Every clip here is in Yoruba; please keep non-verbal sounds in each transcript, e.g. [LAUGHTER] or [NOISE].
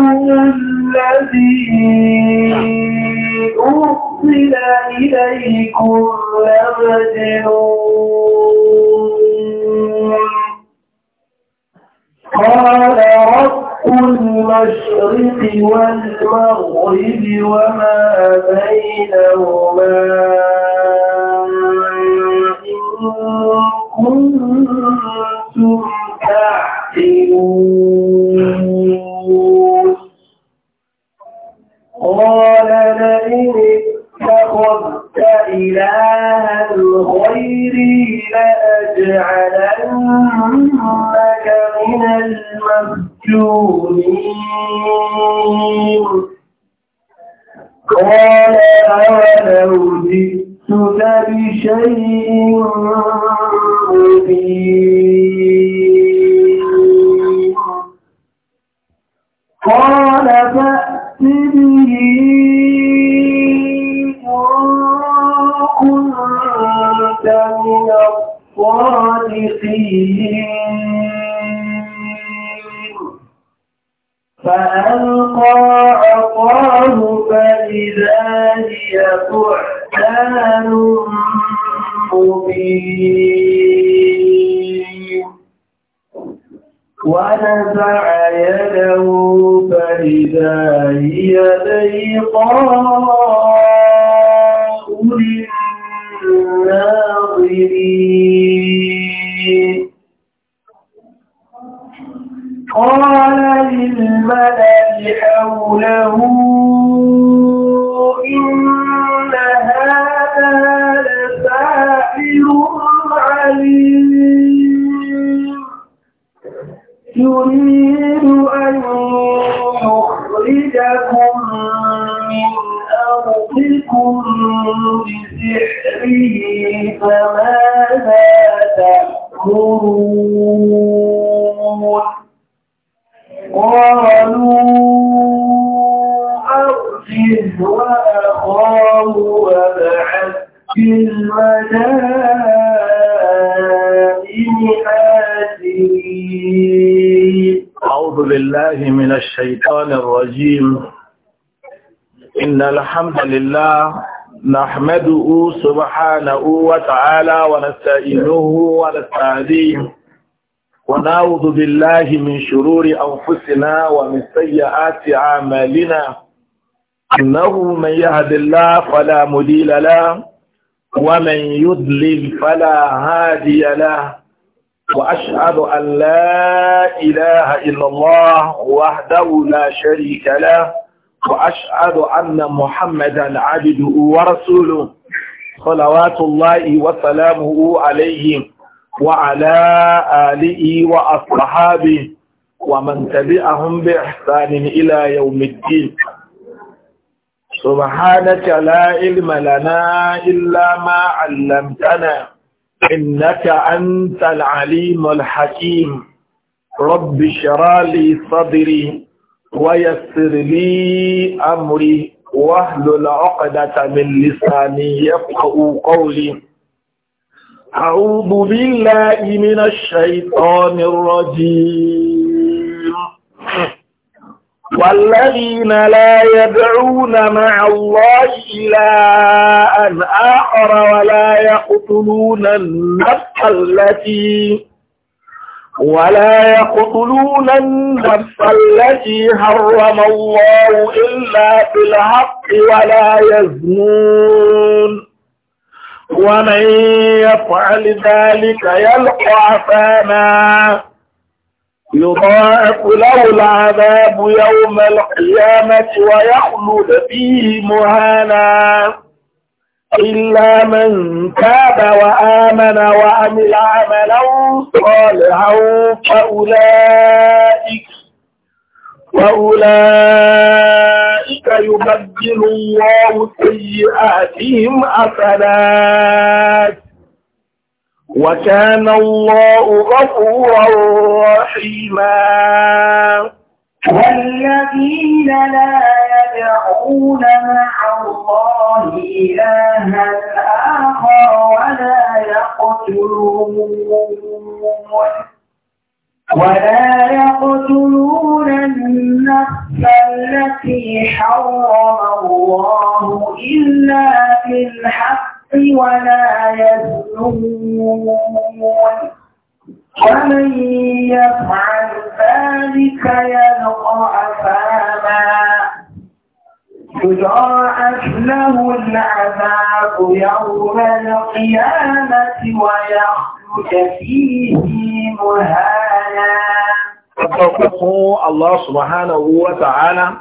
الذي أرسل إليكم لمجنون قال رب المشرق والمغرب وما بينهما إن كنتم المفتونين قال لو جئتك بشيء مبين قال فأت به كنت من الصادقين فألقى عطاه فإذا هي بحتان مبين ونزع يده فإذا هي بيضاء للناظرين قال من حوله إن هذا لساحر عليم يريد أن يخرجكم من أرضكم بسحره فماذا تأمرون قال أرجه وأخاه وابعث في المدائن حاسبين أعوذ بالله من الشيطان الرجيم إن الحمد لله نحمده سبحانه وتعالى ونستعينه ونستهديه ونعوذ بالله من شرور أنفسنا ومن سيئات أعمالنا إنه من يهد الله فلا مضل له ومن يضلل فلا هادي له وأشهد أن لا إله إلا الله وحده لا شريك له وأشهد أن محمدا عبده ورسوله صلوات الله وسلامه عليه وعلى آله وأصحابه ومن تبعهم بإحسان إلى يوم الدين سبحانك لا علم لنا إلا ما علمتنا إنك أنت العليم الحكيم رب شرى لي صدري ويسر لي أمري واهل عقدة من لساني يفقه قولي أعوذ بالله من الشيطان الرجيم والذين لا يدعون مع الله إلى أن آخر ولا يقتلون النفس التي ولا يقتلون النفس التي حرم الله إلا بالحق ولا يزنون ومن يفعل ذلك يلقى عفانا يضاعف له العذاب يوم القيامة ويخلد فيه مهانا إلا من تاب وآمن وعمل عملا صالحا فأولئك وأولئك يبدل الله سيئاتهم حسنات وكان الله غفورا رحيما والذين لا يدعون مع الله إلها آخر ولا يقتلون ولا يقتلون النفس التي حرم الله إلا بالحق ولا يزنون ومن يفعل ذلك يلقى أثاما يضاعف له العذاب يوم القيامة ويخلد فيه مهانا Ọ̀pọ̀pọ̀ Allah subhanahu wa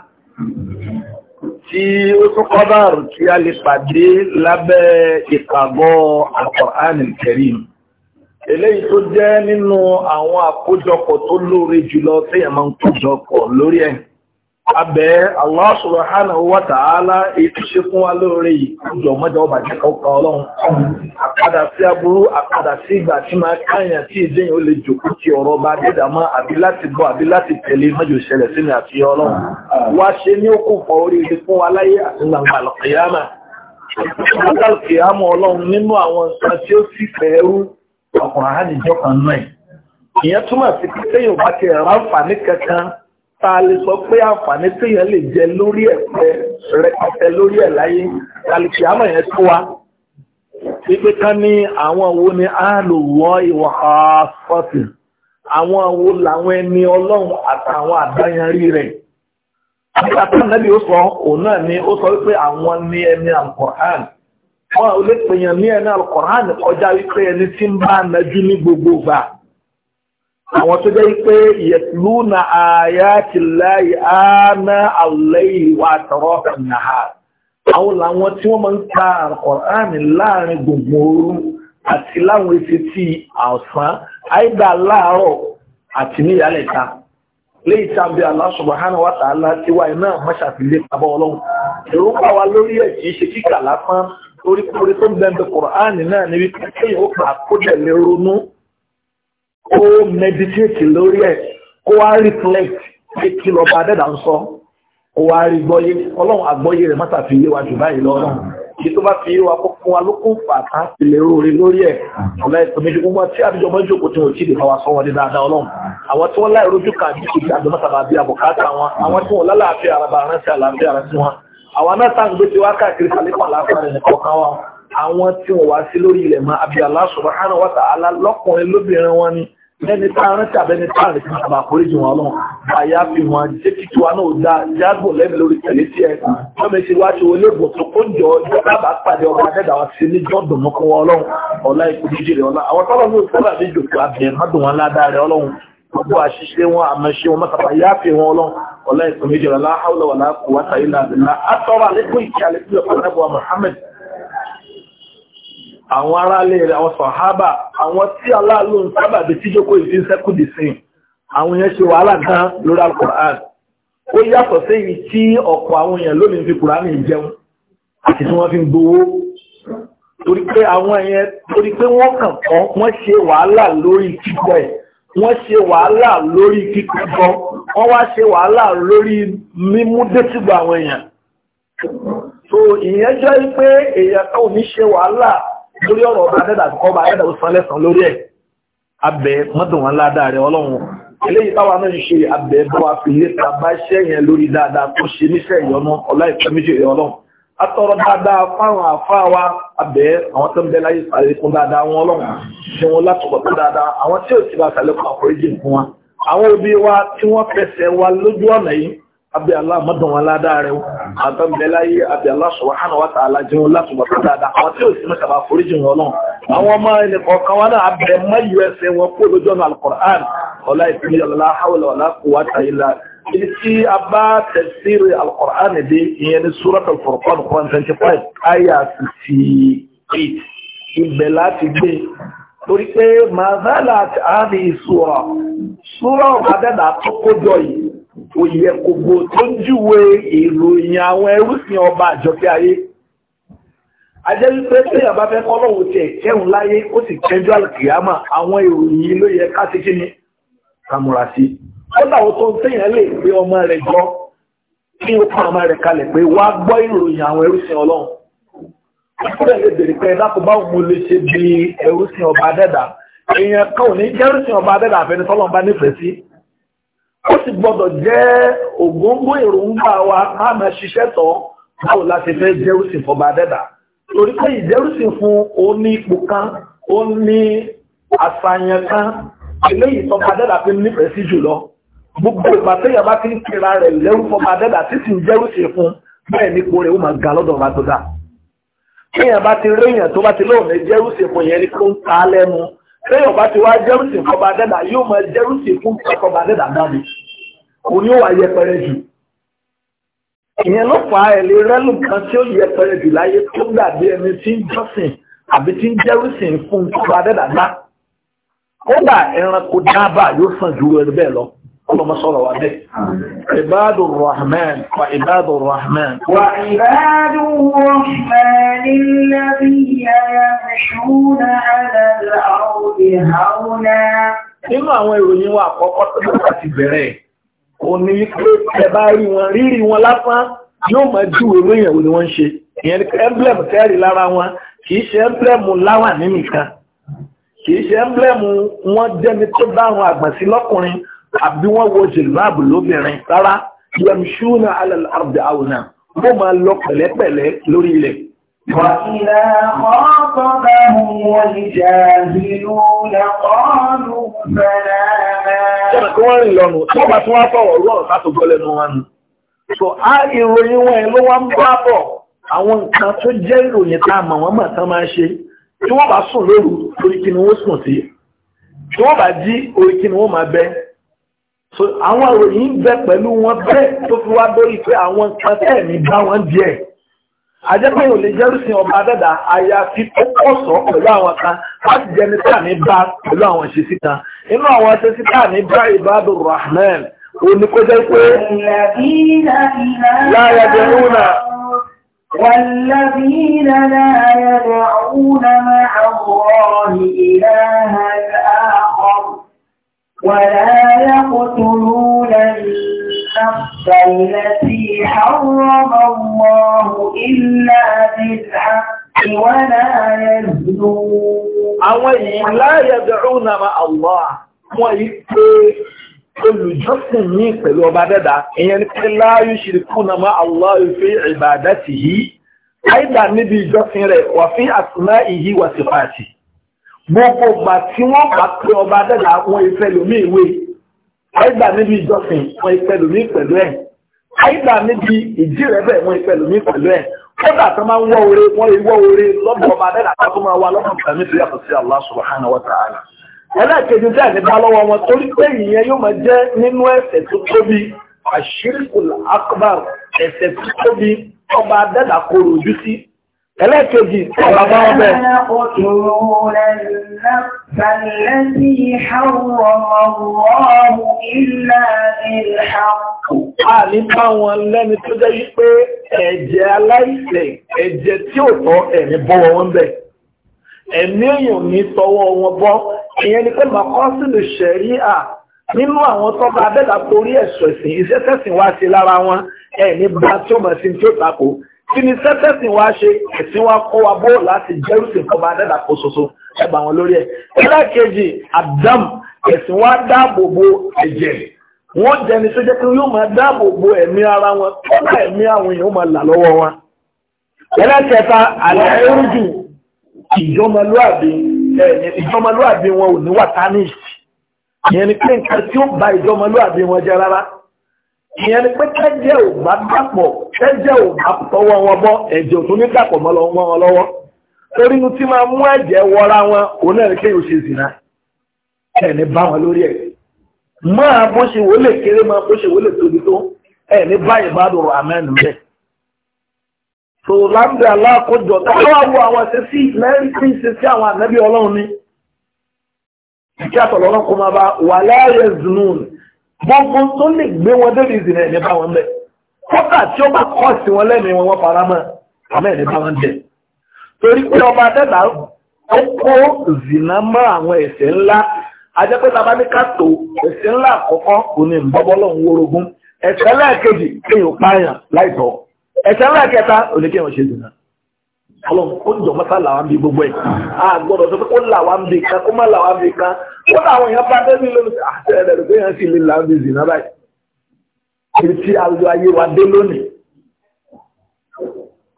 tí ó tún kọ́dár tí a lè pàdé lábẹ́ ìkàgọ́ Eléyìí tó jẹ́ nínú àwọn àkójọpọ̀ tó lóore jùlọ tí ẹ̀mọ́ ń kójọpọ̀ lórí abẹ́ Allah subhanahu wa ta'ala ètò ṣe fún wa lóore yìí ọjọ́ mọ́jọ́ ọba jẹ́ kọ́kọ́ ọlọ́run àpadà sí aburú àpadà sí ìgbà tí máa káyàn tí ìdẹ́yìn ó lè jòkó tí ọ̀rọ̀ bá dédà àbí láti bọ́ àbí láti tẹ̀lé mọ́jọ́ sínú àti ọlọ́run wá ṣe ní ta lè sọ pé àǹfààní téèyàn lè jẹ lórí ẹ̀pẹ́ rẹpẹtẹ lórí ẹ̀ láyé kàlìkì àmọ̀ yẹn tó wa wípé ká ní àwọn wo ni a lò wọ́ ìwà àfọ́sì àwọn wo làwọn ẹni ọlọ́run àtàwọn àdáyanrí rẹ̀ nígbà tó nàbí ó sọ òun náà ni ó sọ wípé àwọn ní ẹni alukọ̀rán wọn ò lè pèèyàn ní ẹni alukọ̀rán kọjá wípé ẹni tí ń bá àwọn tó jẹ́ na-aya ayati lai ana al-layli wa atrafa an-nahar àwọn làwọn tí wọ́n máa ń ka Al-Qur'ani láàrin gbùngbùn òru àti láwọn etí tí ọ̀sán àìdá láàárọ̀ àti ní ìyálẹ̀ta léyìí tàbí Allah subhanahu wa ta'ala tí wáyé náà mọ́ṣàfilé pàbọ̀ ọlọ́run èròǹkà wa lórí ẹ̀ kì í ṣe kíkà lásán orí kúrò kó meditate lórí ẹ̀ kó wá reflect pé kí lọ bá dẹ́dà ń sọ kó wá rí gbọ́yé ọlọ́run àgbọ́yé rẹ̀ mọ́ta fi yé wa jù báyìí lọ́rùn kí tó bá fi yé wa kó fún wa ló kún fàtà ìlérò orí lórí ẹ̀ ọ̀la ẹ̀sọ́ méjì gbogbo tí àbíjọ mọ́ jòkó tí wọ́n ti lè fa wa sọ wọn ní dáadáa ọlọ́run àwọn tí wọ́n láì rojú kà bí kìí àjọ mọ́ta bá bí àbùkátà wọn àwọn tí wọ́n lálàáfíà ara bá rántí àlàáfíà ara wọn àwọn náà ń gbé tiwa káàkiri kálípà láàfíà rẹ̀ nìkan wọn àwọn tí wọ́n wá sí lórí ilẹ̀ mọ́ àbí Allah subhanahu wa ta'ala lọ́kùnrin lóbìnrin wọn ni ẹni táàrín tàbí ẹni táàrín tí a máa kórí jù wọn lọ́wọ́ àyà fi wọn jẹ́ kí tiwa náà dá jágbò lẹ́nu lórí tẹ̀lé tí ẹ wọ́n mi ti wá ṣe olóògbò tó kó jọ ìjọba bá pàdé ọba akẹ́dà wa sí ní jọ́dún mọ́kàn wọn ọlọ́run ọ̀la ikú jíjì rẹ̀ ọ̀la àwọn tọ́lọ́ ní òṣèlú àbí ìjòkó abìyẹn má dùn wọn ládàá rẹ̀ ọlọ́run gbogbo àṣìṣe wọn àmọ́ṣe wọn mọ́tàbà yá fi wọn ọlọ́run ọ̀la ikú méjì rẹ̀ láhàúlọ̀ wà láàkú wátà ilà àbìlà àtọ́rọ̀ àlékún ìkí àlékún ìkọ̀ọ́nẹ́bọ̀ Muhammad àwọn aráalé rẹ̀ àwọn sọ̀hábà àwọn tí aláàlú ń sábà bí tíjókòó ìfi ń sẹ́kù dì sí àwọn èèyàn ṣe wàhálà gan lórí alukur'an ó yàtọ̀ séyìí tí ọ̀pọ̀ àwọn èèyàn lónìí fi kùránì jẹun àti tí wọ́n fi ń gbowó torí pé àwọn èèyàn torí pé wọ́n kàn kọ́ wọ́n ṣe wàhálà lórí kíkọ́ ẹ̀ wọ́n ṣe wàhálà lórí kíkọ́ wọ́n wá ṣe wàhálà lórí mímú détìgbà àwọn èèyàn so ìyẹn jẹ́ pé èèyàn kan ò ní ṣe wàhálà lórí ọ̀rọ̀ ọba adẹ́dà kọ́ ọba adẹ́dà ó san lẹ́sàn lórí ẹ̀ abẹ mọ́dùn wọn ládàá rẹ ọlọ́run eléyìí táwa náà ń ṣe abẹ bá wa fi lépa bá iṣẹ́ yẹn lórí dáadáa tó ṣe níṣẹ́ ìyọnu ọlá ìfẹ́ méjì rẹ ọlọ́run atọrọ dáadáa fáwọn àfáà wa abẹ àwọn tó ń bẹ láyé sàlékún dáadáa wọn ọlọ́run ṣe wọn látọ̀kọ̀ tó dáadáa àwọn tí ò sì bá sàlékún àforíjì fún wa àwọn òbí wa tí wọ́n fẹsẹ̀ wa lójú ọ̀nà yìí àbí Allah mọ́dàn wọn ládàá rẹ̀ àtọ́bẹ̀láyé àbí Allah subhanahu wa ta'ala jẹun láti wọ́n tàdà àwọn tí ó sì mẹ́ta bá foríjì wọn náà àwọn ọmọ ilẹ̀ kọ̀ọ̀kan wọn náà abẹ mẹ́yù ẹsẹ̀ wọn kó lójú ọ̀nà al-Qur'an ọ̀la ìpínlẹ̀ ọ̀la hawla wala quwwata illa tí a bá tafsir al-Qur'an dé ìyẹn ní surat al-Furqan Qur'an 25 aya 68 ibẹ̀ láti gbé torí pé mazala àti àmì ìṣúra ṣúra ọ̀gá dẹ́dà tó kójọ yìí òyẹ kògbò tó ń júwe ìròyìn àwọn ẹrúsìn ọba àjọkẹ́ ayé ajẹ́ wípé téèyàn bá fẹ́ kọ́lọ́wọ́ tiẹ̀ kẹ́hùn láyé ó sì kẹjọ́ àlùkìyàmà àwọn ìròyìn ló yẹ ká sí kíni kàmùrà sí ó dàwọ́ tó ń téèyàn lè gbé ọmọ rẹ̀ gbọ́ kí ó kọ́ ọmọ rẹ̀ kalẹ̀ pé wá gbọ́ ìròyìn àwọn ẹrúsìn ọlọ́run ọ̀pọ̀lọpọ̀ lè bèrè pé dákò báwo mo lè ṣe bí ẹrúsìn ọba adẹ́dà èèyàn kan ò ní jẹ́rúsìn ọba adẹ́dà àfẹnitọ́lọ́mbá nífẹ̀ẹ́ sí ó sì gbọ́dọ̀ jẹ́ ògóńgó èròǹgbà wa á máa ṣiṣẹ́ tọ́ báwo la ṣe fẹ́ jẹ́rùsìn fọba dẹ́dà torí pé ìjẹ́rùsìn fún ó ní ipò kan ó ní àṣàyàn kan eléyìí tọba dẹ́dà fi nífẹ̀ẹ́ sí jùlọ gbogbo ìgbà téèyàn bá ti ń kira rẹ̀ lẹ́rú fọba dẹ́dà títí ń jẹ́rùsìn fún bẹ́ẹ̀ nípo rẹ̀ ó máa ga lọ́dọ̀ ọba dá téèyàn bá ti réyàn tó bá ti lóòrùn jẹ́rùsìn fún yẹn ni kó ń ta lẹ́nu téèyàn bá ti wá jẹ́rùsìn fọba dẹ́dà yóò máa jẹ́rùsìn fún ìkọ̀kọ̀ dẹ́dà dábì òun yóò wá yẹpẹrẹ jù ìyẹn ló fà á ẹ̀lẹ́ rẹ́lù kan tí ó yẹpẹrẹ jù láyé tó dàbí ẹni tí ń jọ́sìn àbí tí ń jẹ́rìsìn fún ìtura adẹ́dàgbà kódà ẹranko dábà yóò sàn ju ẹni bẹ́ẹ̀ lọ ọlọ́mọ sọ̀rọ̀ wa bẹ́ẹ̀. ìbádù rahman wa ìbádù rahman. wà ìbádù rahman ilẹ̀bí yẹ̀ṣúná alẹ́ àwọn ìhàwọ́nà. nínú àwọn ìròyìn wa àkọ́kọ́ tó ti bẹ̀rẹ̀ kò ní wípé ẹ bá rí wọn rírí wọn lásán yóò máa júwe lóyìn wo ni wọ́n ń ṣe ìyẹn emblem kẹ́rì lára wọn kì í ṣe emblem láwà nínìkan kì í ṣe emblem wọn jẹ́ni tó bá àwọn àgbọ̀nsí lọ́kùnrin àbí wọ́n wo jìlbáàbù lóbìnrin rárá yẹmṣúnà alẹ́ àrùdà àwòrán wọ́n máa lọ pẹ̀lẹ́pẹ̀lẹ́ lórí ilẹ̀ وإذا خاطبهم الجاهلون قالوا سلاما So a ìròyìn wọn ló wá ń bá bọ̀ àwọn nǹkan tó jẹ́ ìròyìn tá a mọ̀ wọ́n mọ̀ tán máa ṣe. Tí wọ́n bá sùn lóru, orí kí ni wọ́n sùn sí. Tí wọ́n bá jí, orí kí ni wọ́n máa bẹ́. So àwọn ìròyìn ń bẹ pẹ̀lú wọn bẹ́ẹ̀ tó fi wá dórí pé àwọn nǹkan tẹ̀mí bá wọn díẹ̀ ajẹ́pẹ́ ò lè jẹ́rùsìn ọba dẹ́dà àyàfi tó pọ̀sọ̀ pẹ̀lú àwọn kan láti jẹni tá ní bá pẹ̀lú àwọn ìṣesí kan inú àwọn ìṣesí tá ní bá ìbádùn rahman òní kó jẹ́ pé láyà dẹ̀rúnà والذين لا يدعون مع الله إلها آخر ولا يقتلون فالتي حرم الله إلا بالحق ولا يزنون àwọn èyí láyé dẹ̀rún náà Allah wọ́n yí pé olùjọ́sìn ní pẹ̀lú ọba dẹ́dà ìyẹn ni pé láyé ṣìrìkú náà Allah fi ibadatihi àìdà níbi ìjọ́sìn rẹ̀ wà fi asma'ihi wa sifatihi gbogbo gbà tí wọ́n bá pé ọba dẹ́dà wọ́n ìfẹ́ lómi ìwé àìgbà níbi ìjọsìn wọn ìpẹ̀lú mi pẹ̀lú ẹ̀ àìgbà níbi ìjírẹ̀bẹ̀ wọn ìpẹ̀lú mi pẹ̀lú ẹ̀ kódà tó máa ń wọ́ oore wọ́n ìwọ́ oore lọ́dọ̀ ọba adẹ́dà tó tó máa wá lọ́dọ̀ tàmí tó yàtọ̀ sí Allah subhanahu wa ta'ala ẹlẹ́ẹ̀kejì tí àní bá lọ́wọ́ wọn torí pé ìyẹn yóò máa jẹ́ nínú ẹ̀ṣẹ̀ tó tóbi àṣírìkùl akbar ẹ̀ṣẹ̀ tó tóbi ọba adẹ́dà kò rò ojú sí ẹlẹ́kẹ̀ẹ́jì bàbá ọbẹ̀. a ní bá wọn lẹ́ni tó jẹ́ wípé ẹ̀jẹ̀ aláìṣẹ̀ ẹ̀jẹ̀ tí ò tọ́ ẹ̀mí bọ́wọ́ wọn bẹ̀ ẹ̀mí èèyàn ní tọwọ́ wọn bọ́ ìyẹn ni pé màkọ́ sílù ṣẹ̀rí à nínú àwọn tọ́ba abẹ́ta torí ẹ̀sọ̀ ìsìn iṣẹ́ tẹ̀sìn wá sí lára wọn ẹ̀mí bá tí ó mọ̀ sí tí ó tako kí ni sẹ́tẹ̀sì wa ṣe ẹ̀sìn wa kọ́ wa bó láti jẹ́rùsìn kọ́ bá dẹ́dà kó ṣoṣo ẹgbà wọn lórí ẹ̀. ẹlẹ́kejì adam ẹ̀sìn wa dáàbò bo ẹ̀jẹ̀ wọ́n jẹni tó jẹ́ pé yóò máa dáàbò bo ẹ̀mí ara wọn kọ́lá ẹ̀mí àwọn èèyàn máa là lọ́wọ́ wọn. ẹlẹ́kẹta àlẹ́ ẹrújù ìjọmọlúàbí ìjọmọlúàbí wọn ò ní wà tánìsì ìyẹn ni pé nǹkan tí ó ba ìjọmọlúàbí wọn jẹ rárá ìyẹn ni pé tẹ́jẹ́ ò bá dàpọ̀ tẹ́jẹ́ ò bá tọwọ́ wọn bọ́ ẹ̀jẹ̀ ò tún ní dàpọ̀ mọ́ lọ́wọ́ wọn lọ́wọ́ torí inú tí máa mú ẹ̀jẹ̀ wọra wọn òun náà ní kéèyàn ṣe zìnà ẹ̀ní bá wọn lórí ẹ̀ máa bó ṣe wò lè kéré máa bó ṣe wò lè tóbi tó ẹ̀ní báyìí bá dòrò amẹ́nu bẹ́ẹ̀. tó láǹdì aláàkójọ táwọn wo àwọn ṣe sí lẹ́yìn tí ń ṣe sí àwọn ànábì ọlọ́run ní. ìkí gbogbo tó lè gbé wọn débi ìsìnà ẹ̀mí bá wọn bẹ̀. kọ́kà tí ó bá kọ́ sí wọn lẹ́nu wọn wọ́n fara mọ́ àmọ́ ẹ̀mí bá wọn bẹ̀. torí pé ọba dẹ́dà ó kó zìnà mọ́ àwọn ẹ̀ṣẹ̀ ńlá ajẹ́pẹ́ tá ní ká tó ńlá àkọ́kọ́ kò ní bọ́bọ́lọ́ ń wórogún ẹ̀ṣẹ̀ ńlá kéèyàn pààyàn láìtọ́ ẹ̀ṣẹ̀ ńlá oníkéèyàn ṣe zìnà ọlọ́run ó jọ mọ́tà làwọn bí gbogbo ẹ̀ a gbọ́dọ̀ sọ pé ó làwọn bí kan ó má làwọn bí kan ó làwọn èèyàn bá dé nílé lónìí àti ẹ̀rẹ̀ rẹ̀ pé èèyàn sì lè làwọn bí zì náà báyìí kí tí ayé ayé wa dé lónìí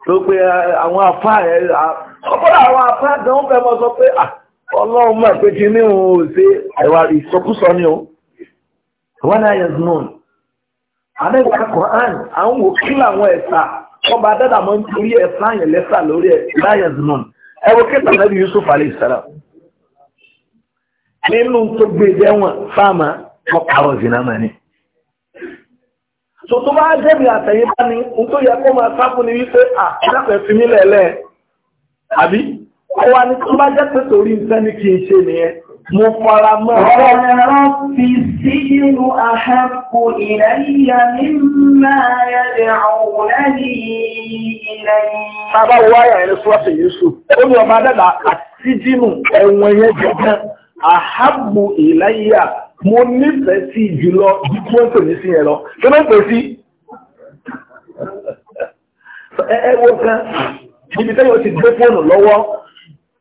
tó pé ah, àwọn afá ẹ̀ ah, ọ̀pọ̀lọpọ̀ àwọn afá gan fẹ́ mọ́ sọ pé ah, ọlọ́run mọ̀ pé kí ní òun ò ṣe ẹ̀wà ìsọkúsọ ni o wọ́n náà yẹ ọba dada mọ nítorí ẹ sáyẹn lẹ́sà lórí ẹ láyẹ̀ zùmọ̀ ẹ wo kẹta nàbí Yusuf alayhi salam nínú tó gbé dẹ́wọ̀n e fáàmà ọkàrọ̀ zina mà ní. tòtò bá jẹ́bi àtẹ̀yìn bá ní n tó yẹ kó máa sáfù ní wípé à dákẹ́ fi mí lẹ̀lẹ́ àbí ọwọ́ ni tó bá jẹ́ pé torí nǹkan ni kì í ṣe nìyẹn mo fara mọ́. Ọ̀rọ̀ fi sí inú àhápò ìlàyà mímá yẹ̀dẹ̀ àwọn Bàbá wo wáyà ẹni sọ́ọ̀tì Yéṣù, ó ní ọba dẹ́dà àti jínú ẹ̀wọ̀n yẹn jẹ̀dẹ̀, àhábù ìláyà, mo nífẹ̀ẹ́ sí jùlọ bí ibi tẹ́yọ̀ ti gbé fóònù lọ́wọ́,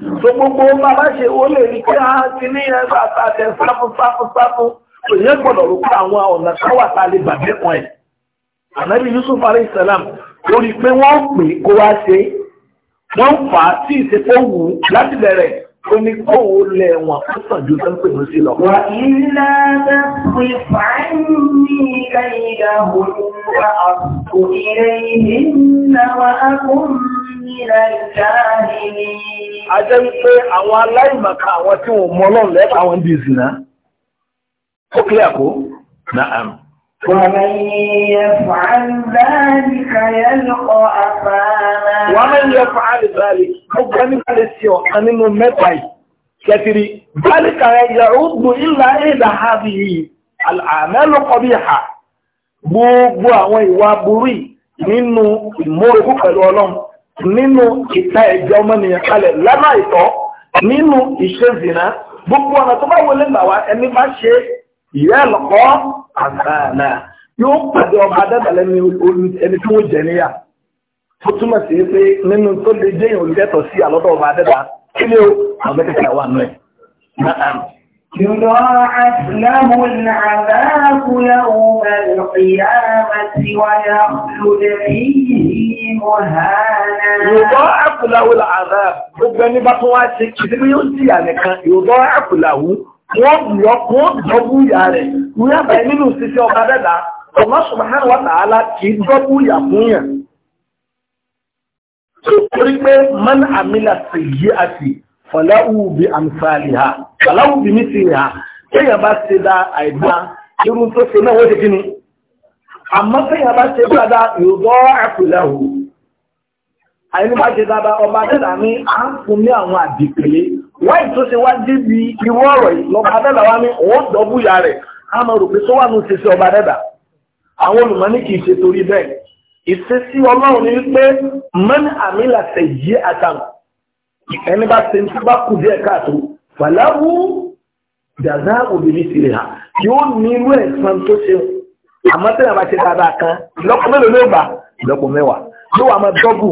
so gbogbo bàbá ṣe ó lè rí pé a ti ní ẹgbẹ́ àtàtẹ sáfù sáfù sáfù gbọ́dọ̀ rò pé àwọn ọ̀nà káwà tá lè bàbẹ́ kan ẹ̀ ànábì Yusuf alayhi salam ó rí pé wọ́n pè kó wá ṣe wọ́n fà á sí ìsepọ̀ wù láti bẹ̀rẹ̀ ó ní kó o lẹ̀ wọ́n kó sàn ju tó ń pè ní sí lọ. wà ilá bẹ pè fàánì ìgbà òun wà àpò wà á kó mìíràn jáde ní a jẹ́ wípé àwọn aláìmọ̀ká àwọn tí wọ́n mọ ọlọ́run lẹ́pa àwọn ń di ìsìnà ó kílẹ̀ àkó náà ومن يفعل ذلك يلقى أثاما ومن يفعل ذلك gbogbo ẹni bá lè ṣe ọ̀kan nínú mẹ́ta yìí kẹtìrì ذلك يعود إلا إلى هذه الأعمال القبيحة gbogbo àwọn ìwà burú nínú ìmúrogún pẹ̀lú ọlọ́run nínú ìta ẹ̀jẹ̀ ọmọnìyàn kalẹ̀ lánàá ìtọ́ nínú ìṣèzìnà gbogbo ọ̀nà tó bá wọlé gbà wá ẹni bá ṣe ìyá ẹ̀lọ́kọ́ àgbààna yóò pàdé ọba adẹ́bàlẹ́ ní ẹni tí wọ́n jẹ níyà tó túmọ̀ sí pé nínú tó lè jẹ́yìn olùdẹ́tọ̀ sí àlọ́dọ̀ ọba adẹ́bà kí ni wà nù ẹ̀ يضاعف له العذاب يوم القيامة ويخلد فيه مهانا يضاعف له العذاب gbogbo ẹni bá tún wá ṣe kìí bí yóò jìyà nìkan ìrọ̀dọ́ àpùlàwú wọ́n yọ kó dọ́bú ìyá rẹ̀ ní àbẹ̀ nínú ṣíṣe ọba dẹ́dà ọmọ ṣùgbọ́n wà tààlà kìí dọ́bú ìyà fún yàn. torí pé mọ́nà àmìlà sì yí àti fọláwù bí àmìfààlì ha fọláwù bí mísìlì ha kéèyàn bá ṣe dá àìdá irú tó ṣe náà wọ́n ti kíni àmọ́ kéèyàn bá ṣe dáadáa yòóbọ́ àpìlẹ̀hù àyínú bá ṣe dáadáa ọba dẹ́dà ní à ń fún ní àwọn àdìpẹ̀lẹ̀ wáyé tó ṣe wá débi irú ọ̀rọ̀ yìí lọ́ba dẹ́dà wá ní òun dọ́búyà rẹ̀ a máa rò pé tó wà ní òṣìṣẹ́ ọba dẹ́dà àwọn olùmọ̀ ní ọlọ́run ni wípé mọ́ni àmì làṣẹ̀ yí àtàwọn ẹni bá ti tó bá kù díẹ̀ káàtó fàlàbù dàdá òbíní tirẹ̀ ha yóò nílò ẹ̀sán tó ṣe àmọ́ tẹ́lẹ̀ bá ṣe dáadáa kan lọ́pọ̀ mélòó ló gbà lọ́pọ̀ mẹ́wàá ló wà máa dọ́gù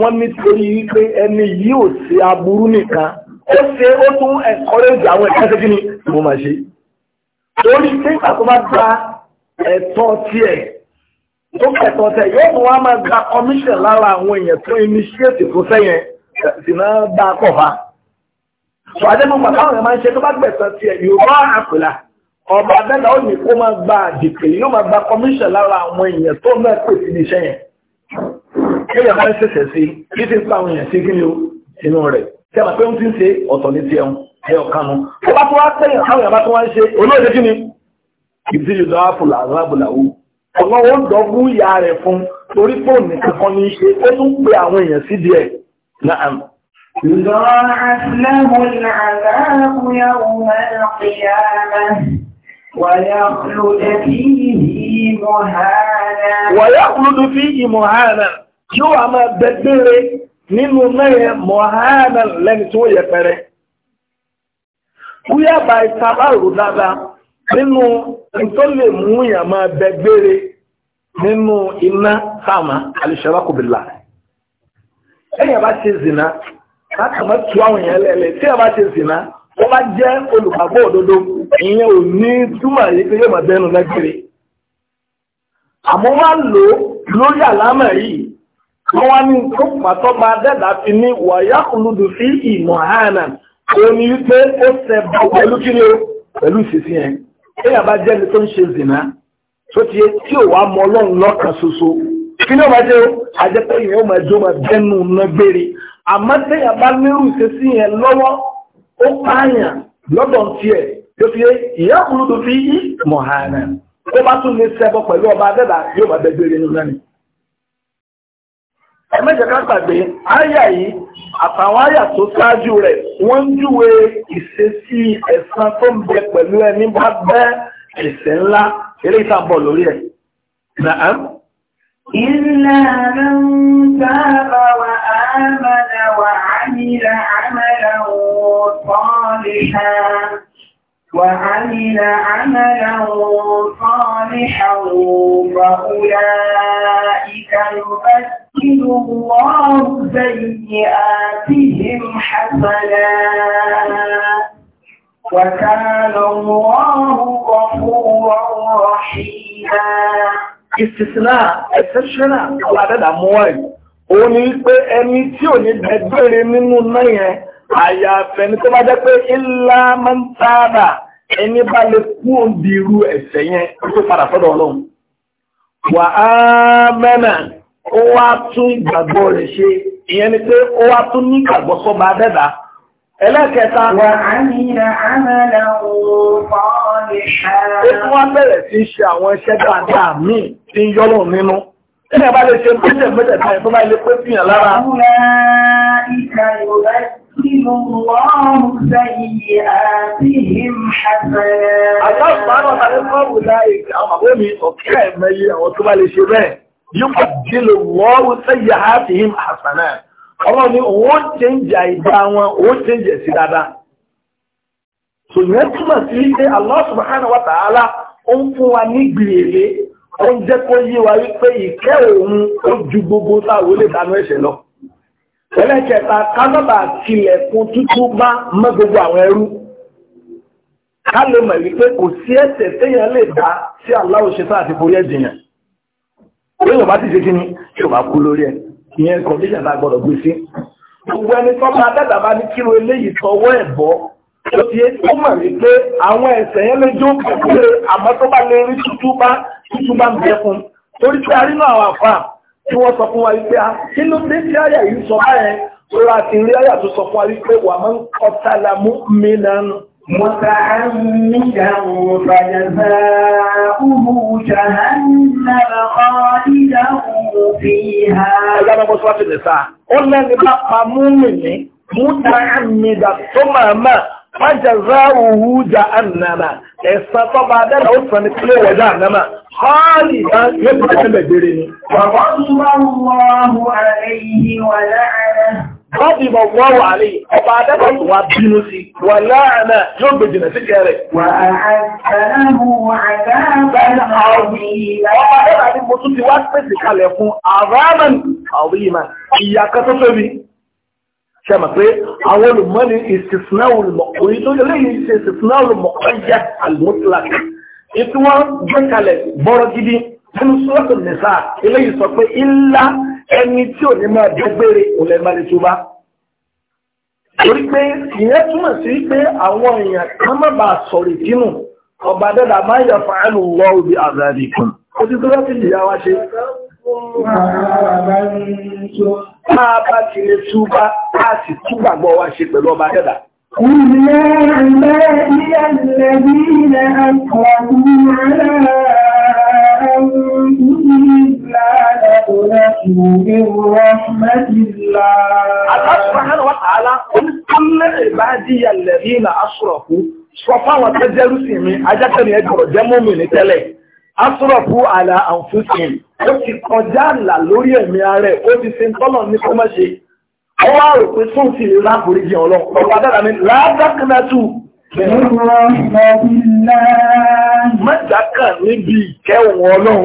wọ́n nítorí wípé ẹni yìí ò ṣe aburú nìkan ó ṣe ó tún ẹ̀kọ́rẹ́jì àwọn ẹ̀ka ṣe kí ni mo máa ṣe torí pé ìgbà bá gba ẹ̀tọ́ tiẹ̀ tó kẹ̀tọ́ tẹ̀ yóò tún wá máa gba commission lára àwọn èèyàn tó initiate fún sẹ́yìn sínú bá a kọ̀ fa. sọ adémọ̀ bàbá àwọn ẹ̀ máa ń ṣe tó bá gbẹ̀sán tiẹ̀ yorùbá àpèlà ọba dẹ́dà ó ní kó máa gba àdìpé yóò máa gba commission lára àwọn èèyàn tó náà pè sí iṣẹ́ yẹn. kéèyàn máa ń ṣẹ̀ṣẹ̀ sí kí ti ń pa àwọn èèyàn sí kí ni o sínú rẹ̀ tí a máa pé ń ti ń ṣe ọ̀tọ̀ ní tiẹ̀ ẹ̀yọ̀ kanu. tó bá tó wá sẹ́yìn táwọn èèyàn bá tó wá ń ṣe olóòdì kí ni ìdí yóò dáwà fún làbàbàlàwò ọlọ́wọ́ نعم يضاعف له العذاب يوم القيامة ويخلد فيه مهانا ويخلد فيه مهانا شو ما بدري من مهانا مهانا لن تويا فري ويا باي سبارو نادا من كل مويا ما بدري من إنا على الشراك بالله ẹ̀yìn bá ṣe zìnà látàmọ́ tu àwọn èèyàn lẹ́lẹ̀ tí ẹ̀ bá ṣe zìnà wọ́n bá jẹ́ olùgbàgbọ́ òdodo ìyẹn ò ní túmọ̀ yìí pé yóò máa bẹ́nu lẹ́gbẹ̀rẹ̀ àmọ́ wá lò lórí àlámọ̀ yìí wọ́n wá ní tó pàtó máa fi ní wàyà olùdù sí ìmọ̀ hànà ó ní ó ṣẹ bọ́ pẹ̀lú kí ni o pẹ̀lú ìṣesí yẹn ẹ̀yìn bá jẹ́ ẹni tó ń ṣe zìnà tó ti tí ò wá mọ ọlọ́run lọ́kàn ṣoṣo kí ní ọba jẹ́ ó àjẹpẹ́ yẹn ó máa jó máa bẹ́nu ná gbére àmọ́ téèyàn bá nírú ìṣesí yẹn lọ́wọ́ ó pààyàn lọ́dọ̀ tiẹ̀ tó fi ìyá òkúrú tó fi yí mọ̀hánà tó bá tún lè ṣẹbọ pẹ̀lú ọba adẹ́dà yóò máa bẹ gbére nínú náà ẹ̀mẹ́jẹ̀ ká gbàgbé àyà yìí àtàwọn àyà tó ṣáájú rẹ̀ wọ́n ń júwe ìṣesí ẹ̀san tó ń bẹ pẹ̀lú ẹni bá bẹ́ ẹ̀ṣẹ̀ ńlá eré ìtàbọ̀ lórí ẹ̀. إلا من تاب وآمن وعمل عملا صالحا وعمل عملا صالحا فأولئك يبدل الله سيئاتهم حسنا وكان الله غفورا رحيما ìsìsìnà ẹ̀sẹ̀ṣẹ́nà aládẹ́dà mọ́wàá ò ní pé ẹni tí ò ní gbẹ̀gbẹ̀rẹ̀ nínú náà yẹn àyàfẹ́ ní tó bá jẹ́ pé ńlá máa ń tààdà ẹni bá lè kú òǹdí irú ẹ̀ṣẹ̀ yẹn tó padà sọ́dọ̀ ọlọ́run wà á mẹ́nà ó wá tún ìgbàgbọ́ rẹ̀ ṣe ìyẹn ni pé ó wá tún ní ẹlẹ́kẹta wà á ní àmàlà wọ́n bẹ̀rẹ̀ sí ṣe àwọn iṣẹ́ dáadáa míì tí ń yọ́lọ̀ nínú ẹni bá lè ṣe pẹ́sẹ̀ mẹ́tẹ̀ tán ìfún bá ilé pé fìyàn lára Yóò kọ̀ jílò wọ́wọ́ sẹ́yà á fi hìm àṣànáà. ọlọ́run ní owó change àìdá wọn owó change ẹ̀sìn dáadáa so yẹn túmọ̀ sí pé Allah subhanahu ó ń fún wa ní gbèrè ó ń wípé ìkẹ́ òun ó ju gbogbo táwọn olè dánú ẹ̀ṣẹ̀ lọ ẹlẹ́kẹta tilẹ̀kùn tuntun bá mọ́ gbogbo àwọn ẹrú ká lè mọ̀ wípé kò sí téèyàn lè dá sí ìyẹn condition náà gbọ́dọ̀ gbé sí. Gbogbo ẹni tó máa dàgbà bá ní kíro eléyìí tọwọ́ ẹ̀ bọ́. Ó ti ó mọ̀ wípé àwọn ẹ̀sẹ̀ yẹn lè jó kékeré àmọ́ tó bá lè rí tútú bá tútú bá ń bẹ fún. Torí pé a rí náà àwọn àfà tí wọ́n sọ fún wa wípé a kí ló dé tí àyà yìí sọ báyẹn. Rọra ti rí àyà tó sọ fún wa wípé wà máa ń kọ́tàlá mú mi lánàá. متعمدا فجزاؤه جهنم خالدا فيها هذا ما وصلت النساء قلنا نبقى مؤمن متعمدا ثم ما فجزاؤه جهنم استطبع ده لو سنتلو وجهنم خالدا يبقى مدرني فغضب الله عليه ولعنه Bọ́bí mọ̀ wọ́n wà ní ọba adẹ́kọ̀ tó wá bínú sí, wà láàrínà yóò gbèjì nà sí kẹrẹ. Wà àtàràmù àdáàbà àwìlà. Ọba adẹ́kọ̀ àti mo tún ti wá pèsè kalẹ̀ fún àrámàn àwìmà, ìyà kan tó tóbi. Ṣé mà pé àwọn olùmọ́ni ìsìsìnáwò mọ̀kúrí tó lè yí ṣe ìsìsìnáwò mọ̀kúrí jẹ́ àlùmọ́tìlákì. Ìtú wọn gbé kalẹ̀ ẹni tí ò ní máa dẹ́gbére òun ẹ̀ máa lè tó bá torí pé ìyẹn túmọ̀ sí pé àwọn èèyàn kan má bàa sọ̀rọ̀ ìdínú ọba dẹ́dà máa ń yà fàálù wọ́ òbí àzàdì kan ó ti tó láti jìyà wá ṣe. Bá a bá ti lè túbá, bá a sì túgbàgbọ́ wa ṣe pẹ̀lú ọba dẹ́dà. Ìlẹ́ ìlẹ́ ìyá ìlẹ́ bí ilẹ̀ àkọ́kù rẹ̀ نَقْنَطُ مِنْ رَحْمَةِ اللَّهِ Allah subhanahu wa ta'ala ó ní kọ́lẹ̀ ìbádìyà alladhina asrafu sọ fáwọn tẹ́ jẹ́rú sí mi ajákẹ́ni ẹgbọ̀rọ̀ jẹ́ mọ́mì ní tẹ́lẹ̀ asrafu ala anfusihim ó ti kọjá àlà lórí ẹ̀mí ààrẹ ó ti ṣe ń tọ́lọ̀ ní kó má ó wá rò pé tó ń fi ìlera àforí jẹun lọ ọ̀pọ̀ adára mi làádákẹ́nàtù mẹ́ta níbi ìkẹ́ ọlọ́run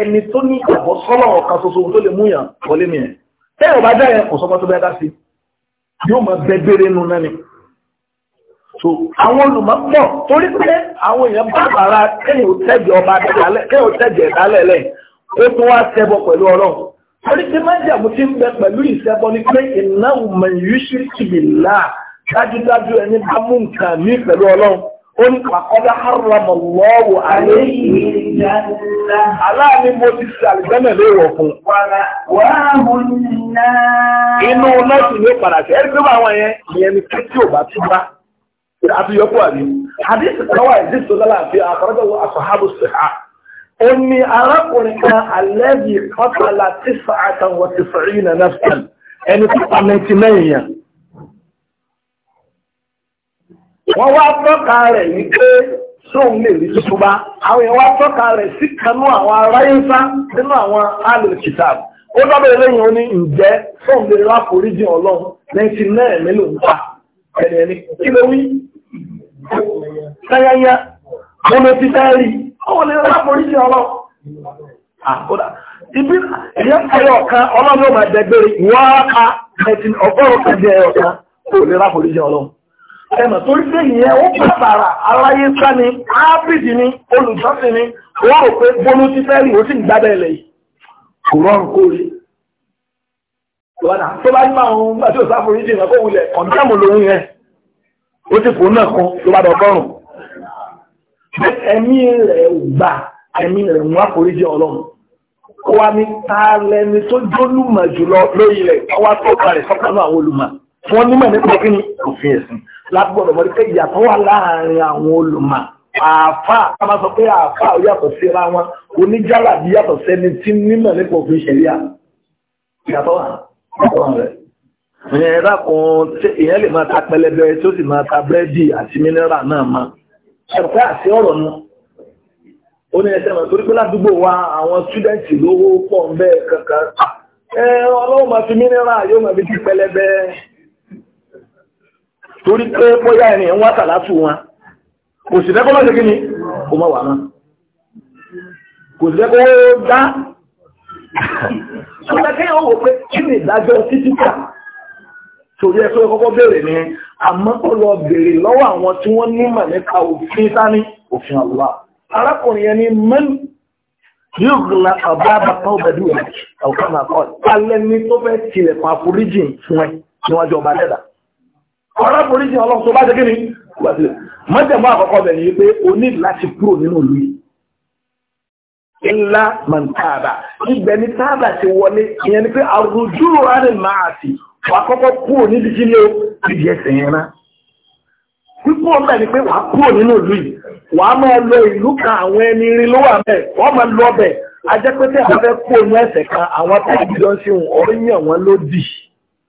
ẹni tó ní ìgbàgbọ́ sọ́lọ̀ ọ̀kan ṣoṣo tó lè múyàn wọlé mi ẹ̀ tẹ́yọ̀ bá jẹ́ ẹ̀kùn tó bẹ́ẹ̀ sí yóò máa bẹ́gbẹ́rẹ́ nu náà ni so àwọn olùmọ̀pọ̀ torí pé àwọn èèyàn bá bàrà kéèyàn tẹ́jẹ̀ ọba kéèyàn tẹ́jẹ̀ ìdálẹ̀ lẹ̀ ó tún wá ṣẹbọ pẹ̀lú ọlọ́run torí pé májàmú ti ń bẹ pẹ̀lú ìṣẹbọ ni pé ìnáwó mẹ̀yìn yìí ṣì kìlá dájúdájú ẹni bá mú nǹkan ní pẹ̀lú ọlọ́run ó ní kàkọ́dá haramu lọ́wọ́ ayé yìí aláàmì mo ti ṣe àlìjẹ́nà léèwọ̀ fún inú lẹ́sì ní padà sí ẹgbẹ́ bá wọn yẹn ìyẹn ni kí tí ò bá tún bá àbíyọ́pọ̀ àbí àdìsí káwà ìdíṣò lálàáfíà àkọ́rọ́gbọ̀ àṣọ̀hábù sèhà ó ní arákùnrin kan alẹ́bí kọ́tàlá tífà àtàwọn tífà ìrìnà náà ẹni tó pa 99 yẹn wọ́n wá tọ́ka rẹ̀ ní pé sóun lè rí tuba àwọn èèyàn wá tọ́ka rẹ̀ sí kanú àwọn sá nínú àwọn alòkìtàbù ó dábẹ̀ lẹ́yìn ó ní ǹjẹ́ sóun lè rá foríjì ọlọ́run mélòó ń pa ẹ̀rẹ̀ ni kí ló wí kányányá mo lè ti fẹ́ rí ó lè ọlọ́run ibi ọ̀kan ọlọ́run yóò máa dẹgbẹ́rẹ́ á ẹ̀nà tó ṣe ìyẹn ó pàtàrà aláyé sá ni ábìdì ni olùjọ́sìn ni wọ́n rò pé bólú ti fẹ́ rí o sì ń gbábẹ́ ilẹ̀ yìí kò rọrùn kó rí lọ́nà tó bá yíma òun nígbà tí ò sáfòrí jìnnà kó wulẹ̀ kọ̀ǹtẹ́mù lòun yẹn ó ti kó náà kan ló bá dọ̀gọ́rùn ẹ̀mí rẹ̀ gbà ẹ̀mí rẹ̀ ń wá foríjì ọlọ́run ó wá ní ta lẹni tó jólùmọ̀ jùlọ lórí rẹ̀ ọwá tó kà rẹ̀ àwọn olùmọ̀ fún ọ́nímọ̀ nípa kí òfin ẹ̀sìn lágbọ̀dọ̀ mọ́ pé ìyàtọ̀ wà láàrin àwọn olùmọ̀ àáfà ká máa sọ pé àáfà ó yàtọ̀ sí ra wọn oníjàlá bí yàtọ̀ sẹ́ni tí nímọ̀ nípa òfin ṣẹ̀ríà ìyàtọ̀ wà lọ́wọ́ rẹ̀. ìyẹn ẹ̀dá kan ìyẹn lè máa ta pẹlẹbẹ tí ó sì máa ta búrẹ́dì àti mínírà náà ma ẹ̀pẹ́ àti ọ̀rọ̀ nu ó ní ẹsẹ̀ mọ̀ torí pé ládùúgbò wa àwọn túdẹ̀ǹtì lówó pọ̀ ń bẹ́ẹ̀ kankan ẹ ọlọ́run máa fi mínírà yóò máa fi ti pẹlẹbẹ torí pé bóyá ẹni ń wá sàlátù wọn kò sì fẹ́kọ́ lọ́sẹ̀ kí ni kò mọ̀ wà mọ́ kò sì fẹ́kọ́ dá ṣọ́lá kéèyàn wò pé kí ni ìdájọ́ títí kà torí ẹ tó kọ́kọ́ béèrè ni àmọ́ ó lọ béèrè lọ́wọ́ àwọn tí wọ́n nímọ̀ nípa òfin sání òfin Allah arákùnrin yẹn ni mẹ́nu yóò gbìlá ọba àbápá ọbẹ̀dù rẹ̀ ọ̀kan àkọ́ alẹ́ ní tó fẹ́ tilẹ̀ fún àforíjì fún ẹ níwájú ọba dẹ́dà ọ̀rọ̀ polisi ọlọ́run tó bá ṣe kíni wà sílẹ̀ mọ́jẹ̀mọ́ àkọ́kọ́ bẹ̀ ni pé o ní láti kúrò nínú ìlú yìí ńlá mọ̀ntàbà ibẹ̀ ni tábà ti wọlé ìyẹn ni pé àrùjú rárẹ̀ máa sì wà kọ́kọ́ kúrò níbi tí lé ìdí ẹsẹ̀ yẹn rá pípọ̀ ọ̀bẹ ni pé wàá kúrò nínú ìlú yìí wàá máa lọ ìlú kan àwọn ẹni rin ló wà bẹ́ẹ̀ wọ́n máa lọ bẹ́ẹ̀ ajẹ́pẹ́tẹ́ àwọn fẹ́ kúrò ní ẹsẹ̀ kan àwọn táyà jùlọ sí òun ọ̀rẹ́ yàn wọ́n ló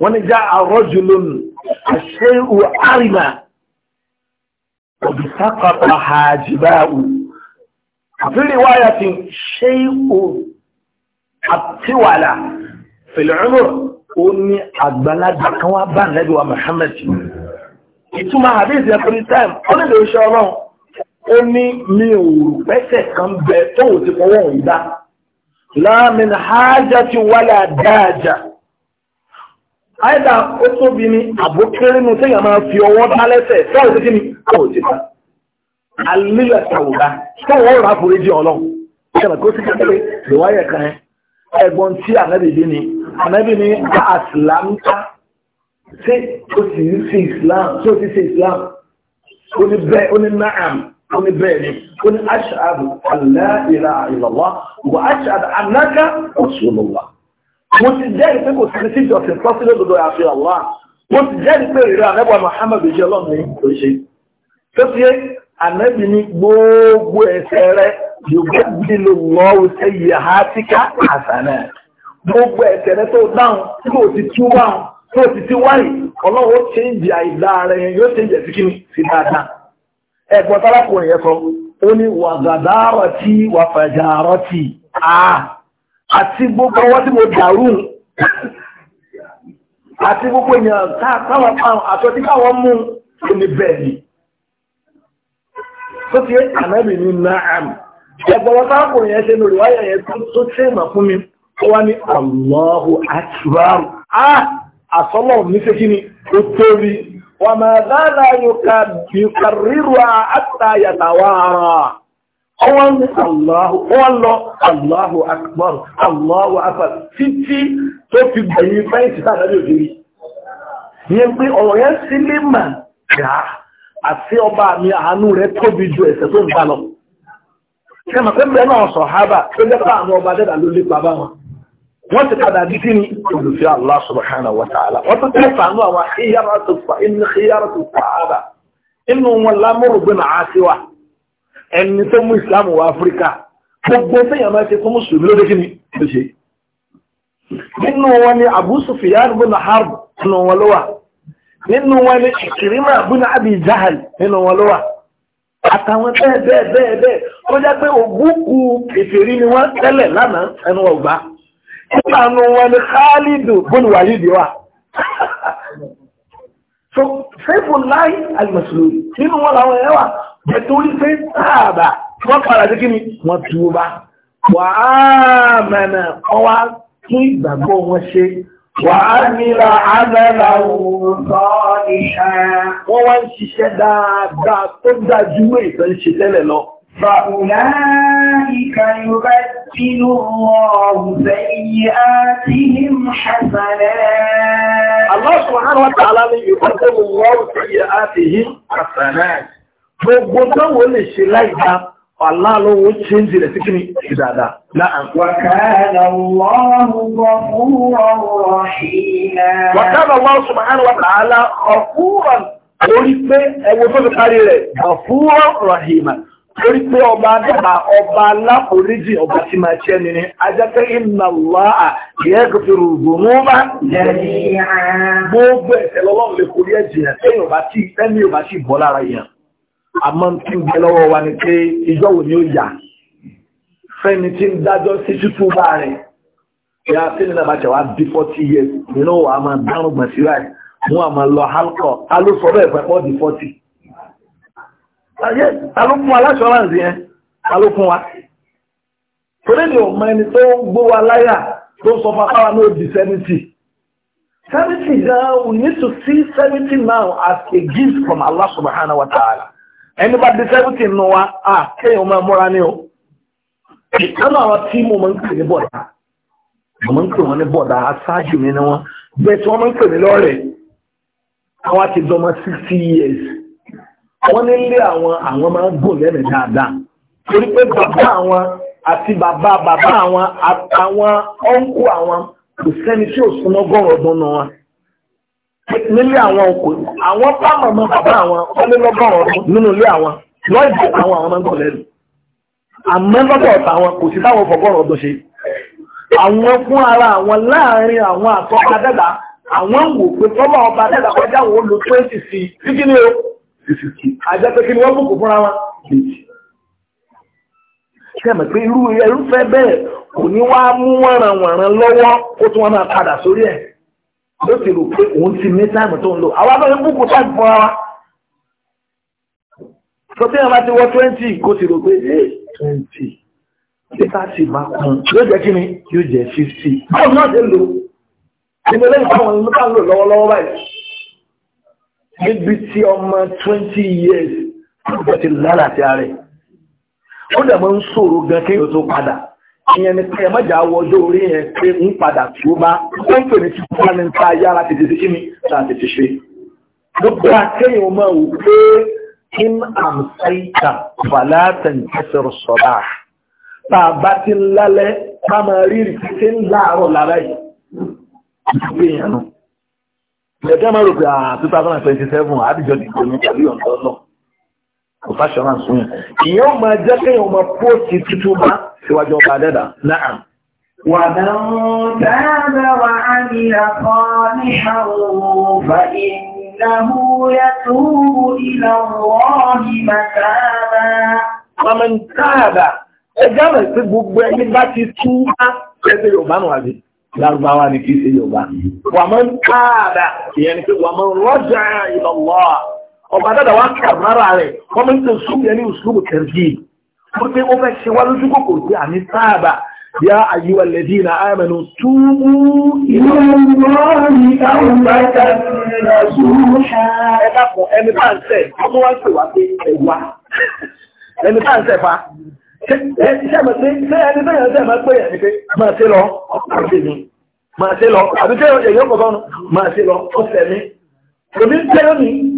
wọ́n ní já àrọ́jù lónìí àṣẹ ìhù àrìnà òbísákọ̀tà hajjibáwù àfihàn wáyà tí ṣe ìhù àtiwàlà fìlìmù ó ní àgbàlagbà kan wá bá nàbí wa Muhammad ìtumọ̀ àbíyèsí ẹ̀kọ́rí táìmù ó ní lè ṣe ọlọ́run ó ní mi ò pẹ́sẹ̀ kan bẹ tóun ti fọwọ́ òun dá láàmìn hájà tí wàlà dáadáa àìdá ó tóbi ní àbókẹ́rẹ́ nù téèyàn máa fi ọwọ́ dá lẹ́sẹ̀ sọ́ọ̀ sí kí ni kò jẹ́ ta alílẹ̀ tàwùdá sọ́wọ́ rà foríjì ọlọ́run ṣẹlẹ̀ kó sí kékeré lòwáyẹ̀ kan ẹgbọ́n tí ànábì bí ni ànábì ní àsìlámta ṣé ó sì ń ṣe islam ṣé ó ti ṣe islam ó ní bẹ́ẹ̀ ó naam ó bẹ́ẹ̀ ni ó ní ashhadu an la ilaha illallah wa mo ti jẹ́rìí pé kò sí sí ìjọsìn pọ́sílẹ̀ òdodo àfi Allah mo ti jẹ́rìí pé ìrẹ́ ànábì Muhammad ìṣẹ́ ọlọ́run yìí ló ṣe tó fi yé ànábì ní gbogbo ẹ̀ṣẹ̀ rẹ yorùbá nílò lọ́wọ́ sẹ́yìn àhátíkà àsànà gbogbo ẹ̀ṣẹ̀ rẹ tó dáhùn tí kò ti tú báhùn tó ti ti wáyé ọlọ́run ó ṣe ń di àìdá ara yẹn yóò ṣe ń jẹ̀ sí kí ni sí dáadáa ẹ̀gbọ́n tálákùnrin yẹn sọ ó ní wàgàdárọ̀ tí àti gbogbo ọwọ́ tí mo dàrú àti gbogbo èèyàn káàkiri àwọn àṣọ tí káwọn mú ní bẹ́ẹ̀ni tó ti ànábì ní naam ẹgbọ̀wọ́ sáàkùnrin yẹn ṣe ní olùwáyà yẹn tó ṣe ìmọ̀ fún mi ó wá ní Allahu akbar àsọ́lọ̀ ní ṣe kí ni ó tóbi wà ọwọ́n ní Allahu wọ́n lọ Allahu Akbar Allahu Akbar títí tó fi gbẹ̀yìn fẹ́ǹsì tàbí òjòrí yẹn pé ọ̀rọ̀ yẹn sí lè mà dá àti ọba mi àánú rẹ̀ tóbi ju ẹ̀ṣẹ̀ tó ń bá lọ kẹmà pé bẹ́ẹ̀ náà sọ hábà tó jẹ́ pé àwọn ọba dẹ́dà ló lè bá wọn wọ́n ti padà di kí ni olùfẹ́ Allah subhanahu wa ta'ala wọ́n tún tẹ́ sànú àwọn khiyaratu fa inú khiyaratu fa ábà inú wọn lámúrù màá sí wa ẹni tó mú ìsìlámù wá áfíríkà gbogbo fẹ́yàn máa ṣe fún mùsùlùmí lóde kí ni ló ṣe nínú wọn ni Abu Sufyan bin Harb nínú wọn ló wà nínú wọn ni Ikrima bin Abi Jahal nínú wọn ló àtàwọn bẹ́ẹ̀ bẹ́ẹ̀ bẹ́ẹ̀ bẹ́ẹ̀ ó jẹ́ pé ògbúkú kèfèrí ni wọ́n tẹ́lẹ̀ lánàá ẹnu ọgbà nígbà wọn ni Khalidu bin Walid wà [LAUGHS] so Saifullah al-Maslul nínú wọn làwọn ẹ̀ wà nítorí pé sáàbà wọ́n padà sí kíni wọ́n tu bá wà á mẹ́nà wọ́n wá tún ìgbàgbọ́ wọn ṣe wà á nílò àmẹ́là òwúrọ̀ ìṣẹ́ wọ́n wá ń ṣiṣẹ́ dáadáa tó dájú wé ìtàn ṣe tẹ́lẹ̀ lọ. فأولئك يبدل الله سيئاتهم حسنات الله سبحانه وتعالى يبدل الله سيئاتهم حسنات gbogbo táwọn lè ṣe láìdá wàlá lọ́wọ́ ṣéǹjì rẹ̀ sí kíni ìdàdà láà. wàkàlà wọ́n subhanahu wa ta'ala ọ̀fúnrọ̀ orí pé ẹwọ tó fi parí rẹ̀ ọ̀fúnrọ̀ rahima orí pé ọba dàbà ọba aláforíjì ọba tí máa ṣẹ́ ni ni ajẹ́pẹ́ inna Allaha yaghfiru dhunuba gbogbo ẹ̀ṣẹ̀ lọ́wọ́ lè forí ẹ̀jìyàn tẹ́yìn ọba tí bọ́ lára yẹn àmọ́ tí ń bẹ lọ́wọ́ wa ni pé ìjọ wo ni ó yà fẹ́ni tí ń dájọ́ sí tútù bá rẹ̀ ya tí nínú àbájá wa bí forty years nínú wa máa dárùn gbọ̀n sí ráì a àmọ́ lọ alcohol ta ló sọ bẹ́ẹ̀ pẹ́ pọ́ di forty. ta ló fún wa láṣọ́ránsì yẹn ta ló fún wa. torí ni ọmọ ẹni tó ń gbó wa láyà seventy. seventy we need to see seventy now as a gift from Allah subhanahu wa ta'ala ẹni bá di sẹ́fìtì nù wa à kéèyàn máa múra ní o ìkànnì àwọn tí mo máa ń pè ní bọ̀dá mo máa ń pè wọ́n ní bọ̀dá aṣáájú mi ni wọ́n bẹ́ẹ̀ tí wọ́n máa ń pè mí lọ́rẹ̀ẹ́ àwọn ti dọ́mọ sixty years wọ́n nílé àwọn àwọn máa ń gùn lẹ́nu dáadáa torí pé bàbá àwọn àti bàbá bàbá àwọn àtàwọn ọ̀nkù àwọn kò sẹ́ni tí ò súnmọ́ gọ́rọ̀ ọdún náà wọn nílé àwọn okò àwọn pàmò mọ bàbá àwọn ọlẹ́lọ́gọ́rùn ọdún nínú ilé àwọn lọ́ọ̀dì àwọn àwọn máa ń tọ̀lẹ́ nù àmọ́ lọ́dọ̀ ọ̀tà àwọn kò sí táwọn fọgọ́rùn ọdún ṣe àwọn fún ara àwọn láàrin àwọn àtọ́ adẹ́dà àwọn ń wò pé tọ́lọ̀ ọba adẹ́dà kọjá àwọn olú twenty sí sí kí ni o àjẹ́ pé kí ni wọ́n bùkún fúnra wọn. ṣé ẹ̀mọ̀ pé irú irúfẹ́ bẹ́ẹ̀ kò ní wá mú wọ́nranwọ̀nran lọ́wọ́ kó tún wọn máa padà sórí ẹ̀ ó sì rò pé òun ti ní táìmù tó ń lò àwa náà ń bùkún táìmù fún wa sọ pé àwọn ti wọ twenty kó sì rò pé twenty títà sì máa kún yóò jẹ́ kí ni yóò jẹ́ fifty báwo náà ṣe lò nígbà lẹ́yìn táwọn ìlú bá ń lò lọ́wọ́lọ́wọ́ báyìí níbi tí ọmọ twenty years ó ti lára rẹ̀ ó dẹ̀ ń ṣòro gan kéèyàn tó padà ìyẹn ni pé ẹmọ́jà wọ ọjọ́ orí yẹn pé ń padà tí ó bá wọ́n pè ní títí ní ta yára tètè sí kíni ta tètè ṣe. gbogbo akéyìn ọmọ wò pé in am saita falatan kẹsẹ̀ sọ̀rọ̀ tá a bá ti ń lálẹ́ ká máa rí ìrìkì tí ń láàárọ̀ lára yìí. ìdílé yẹn nù. ẹ̀jẹ̀ máa rò pé àtúntà 2027 àdìjọ́ dìbò ní pẹ̀lú ọ̀dọ́ náà kò fáṣọ́nà sún yẹn ìyẹn ó máa jẹ́ kéèyàn máa póòsì tútù bá síwájú ọba dẹ́dà náà. ومن تاب وعمل صالحا فإنه يتوب إلى ẹgbẹ́ rẹ̀ sí gbogbo ẹni bá ti túbá ẹgbẹ́ Yorùbá nù àbí lárúbáwá ni kì í ṣe Yorùbá wàmọ́ ń káàdà ìyẹn ni pé wàmọ́ ń rọ́jà ìlọ́wọ́ ọba dada wa kàmára rẹ̀ wọ́n mú ní sùn yẹn ní ìṣúlùmù tẹ̀rìjì wọ́n pé ó fẹ́ ṣe wá lójú kòkòrò pé àmì sáàbà yá ayé wa lẹ́dí na àmẹ́nu túbú ìlú ìlú káwùbáta nàṣúṣà ẹ̀dá kan ẹni bá ń tẹ̀ ọmọ wa ṣe wá pé ẹ̀wà ẹni bá ń tẹ̀ fa iṣẹ́ mi pé ṣé ẹni bẹ́ẹ̀ ń tẹ̀ máa pé ẹni pé máa ṣe lọ ọkùnrin mi máa ṣe lọ àbí ṣé èyí ó kọ̀ bá wọn máa ṣe lọ ó fẹ́ mi òní ń tẹ́lẹ̀ mi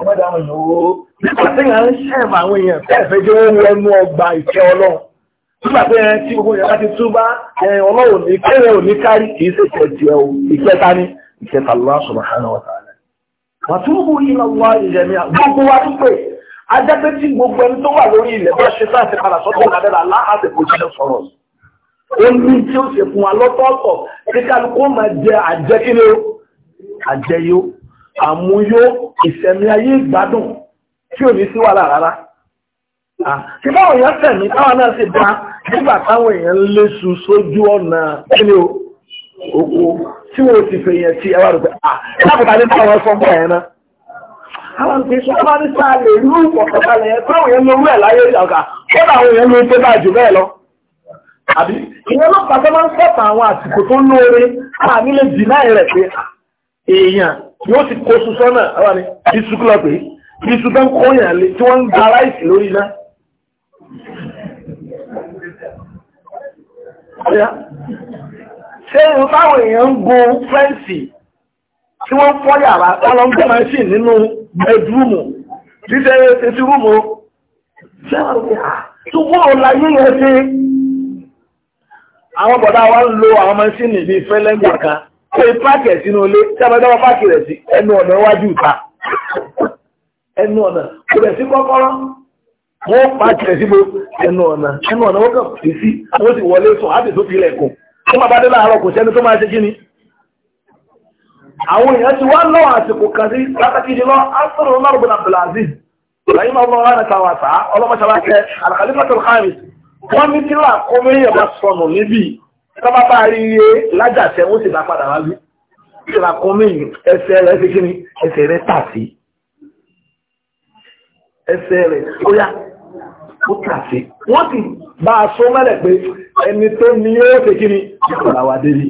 ọmọdé àwọn èèyàn ooo nígbà tí yẹn ń ṣẹ̀m àwọn èèyàn fẹ́ẹ̀fẹ́ jẹ́ wọ́n gbogbo yẹn bá ti túbá ọlọ́run wa ta'ala. wàtúbù ila wa tún pè adágbé tí gbogbo ẹni tó wà lórí ilẹ̀ bá ṣe sáà ti padà sọ́tọ̀ ìdádẹ́rẹ́ aláhàbẹ̀kọ̀ jẹ́ sọ̀rọ̀ ó ní tí ó ṣe fún wa lọ́tọ̀ọ̀tọ̀ àmúyó ìsẹ̀mí ayé ìgbádùn tí ò ní sí wàhálà rárá. Tí báwọn èèyàn tẹ̀mí táwọn náà sì dá nígbà táwọn èèyàn ń léṣu sójú ọ̀nà kíni o oko tí wọ́n ti fèèyàn tí ẹ wá rò pé láàbùkà ní báwọn ẹ fọ́n bọ̀ ẹ̀ náà. Àwọn ìpín sọ bá ní sáà lè rú ọ̀kọ̀kalẹ̀ ẹ̀ táwọn èèyàn lórú ẹ̀ láyé ìjọba kó làwọn èèyàn ló ń pé bá jù Àbí ìyẹn ló pàtó máa ń sọ̀tà àwọn àsìkò tó lóore àmì lè dì náà rẹ̀ pé èèyàn yóò ti kó su sọ́nà àwọn ni iṣu kúlọ̀ pé iṣu tó ń kó yàn lé tí wọ́n ń gba ráìsì lórí iná. ṣé irun táwọn èèyàn ń gun fẹ́ǹsì tí wọ́n fọ́ yàrá wọn lọ ń gbé machine nínú bẹ́ẹ̀dúrúmù títẹ́ etí rúmù ṣé wọ́n rí à ah, tó wọ́n ò láyé yẹn ṣe. àwọn bọ̀dá wa ń lo àwọn machine bíi fẹ́lẹ́gbọ̀n kan kó o páàkì ẹ̀ sínú ilé tí a bá dáwọ́ páàkì rẹ̀ sí ẹnu ọ̀nà iwájú ìta ẹnu ọ̀nà kò bẹ̀ sí kọ́kọ́rọ́ wọ́n páàkì rẹ̀ síbo ẹnu ọ̀nà ẹnu ọ̀nà wọ́n kàn fi sí wọ́n sì wọlé sùn á sì tó tilẹ̀ kù tó máa bá dé láàárọ̀ kò sẹ́ni tó máa ṣe kíni. àwọn èèyàn ti wá lọ́wọ́ àsìkò kan sí pàtàkì jùlọ asọ́rọ̀ ọlọ́run bọ̀dà brazil ìlàyé máa bọ̀ wọn àtàwọn àtà ọlọ́mọṣàlá kẹ àlàkàlí pàtàkì wọ́n ní kí láàkó méjì ọba sọnù níbí tọ́ba bá rí iye lájàṣẹ́ wọ́n sì bá padà wá bí ìṣẹ̀lá kan míì ẹsẹ̀ rẹ̀ ṣe kí ni ẹsẹ̀ rẹ̀ tà sí ẹsẹ̀ rẹ̀ ó yá ó tà sí wọ́n ti bá a sọ mẹ́lẹ̀ pé ẹni tó ní yóò ṣe kí ni ìṣẹ̀lá wa dé ní.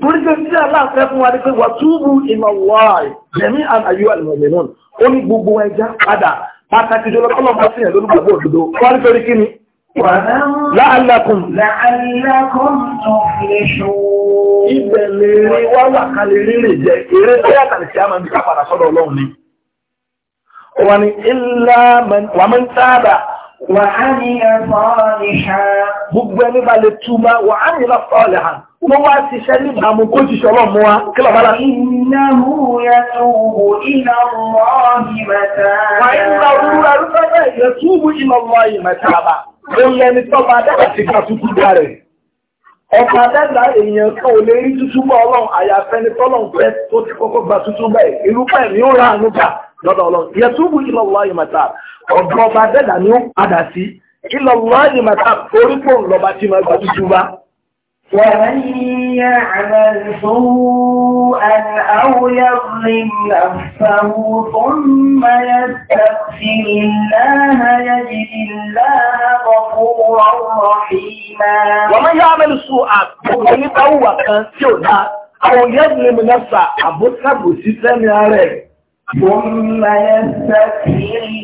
torí pé sí aláàfẹ́ fún wa ni pé wà túbú ìmọ̀ wáì jẹ̀mí àyù àlùmọ̀lẹ̀ náà ó ní gbogbo ẹja padà pàtàkì jọlọ́kọ́lọ́ bá sí ẹ̀ ni? Láàlákùn. Láàlákùn tó fi ṣòó. Ibẹ̀ lè rí wá wà ká lè rí rè jẹ, eré tó yàtà lè ṣe á máa bí ká padà sọ́dọ̀ Ọlọ́run ni. Wà ní ilá wà mọ́ Wà á ní ẹ̀fọ́ ní ẹ̀fọ́ ìṣá. Mo wá ṣiṣẹ́ ní ìbámu kó ṣiṣẹ́ ọlọ́mú wa, kí lọ bára. Ìnáwó yẹ túbù iná wọ́n yìí mẹ́ta. Wà á ní ìnáwó yẹ túbù iná wọ́n yìí mẹ́ta ó lẹni tọ́ba dára ti ká tútù dá rẹ̀. ọ̀pá dára èèyàn kan ò lè rí tútù bá ọlọ́run àyàfẹ́ni tọ́lọ́run fẹ́ tó ti kọ́kọ́ gba tútù bẹ́ẹ̀ irúfẹ́ ni ó ra àánú gbà lọ́dọ̀ ọlọ́run yẹ túbú ìlọ́wọ́ ìmọ̀ta ọ̀dọ̀ ọba dẹ́dà ni ó padà sí ìlọ́wọ́ ìmọ̀ta orí pòun lọ́ba tí máa gba tútù bá. ومن يعمل سوءا أو يظلم نفسه ثم يستغفر الله يجد الله غفورا رحيما ومن يعمل سوءا ومن يتوى كان سوءا أو يظلم نفسه أبو سبو سيسان يا ثم يستغفر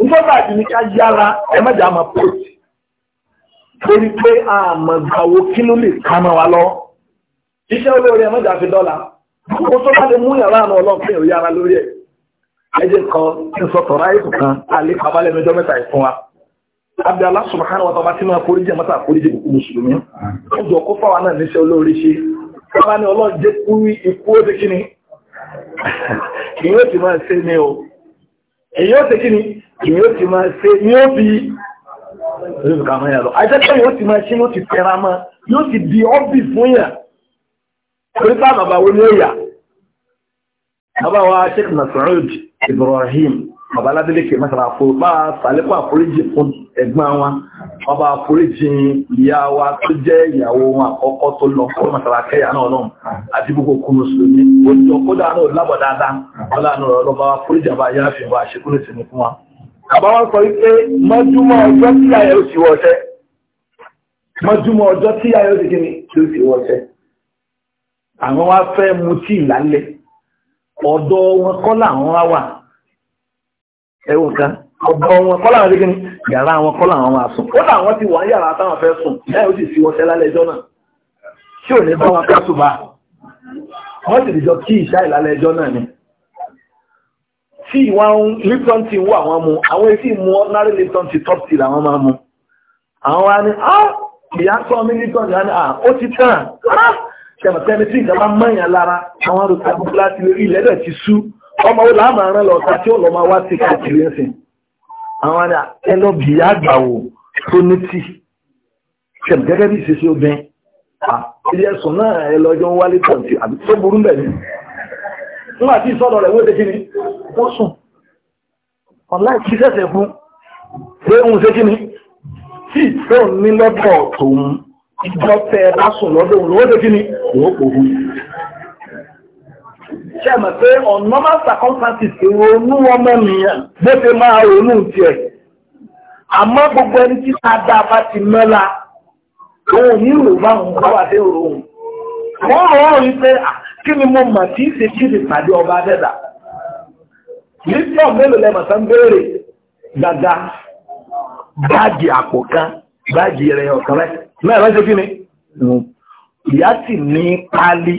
nígbàtà àti ní ká yára ẹ mẹ́jà máa pòtì torí pé àmọ̀gbàwò kí ló lè ká máa wá lọ iṣẹ́ olóore ẹ mẹ́jà fi dọ́là ó tó bá lè mú yàrá àná ọlọ́pìn ò yára lórí ẹ̀ ẹjẹ́ kan ń sọ tọ̀rọ àìsàn kan alẹ́ pàbálẹ̀ mẹ́jọ mẹ́ta ìfún wa abdi Allah subhanahu wa ta'ala tí máa foríjì mọ́ta foríjì kùkù mùsùlùmí ó kó fáwa náà níṣẹ́ olóore ṣe bá ní ọlọ́jẹ́ ikú ó [LAUGHS] ti kíni èyí yóò ti máa ṣe yóò fi rízùkà mọ́ yà àìsẹ́kẹ́ yóò ti máa ṣe yóò ti tẹ́ra mọ́ yóò ti di ọ́bì fún yà torí bá bàbá wo ni ó bàbá wa Sheikh Ibrahim bàbá aládélé kì fún bá wa bàbá àforíjì ìyá wa tó jẹ́ ìyàwó wọn àkọ́kọ́ tó lọ fún náà náà àti gbogbo àbá wọn sọ wípé mọ́júmọ́ ọjọ́ tí ayé ò sì wọṣẹ́ mọ́júmọ́ ọjọ́ tí ayé ò sì kíni tí ó sì wọṣẹ́ àwọn wá fẹ́ mutí ìlálẹ̀ ọ̀dọ̀ wọn kọ́ làwọn wá wà ẹwọ kan ọ̀dọ̀ wọn kọ́ làwọn kíni yàrá wọn kọ́ làwọn wá sùn ó làwọn ti wà yàrá táwọn fẹ́ sùn ayé ò sì sí wọṣẹ́ lálẹ́ ẹjọ́ náà tí ò ní bá wọn kásùbà wọ́n sì dìjọ kí ìṣá ìlálẹ́ ẹjọ́ náà ni tí ìwà Lipton tea wà wọ́n mu àwọn etí mu ordinary Lipton tea top tea làwọn máa mu àwọn wa ni ah! ìyá sọ mí Lipton tea ah, ó ti tàn kẹmọ̀tẹ́ni ah! tí ìjọba mọ́yàn lára àwọn arúgbó láti lórí ilẹ̀dẹ̀ ti sú ọmọ wo láàmà rán lọ ọ̀tá tí ó lọ máa wá sí káàkiri ẹ̀sìn àwọn àni ẹlọ́bì àgbàwò tó ní tí kẹmọ̀ gẹ́gẹ́ bí ìṣesí obìnrin ilé ẹ̀sùn náà ẹlọ́jọ́ wálé tọ̀tì àbí tó burú bẹ̀ ni nígbà tí ìsọ́dọ̀ rẹ̀ wóde kíni wọ́n sùn ọ̀láì kí sẹ́sẹ̀ fún pé òun ṣe kíni tí ìfẹ́ òun ní lọ́dọ̀ tòun ìjọ tẹ bá sùn lọ́dọ̀ òun lówó ṣe kíni òun kò hù ṣe mọ̀ pé on normal circumstances ronú ọmọ nìyàn bó ṣe máa ronú tiẹ̀ àmọ́ gbogbo ẹni tí ta dá bá ti mẹ́la òun ní ìròmọ́ àwọn ọ̀gá wà dé òun wọ́n rọ̀ ọ́ wípé kí ni mo mà tí ṣe kí ni pàdé ọba dẹ́dà lithium mélòó lẹ́mọ̀ sá ń béèrè dada báàgì àpò kan báàgì rẹ̀ ọ̀kan rẹ̀ mẹ́rin ṣe kí ni ìyá sì ní pálí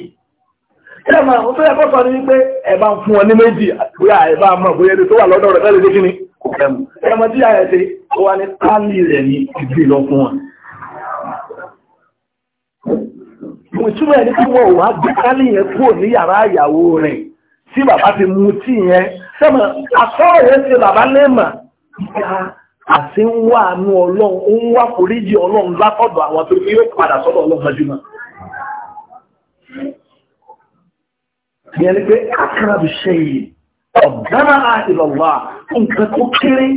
ẹ̀mà ó fẹ́ ẹ̀kọ́ sọ ní wípé ẹ̀bá ń fún ọ ní méjì àtúrà ẹ̀bá mọ̀ bóyá ẹni tó wà lọ́dọ̀ rẹ̀ fẹ́lẹ̀ kí ni ẹ̀mù ẹ̀mà tí ààrẹ ṣe ó wá ní pálí rẹ̀ ní ìgbé lọ fún wọn mo túmọ̀ ẹni tí wọn ò wá gbé kálí yẹn kúrò ní yàrá ìyàwó rẹ̀ tí bàbá ti mu tí yẹn sẹ́mọ̀ àsọ̀rọ̀ yẹn ti bàbá lẹ́mà ìyá àti ń wá àánú ọlọ́run ó ń wá foríjì ọlọ́run látọ̀dọ̀ àwọn tó ní yóò padà sọ́dọ̀ ọlọ́run jùmọ̀. ìyẹn ni pé akarabu ṣe yìí ọ̀dára ìlọ̀wà nǹkan tó kéré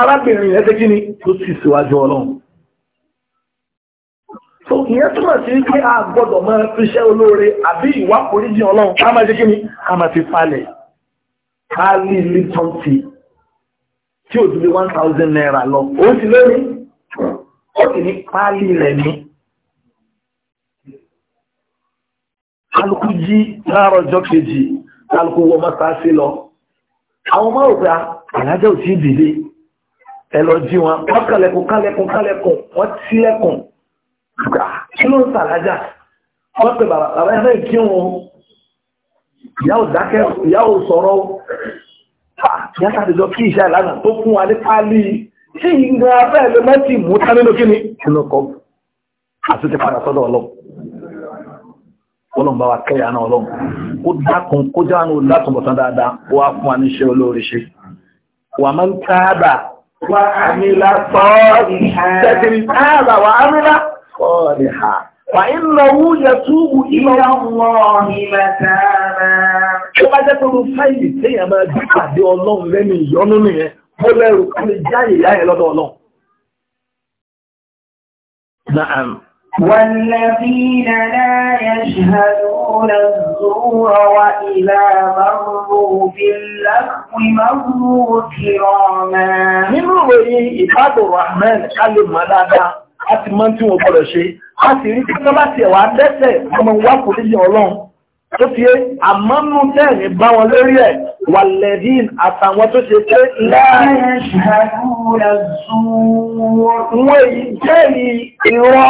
arábìnrin yẹn fẹ́ kí ni tó sì síwájú ọlọ́run so ìyẹn túmọ̀ sí wípé a gbọ́dọ̀ máa fi iṣẹ́ olóore àbí ìwà oríjì ọlọ́run ká máa ṣe kí ni ká máa fi falẹ̀ ká lè lè tán ti tí ò dúdú one thousand naira lọ ó ti lórí ó sì ní páálí rẹ̀ ní. kálukú jí láàárọ̀ ọjọ́ kejì kálukú wọ mọ́sáàsì lọ àwọn ọmọ òpá àlájọ́ ò tí ì dìde ẹ lọ jí wọn wọ́n kálẹ̀kùn kálẹ̀kùn kálẹ̀kùn wọ́n tílẹ̀kùn kí ló ń sàlájà wọ́n pè bàbá yẹn fẹ́ kí wọn ìyáwó dákẹ́ ìyáwó sọ̀rọ̀ ìyá sàdéjọ kí iṣẹ́ ìlànà tó fún wa ní pálí tí ìgbà abẹ́ ẹ̀lẹ́ mẹ́tì mú tá nínú kí ni inú kọ́ àti ti padà sọ́dọ̀ ọlọ́ ọlọ́run bá wa kẹ́yà náà ọlọ́run ó dákun kó jáwánú látùnbọ̀tán dáadáa ó wá fún wa ní iṣẹ́ olóore ṣe wà máa ń táàbà wà á nílá sọ́ọ́ ìṣẹ́ tẹ́tìrì sọ́ọ̀lìhà fàínàwó yẹ túbù ìlọ́wọ́ Na'am. والذين لا يشهدون الزور وإذا مروا باللغو مروا كراما. nínú ìròyìn ìbádọ̀ rahman kálù mọ́dáadáa a ti mọ́ tí wọ́n gbọ́dọ̀ ṣe a sì rí pé bá tiẹ̀ wá dẹ́sẹ̀ ọmọ wa kò ní yàn ọlọ́run tó fi é àmọ́ nù tẹ́ẹ̀mí bá wọn lórí ẹ̀ wà lẹ́dín àtàwọn tó ṣe pé láàárín wọ́n èyí jẹ́rìí irọ́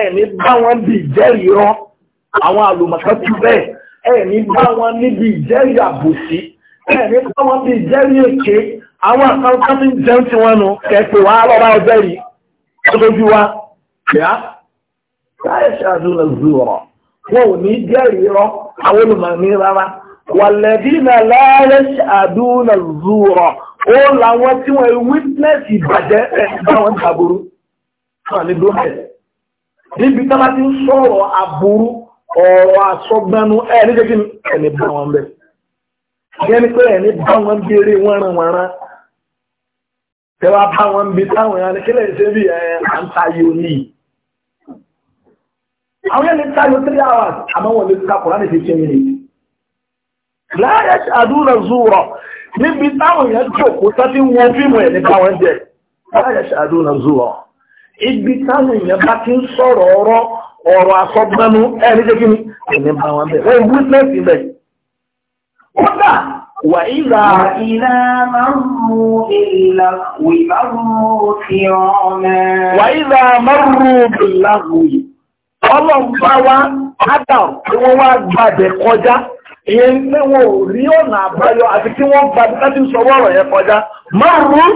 ẹ̀mí bá wọn bí ìjẹ́rìí irọ́ àwọn àlùmọ̀kọ́ ti ẹ̀mí bá wọn níbi ìjẹ́rìí àbòsí ẹ̀mí bá wọn bí ìjẹ́rìí èké àwọn àkàǹkà ti jẹun tí wọ́n nu kẹ́pẹ́ wàá lọ́ra ọjọ́ ọdójú wa yá láyé ṣàdúrà zúrọ̀ wọn ò ní jẹ́rìí irọ́ àwọn olùmọ̀mí rárá wàlẹ́dínà láyé ṣàdúrà zúrọ̀ ó làwọn tí wọ́n wítínẹ́sì ìbàjẹ́ ẹ̀ báwọn dàbúrú wọn ní gómẹ̀ níbi tí wọ́n ti ń sọ̀rọ̀ àbúrú ọ̀rọ̀ àsọgbẹ́nu ẹ̀ nígbẹ́gbẹ́ ẹ̀ ní bá wọn bẹ̀ yẹn ni pé ẹ̀ ní bá wọn bèrè wọ́nranwọ̀nran ẹ wá bá wọn bí táwọn ẹ̀yàn kílẹ̀ ṣe bí ẹ̀ à ń tayọ ní. àwọn ẹni tayọ three hours àmọ́ wọn lè ka kùrán ní fifteen minutes. láyé àdúrà zúrọ̀ níbi táwọn èèyàn jókòó sáfí wọn fíìmù ẹ̀ nípa wọn jẹ láyé àdúrà zúrọ̀ وإذا إذا مروا باللغو مروا كراما وإذا مروا باللغو ọlọ́run bá wá adam tí wọ́n wá gbàdẹ̀ kọjá ìyẹn ní wọn ò rí ọ̀nà àbáyọ àti kí wọ́n gba bí láti sọ wọ́rọ̀ yẹn kọjá márùn-ún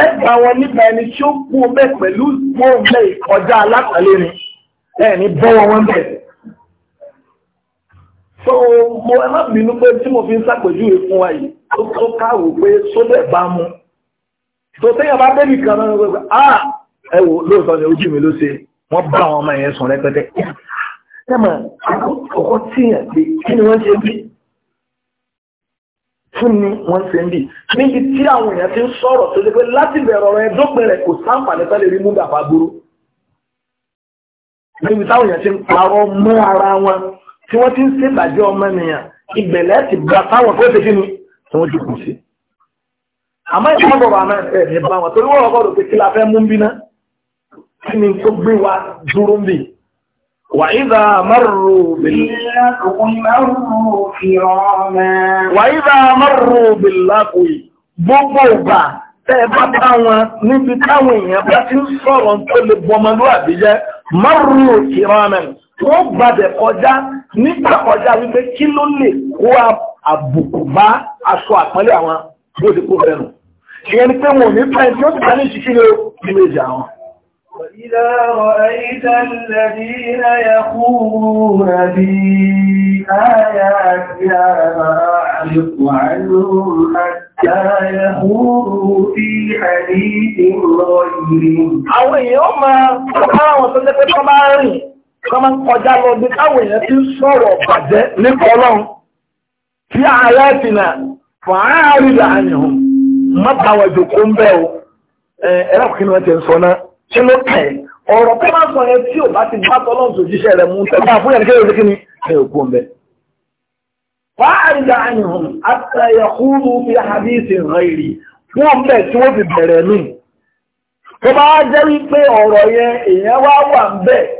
ẹ̀ wọn nípa ẹni tí ó kú ọbẹ̀ pẹ̀lú gbọ́ọ̀mẹ́ ìkọjá alákọ̀ọ́lẹ́ni ẹ̀ ní bọ́wọ́ wọn bẹ̀rẹ̀ so mo ẹ má bínú pé tí mo fi ń ṣàpèjúwe fún wa yìí tó tó káwò pé sódò ẹ̀ bá mú tó téèyàn bá débi kan náà wọ́n gbé ah ẹ wò lóòótọ́ ni ojú mi ló ṣe wọ́n bá àwọn ọmọ yẹn sùn rẹpẹtẹ ẹ ọkọ tíyàn pé kí ni wọ́n ṣe bí fún ni wọ́n ṣe ń bì níbi tí àwọn èèyàn ti ń sọ̀rọ̀ tó ṣe pé láti bẹ̀rẹ̀ ọ̀rọ̀ ẹ̀ dópin kò sáǹfààní tá níbi táwọn èèyàn ti ń parọ́ mọ́ ara wọn tí wọ́n ti ń ṣe ìbàjẹ́ ọmọnìyàn ìbẹ̀lẹ̀ ti gba táwọn tó ṣe kínú tí wọ́n jùkú sí. àmọ́ ìfọ́bọ̀rọ̀ àmọ́ ẹ̀ bá wọn torí wọ́n rọ̀gbọ́dọ̀ pé kí la fẹ́ mú bí ná kí ni tó gbé wa dúró ń bì. wà ìdá márùrù bìlá wà ìdá márùrù bìlá kò yìí gbogbo ìgbà tẹ́ ẹ bá bá wọn níbi táwọn èèyàn bá ti nígbà kọjá wípé kí ló lè kó àbùkù bá aṣọ àpọ́nlé àwọn bí bẹ̀rù ìyẹn ni pé wọn ní fẹ́ tí ó ti bá ní ìṣiṣẹ́ ní ìmẹ̀jì àwọn. وَإِذَا رَأَيْتَ الَّذِينَ يَخُوضُونَ فِي آيَاتِنَا فَأَعْرِضْ عَنْهُمْ حَتَّى فِي حَدِيثٍ غَيْرِهِ Àwọn èèyàn máa ń kọ́ àwọn tó lẹ́pẹ́ tó máa rìn kọ́mọ kọjá lọ bí káwọn èèyàn ti sọ̀rọ̀ bàjẹ́ nípa ọlọ́run tí ààrẹ ti nà fàárí làánìhù má báwọn ìjòkó ń bẹ́ o ẹ̀rọ kí ni wọ́n ti ń sọ náà kí ló kẹ̀ ọ̀rọ̀ tó máa ń sọ yẹn tí ò bá ti bá tọ́lọ́run tó jíṣẹ́ rẹ̀ mú tẹ́lá fún yẹn kéèrè kí ni ẹ̀ òkú ń bẹ́ fàárí làánìhù àtẹ̀yẹ̀kúrú fi hadith rẹ̀ wọ́n bẹ̀ tí wọ́n fi bẹ̀rẹ̀ mí tó bá jẹ́ wípé ọ̀rọ̀ yẹn èèyàn wá wà ń bẹ́ẹ̀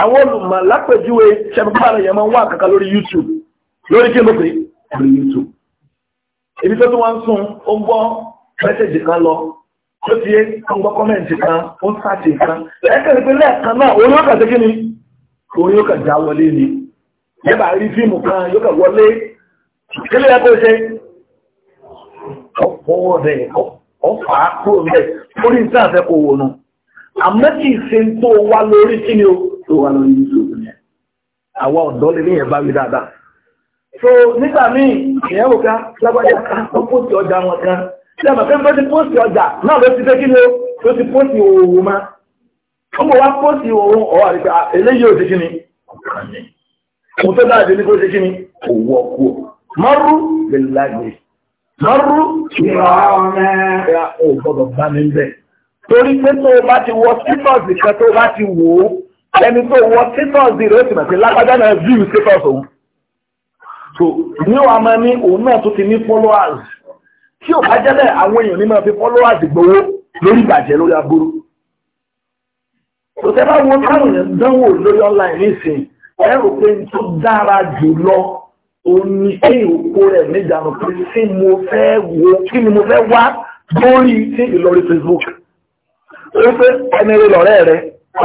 àwọn olùmọ̀ lápẹ̀júwe ṣẹ̀fúnpá rẹ̀ yẹn máa ń wá kankan lórí YouTube lórí kí ló pé lórí YouTube ibi tó tún wá ń sùn ó ń gbọ́ mẹ́sẹ̀jì kan lọ tó ti yé ó ń gbọ́ kọ́mẹ̀ntì kan ó ń sáàtì kan ẹ̀kẹ́rì pé lẹ́ẹ̀kan náà orí ó kà sí kí ni orí ó kà já wọlé ni yẹ́bà rí fíìmù kan yóò kà wọlé kí ló yẹ kó ṣe ọ̀pọ̀ rẹ̀ ọ̀fà kúrò mẹ́ orí ìsáàfẹ́ kò wò nù àmọ́ kì í ṣe tó wá lórí kí ni o tó wà lórí youtube yẹn àwa ọ̀dọ́ lè níyẹn bá mi dáadáa so nígbà míì ìyẹn wò ká lágbájá ká ó pòsì ọjà wọn kan tí a mọ̀ pé pé pòsì ọjà náà ló ti fẹ́ kí ni ó ló ti pòsì òwò ma ó mọ̀ wá pòsì òwò ọ̀hà rẹ̀ pé eléyìí ò ti kí ni ọ̀kan ni mo tó dáa ìdílé kó ṣe kí ni òwò ọkú mọ́rú lè lágbè mọ́rú ìrọ̀rùn ẹ̀ ò gbọ́dọ̀ bá mi bẹ̀ torí pé tó bá ti wọ sípọ̀sì kan tó bá ti wò ẹni tó wọ títọ́ọ̀sì rẹ̀ ó sì mọ̀ sí lágbájá náà view títọ́ọ̀sì òun so ní wàá máa ní òun náà tó ti ní followers tí ò bá jẹ́lẹ̀ àwọn èèyàn ní máa fi followers gbowó lórí ìbàjẹ́ lórí aburú òtẹ́ bá wọn táwọn èèyàn dánwò lórí online nísìnyí ẹrù pé n tó dára jù lọ òun ni kí òkú rẹ̀ níjànú pé kí mo fẹ́ wo kí ni mo fẹ́ wá lórí sí ìlọrí Facebook ó pé ẹni rẹ lọ́rẹ́ rẹ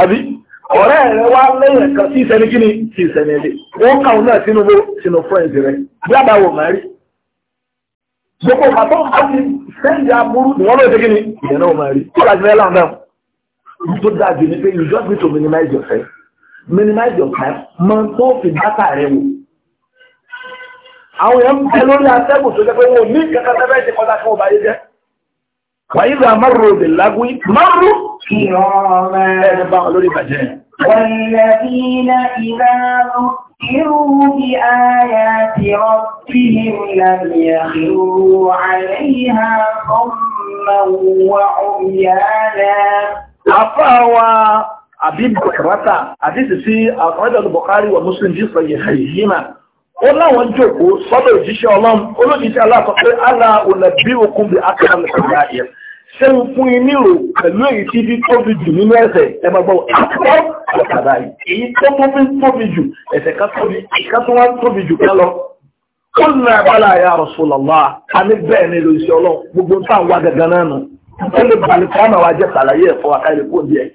àbí ọ̀rẹ́ rẹ wá lẹ́yìn kan sí ìsẹ́ni kí ni sí ìsẹ́ni ilé wọ́n káwọn náà sínú bó sínú friends rẹ yàgbà wò má rí gbogbo pàtó àti sẹ́ńdì aburú ni wọ́n lóye kí ni ìyẹn náà má rí kọ́lá ti fẹ́ láwọn náà tó dáa jù ní pé you just need to minimize yourself minimize your time máa tó fi dátà rẹ wò àwọn èèyàn bẹ lórí atẹ́gùn tó jẹ́ pé wọn ò ní kankan tẹ́fẹ́ ti kọjá fún ọba yìí jẹ́ Wàyíza márùn ún ìlágún márùn kí ọmọ ẹ̀rẹ̀ bá olórí bàjẹ́. Wàlẹ̀bílá ìlànà irú bí ayá ti ọ̀pí ìlànà ìrú àìyíha ọmọ wa ọmọyára. Afá wa àbí ó láwọn jókòó sọ́dọ̀ òjíṣẹ́ ọlọ́run olójíṣẹ́ aláàtọ̀ pé aláà ò bí okun bí ṣé ń fún yín nírò pẹ̀lú èyí tí bí tóbi jù nínú ẹ̀ṣẹ̀ ẹ máa gbọ́ ẹ̀kọ́ àkàdá yìí èyí tó tóbi tóbi jù ẹ̀ṣẹ̀ ká tóbi ìka tó wá tóbi jù ká lọ. ó ń na abala ya Rasulullah a ní bẹ́ẹ̀ ni lóṣù ọlọ́ gbogbo ń tàn wá gangan náà nù ó lè balẹ̀ kọ́ àmà wa jẹ́ sàlàyé ẹ̀fọ́ àkàlẹ̀ kó díẹ̀.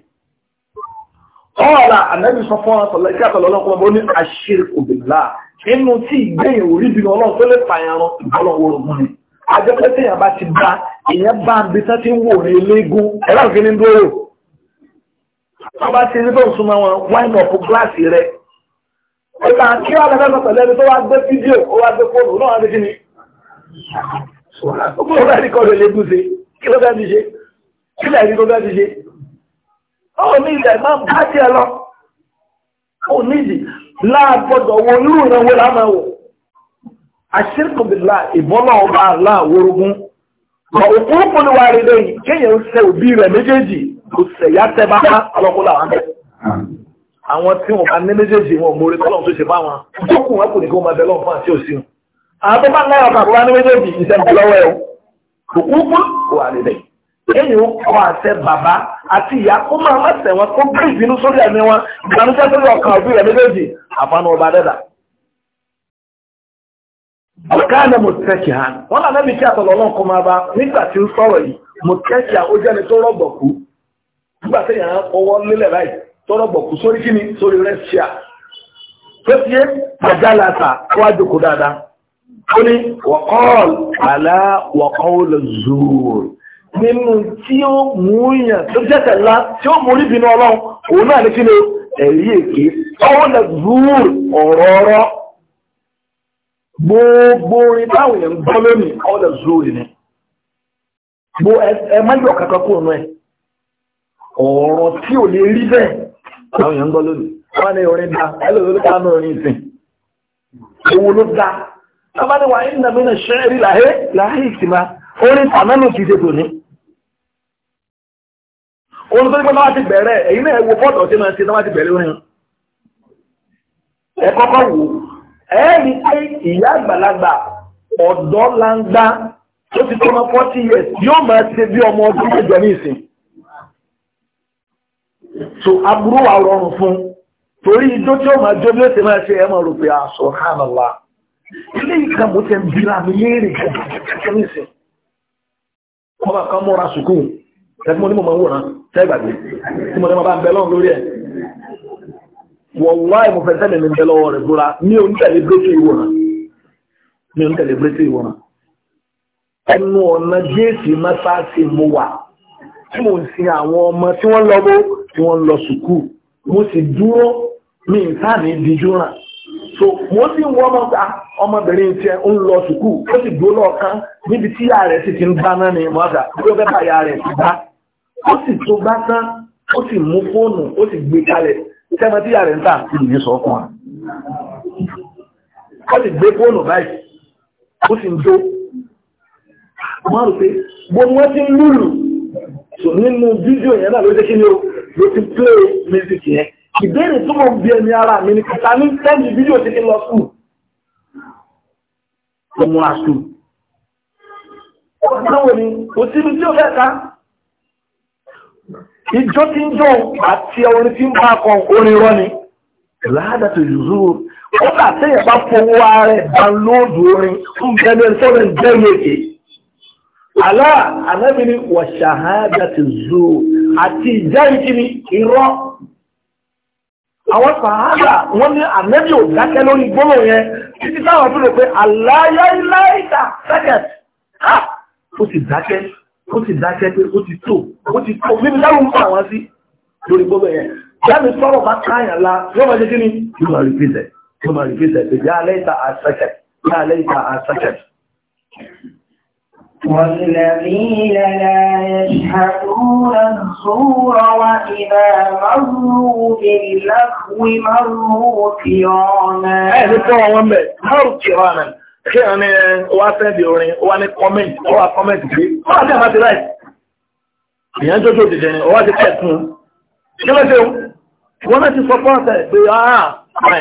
ọ̀la ànábì sọ fún wa sọ̀lá ìkà sọ̀lá ọlọ́kùnrin àjẹpẹ́ tí èèyàn bá ti bá èèyàn bá ń bi tán ti ń wò ní eléégún ẹ̀rọ àgbẹ̀ ní dúró wọ́n bá ti ní tó wọn wáìnì ọ̀pọ̀ gíláàsì rẹ̀ ó kà kí wọ́n lọ fẹ́ẹ́ pẹ̀lú tó wá gbé fídíò ó wá gbé fóònù náà wá gbé kí ó kúrò láti kọ́ ọ̀rọ̀ eléégún kí ló fẹ́ ti ṣe kí lẹ́ẹ̀rí ló fẹ́ ti ṣe ó ní ilẹ̀ máa bá tiẹ̀ lọ ó ní ìdí láàgbọ́dọ̀ wo àṣírkùbìlà ìbọ́nà ọba aláàwòrógún wà òkúrùkù ni wàá rí lẹ́yìn kéèyàn ń ṣe òbí rẹ̀ méjèèjì kò sẹ̀yà tẹ́ bá bá ọlọ́kùnrin àwọn abẹ́. àwọn tí wọn bá ní méjèèjì wọn mórí tọ́lọ̀ tó ṣe bá wọn tó kù wọn kò ní kí wọn máa bẹ lọ́wọ́ fún àti òsì wọn. àwọn tó bá ń láyọ̀ bàbá ní méjèèjì ìṣẹ̀lẹ̀ lọ́wọ́ ẹ̀ òkúrùkù wà rí lẹ́yìn kéèyàn ó àṣẹ bàbá àti ìyá kó máa má ṣẹ̀wọ̀n kó gbé ìbínú sórí ọ̀kánà mọ̀tẹ́kì hàn wọ́n náà lẹ́bí tí àtọ̀lọ́lọ́ kọ máa bá nígbà tí ó sọ̀rọ̀ yìí mọ̀tẹ́kì ó jẹ́ni tó rọ̀gbọ̀kú nígbà tí èèyàn ọwọ́ lélẹ̀ láì tó rọ̀gbọ̀kú sórí kíni sórí rẹ́ṣíà tó ti yé àjálàta wájú kó dáadáa ó ní wọ́kọ́ọ̀l àlá wọ́kọ́ọ̀l zuur nínú tí ó mú yàn tó jẹ́tẹ̀ ńlá tí ó mú bínú ọlọ́run òun náà ní kíni ẹ̀rí èké ọ̀rọ̀ gbogbo orin táwọn ya gbọ́ lónìí ọ̀dọ̀ zúrì ni gbo ẹ má kankan kúrò nú ọ̀rọ̀ tí ò lè rí bẹ́ẹ̀ táwọn èèyàn gbọ́ lónìí wọ́n ní orin ìsìn ló ọba ni wà ní náà ṣe rí làhé làhé ìsìnmá orin tànánù ti dé tòní orin tó ní pé náà ti bẹ̀rẹ̀ èyí náà wo fọ́tọ̀ sí náà ti náà ti bẹ̀rẹ̀ orin ẹ kọ́kọ́ wò ẹ̀ẹ́rì pé ìyá àgbàlagbà ọ̀dọ́ langba tó ti tó máa years yóò máa ṣe bí ọmọ ọdún mẹ́jọ ìsìn. so aburú wa rọrùn fún torí ijó tí ó máa jó bí ó ti máa ṣe ẹ máa rò pé hànàlá ah, ilé mo wọ̀láì mo fẹ́ tẹ́lẹ̀ mi ń tẹ́ lọ́wọ́ rẹ̀ búra mi ò ní tẹ̀lé brékì ìwòrán mi ò ní tẹ̀lé brékì ìwòrán ẹnu ọ̀nà géètì mẹ́fàásì mo wà tí mo ń sin àwọn ọmọ tí wọ́n lọ́wọ́ tí wọ́n lọ sùkúù mo sì dúró mi ń sáàmì ìdíjú ràn so mo sì ń wọ́n mọ́ta ọmọbìnrin tiẹ̀ ń lọ sùkúù ó sì dúró lọ́ọ̀kan níbi tí ìyá rẹ̀ sì ti ń dáná ni mọ́ta bí ó fẹ́ bá ìyá rẹ̀ ti bá ó sì tó bá tán ó sì mú fóònù ó sì gbé kalẹ̀ iṣẹ́ mọ́ tí yà rẹ̀ ń tà kí nìyí sọ fún wa ó sì gbé fóònù báyìí ó sì ń jó wọ́n rò pé gbogbo wọn ti ń lùlù tò nínú fídíò yẹn náà ló jẹ́ kí ni o ló ti plé music yẹn ìbéèrè tó mọ̀ bí ẹni ara mi ni kàtà ní tẹ́lì fídíò ti ní lọ sùn ọmọ àṣù ọ̀pọ̀ náà wò ni kò sí tí ó fẹ́ ká ìjọ tí ń jọ àti orin tí ń bá kan orin rọ́ ni láàdá tó yùzú ó kà sẹ́yìn bá fowó ààrẹ dánlóòdù orin ń bẹnu sọ́rọ̀ ń jẹ́ yèké àlá ànábì ni wàṣàhádà tó zú àti ìjẹ́ ìkíni irọ́ àwọn sàhádà wọ́n ní ànábì ò dákẹ́ lórí gbọ́nà yẹn títí táwọn tó lò pé àláyáyí láìka sẹ́kẹ̀t ó ti dákẹ́ ó sì dákẹ́ pé ó ti tó ó ti tó níbi dáhùn ń pàwọn sí lórí gbogbo yẹn láti sọ̀rọ̀ bá káyàn la yóò máa ṣe kí ni yóò máa rìpítẹ̀ yóò máa rìpítẹ̀ pé yá lẹ́ta àṣẹkẹ̀ yá lẹ́ta àṣẹkẹ̀. والذين لا يشهدون الزور وإذا مروا باللغو مروا كراما. أهل الكرة ومبه مروا كراما kí àwọn ní wá sẹ́ndì orin wá ní kọ́mẹ̀ntì ó wá kọ́mẹ̀ntì pé ó wá sí àmà ti láì èèyàn jójó òdìdẹ̀ ni ó wá ti pẹ̀ fún un kí ló ṣe wọ́n náà ti sọ fún ọ̀sẹ̀ pé àà ah, fine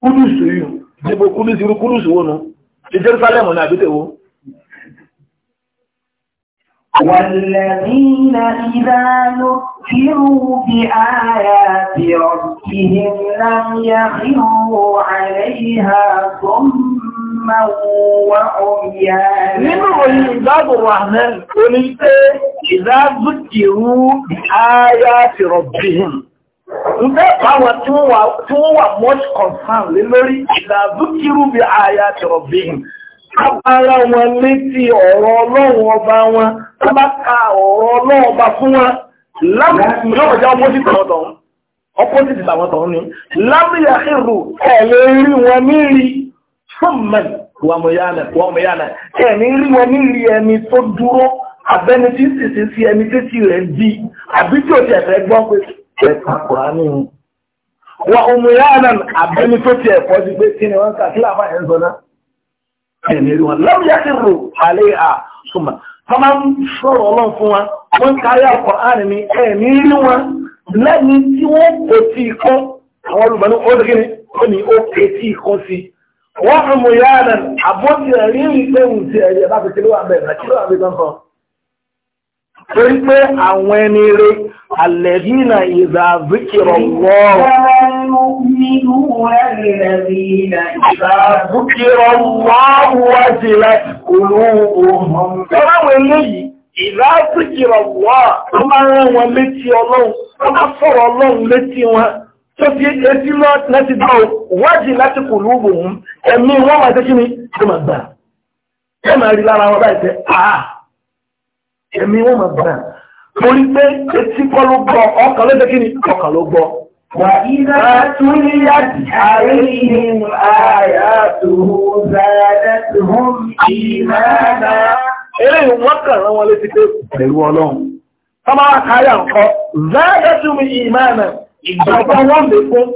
kúlùsù yìí níbo kúlùsù irú ti Jerusalem ní àbítẹ̀wó والذين إذا نذكروا بآيات ربهم لم يخروا عليها صما وعميانا من رؤية باب الرحمن قلت إذا ذكروا بآيات ربهم Ndé àwọn tí wọ́n wà most concerned lórí ìdàdúkìrú bí àyà tẹ̀rọ̀bíhìn Abára wọn létí ọ̀rọ̀ ọlọ́run ọba wọn, tábá ka ọ̀rọ̀ ọlọ́run ọba fún wọn, lábùjọ́mọ̀já opposite àwọn tọ̀hún, opposite ni, lábìyà ìrù ẹ̀lẹ́ rí wọn ní rí fúnmẹ̀n wàmùyánà wàmùyánà, ẹ̀ní rí wọn ní rí ẹni tó dúró abẹ́ni tí sì sí sí ẹni tẹ́tí rẹ̀ di, àbí tí ò tiẹ̀ fẹ́ gbọ́ pé ẹ̀ka Kùránì wa òmùyánà abẹ́ni tó tiẹ̀ fọ́ sí pé kí ni wọ́n kà sí àbáyé ń sọ náà ẹ̀mí wọn lọ́wọ́ yá sí rò àlẹ́ à súnmọ́ tọ́mọ́ ọlọ́run fún wa wọ́n kárí àkọ́ àrùn ẹ̀mí rí wọn lẹ́ni tí wọ́n kò tí kọ́ àwọn olùmọ̀nú ó ó ní ó ké tí kọ́ sí wọ́n fún mu yára àbọ̀tì rẹ̀ rí rí pé òun ti ẹ̀yẹ bá fi kíló àbẹ̀ torí pé àwọn ẹni rẹ̀ alẹ́dínà ìzà zíkìrọ̀ wọ́ọ̀rọ̀ zíkìrọ̀ wọ́ọ̀rọ̀ wájì láti kòrò ohun tọ́láwọ̀ eléyìí ìzà zíkìrọ̀ wọ́ọ̀rọ̀ tó máa rán wọn létí ọlọ́run tó máa sọ̀rọ̀ ọlọ́run létí wọn tó fi etí láti bá wájì láti kòrò ohun ẹ̀mí wọ́n máa tẹ́ kí ni tó máa gbà ẹ máa rí lára wọn báyìí pé àà ah, ẹ̀mí wọn máa bẹ̀rẹ̀ torí pé etí kọ́ ló gbọ́ ọkàn ló jẹ́ kí ni ọkàn ló gbọ́. wà ìlà túlí láti àríyìn àyà tó zàdá tó hùn ìmáàdá. eléyìí wọ́n kàn rán wọn létí pé pẹ̀lú ọlọ́run tọ́mọ́ àkáyà nǹkan zàdá tó mi ìmáàdá ìgbàgbọ́ wọn lè fún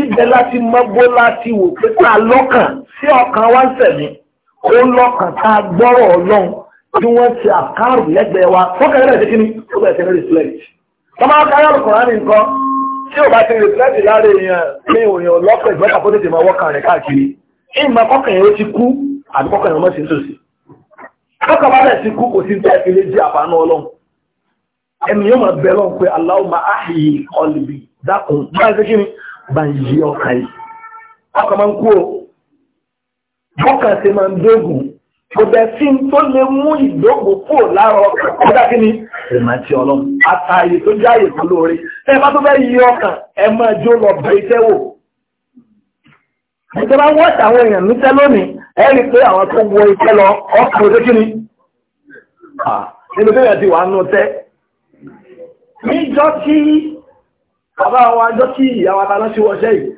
ibẹ̀ láti mọ́gbó láti wò pé tá a lọ́kàn sí ọkàn wá ń sẹ̀mí ó lọ́kàn tá a gbọ́rọ̀ ọlọ́run tí wọ́n ti àkárù lẹ́gbẹ̀ẹ́ wa fọ́kàn rẹ̀ ṣe kí ni ó bẹ̀rẹ̀ sí ní reflect. tọ́mọ akáyọ̀ lùkùnrin ní nǹkan tí ò bá ti reflect láre èèyàn ní òyìn ọlọ́pẹ̀ ìgbọ́ta fó tètè máa wọ́kàn rẹ̀ káàkiri ìmọ̀ kọ́kàn yẹn ó ti kú àbí kọ́kàn yẹn ó ti ń tòsí. kọ́kàn bá bẹ̀ ti kú kò sí tẹ́ ìfilé jẹ́ àbánú ọlọ́run ẹni yóò máa bẹ̀rẹ̀ lọ́n pé Allahumma ahyi qalbi dákun báyìí ṣe kí ni bá ń yí ọkàn yìí ọkàn máa ń kú o bọ́kàn ṣe máa ń dógùn kò dẹ̀ sí tó lè mú ìdógò kúrò lára ọkàn kódà kí ni ìrántí ọlọ́run àtàyè tó jáyè tó lóore tẹ́ ẹ bá tó fẹ́ yí ọkàn ẹ jó lọ bẹ iṣẹ́ ìjọba wọ́ọ̀tì àwọn èèyàn níṣẹ́ lónìí ẹ pé àwọn tó wọ iṣẹ́ lọ ọkàn òde kí ni. nínú bẹ́ẹ̀ ti wà nù tẹ́. níjọ́ tí bàbá wa jọ́ kí ìyá wa ta lọ́sí wọṣẹ́ yìí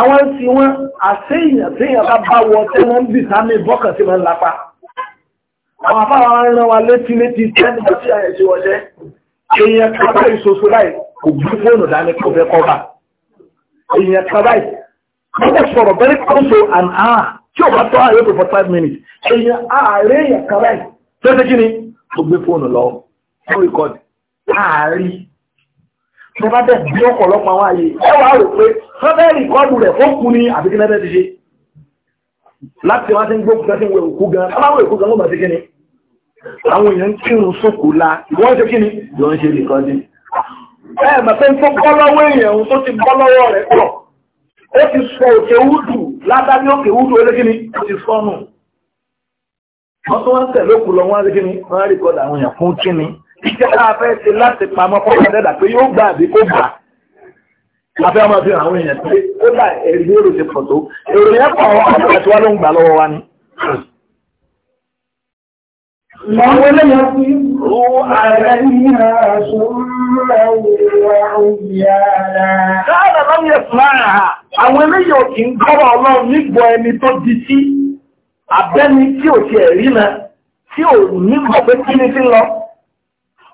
àwọn tí wọ́n àṣeyàn téèyàn bá bá wọ tí wọ́n ń bì sámi bọ́kàn tí wọ́n ń lapa àwọn afáwọn arìnrìn wa létí létí tẹ́lẹ̀ tí àyẹ̀ ti wọ́jẹ́ èèyàn kábà ìṣoṣo láì kò gbé fóònù dání kò fẹ́ kọ́ba èèyàn kábà ìṣoṣo sọ̀rọ̀ very close an hour tí ò bá tọ́ àyè tó for five minutes èèyàn ààrẹ èèyàn kábà ìṣoṣo tó ṣe kí ni kò gbé fóònù lọ fún tí wọ́n bá bẹ̀ bí ọ̀pọ̀lọpọ̀ àwọn ààyè ẹ wàá rò pé wọ́n fẹ́ rí kọ́ọ̀dù rẹ̀ ó kú ní àbíkí náà ti ṣe láti wọ́n ti ń gbókùn sí ìwé òkú gan ọmọ àwọn òkú gan ló bá ti kíni àwọn èèyàn ń kírun sókù la ìwọ́n ṣe kíni ló ń ṣe rìkọ́dì ẹ màtẹ́ ń tó bọ́ lọ́wọ́ èèyàn tó ti bọ́ lọ́wọ́ rẹ̀ pọ̀ ó ti sọ òkè wúdù ládábí òkè wúdù elékíní ó ti sọnù wọ́n tún wá ń tẹ̀lé òkú lọ wọ́n á rí kíni wọ́n á rìkọ́dì àwọn èèyàn fún kíni iṣẹ́ tá a fẹ́ ṣe láti pamọ́ fún pé yóò gbà àbí kó gbà láfẹ́ ọmọ fi hàn àwọn èèyàn pé ó dà ẹ̀rí èrò ṣe pọ̀ tó èrò yẹn pọ̀ àwọn ọmọ ẹ̀tọ́ ló ń gbà lọ́wọ́ wa ni. Àwọn eléyàn fi rú ààrẹ yìí àṣùnmọ̀ ìwà òyìnbá. Káàdà lọ́mí ẹ̀sùn lára ha, àwọn eléyàn kì ń gbọ́rọ̀ ọlọ́run nígbọ́ ẹni tó di sí abẹ́ni tí ò ti ẹ̀rí náà tí ò ní mọ̀ pé kí ni ti lọ.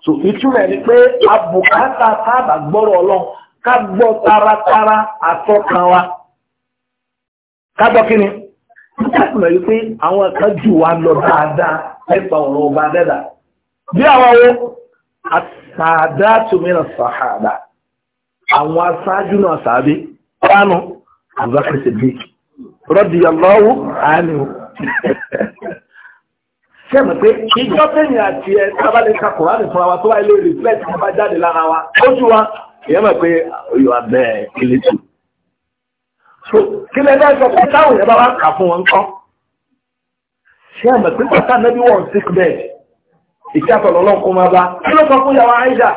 so ìtumọ̀ ni pé abùkátà sábà gbọ́rọ̀ ọlọ́run ká gbọ́ taratara àtọ́kan wa ká gbọ́ kí ni ìtumọ̀ yìí pé àwọn kan jù wá lọ dáadáa nípa ọ̀rọ̀ ọba dẹ́dà bí àwọn wo àtàdá tòmínà sàhàdà àwọn aṣáájú náà sàbí kánú àbúrò kìsìdì sẹ́mi pé ìjọ tẹ̀yìn àti ẹ̀ tábàlẹ̀ kakùnrin àti fúnra wa tó wáyé lórí reflect ní bá jáde lára wa ojú wa ìyẹn mọ̀ pé yóò wá bẹ́ẹ̀ tù. so kí lè dá sọ pé táwọn yẹn bá wá kà fún wọn kọ́ sẹ́mi pé pátá nẹ́bí wọ́n sick bed ìkẹ́tọ̀ lọ́lọ́kùn máa bá kí ló sọ fún yàrá Aisha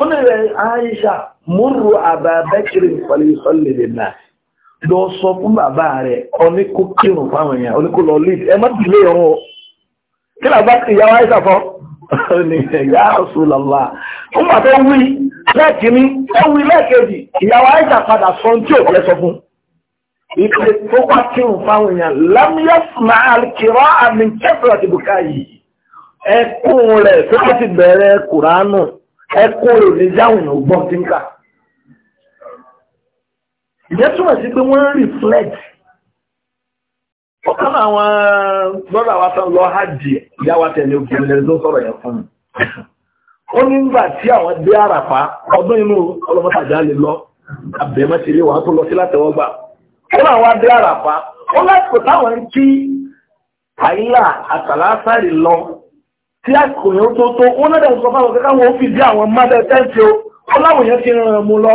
ó ní rẹ̀ eh, Aisha múrù àbàbẹ́kiri pẹ̀lú ìsọ̀lẹ̀ lè nà lọ sọ fún bàbá rẹ̀ oníkó kírun fáwọn èèyàn oníkó lọ kí làbá kì ìyá wa ìsàfọ́ ní ìyá ọ̀ṣùlọ́lá ó mà tó wí lẹ́ẹ̀kìní ó wí lẹ́ẹ̀kejì ìyá wa ìsà padà sọ tí ò fẹ́ sọ fún ìpè tó wá kí n fáwọn èèyàn lámúyẹ́sùmá àlùkìrọ́ àmì kẹfìlà ti bùkà yìí ẹkún rẹ̀ tó bá ti bẹ̀rẹ̀ kùránù ẹkún rẹ̀ ní jáwọn èèyàn gbọ́n tí ń kà ìyẹn túmọ̀ reflect ọ̀kan àwọn lọ́dọ̀ àwọn tán lọ hajji ìyáwá tẹ̀lé obìnrin lẹ́nu tó sọ̀rọ̀ yẹn fún mi ó ní nígbà tí àwọn dé àràfá ọdún inú ọlọ́mọtàjá lè lọ àbẹ̀mọ́tìrí wà tó lọ sí látẹ̀wọ́gbà ó láwọn adé àràfá ó lásìkò táwọn ń kí àìlà àtàlásàrì lọ tí yẹn fi ràn mú lọ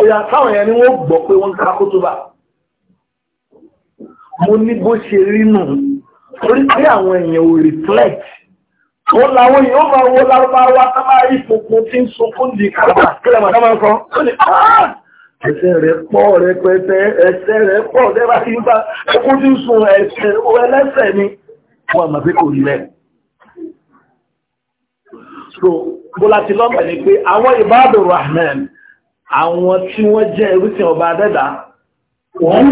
ọ̀yà káwọn yẹn ni wọ́n gbọ́ pé wọ́n ká kútúbà mo ní bó ṣe rí nù torí pé àwọn èèyàn ò reflect ó làwọn èèyàn ó máa wo lárúbáwá tá máa rí funfun tí ń sunkún di kábà kílẹ̀ màdá máa ń sọ ó ní ah! ẹsẹ̀ rẹ̀ pọ̀ rẹpẹtẹ ẹsẹ̀ rẹ̀ pọ̀ dẹ́gbà tí ń bá ẹkún tí ń sun ẹsẹ̀ ẹlẹ́sẹ̀ ni wọ́n àmọ́ pé kò rí bẹ́ẹ̀ so bó láti lọ́mọ̀ ni pé àwọn ìbádùn rahman àwọn tí wọ́n jẹ́ irúsìn ọba adẹ́dà wọ́n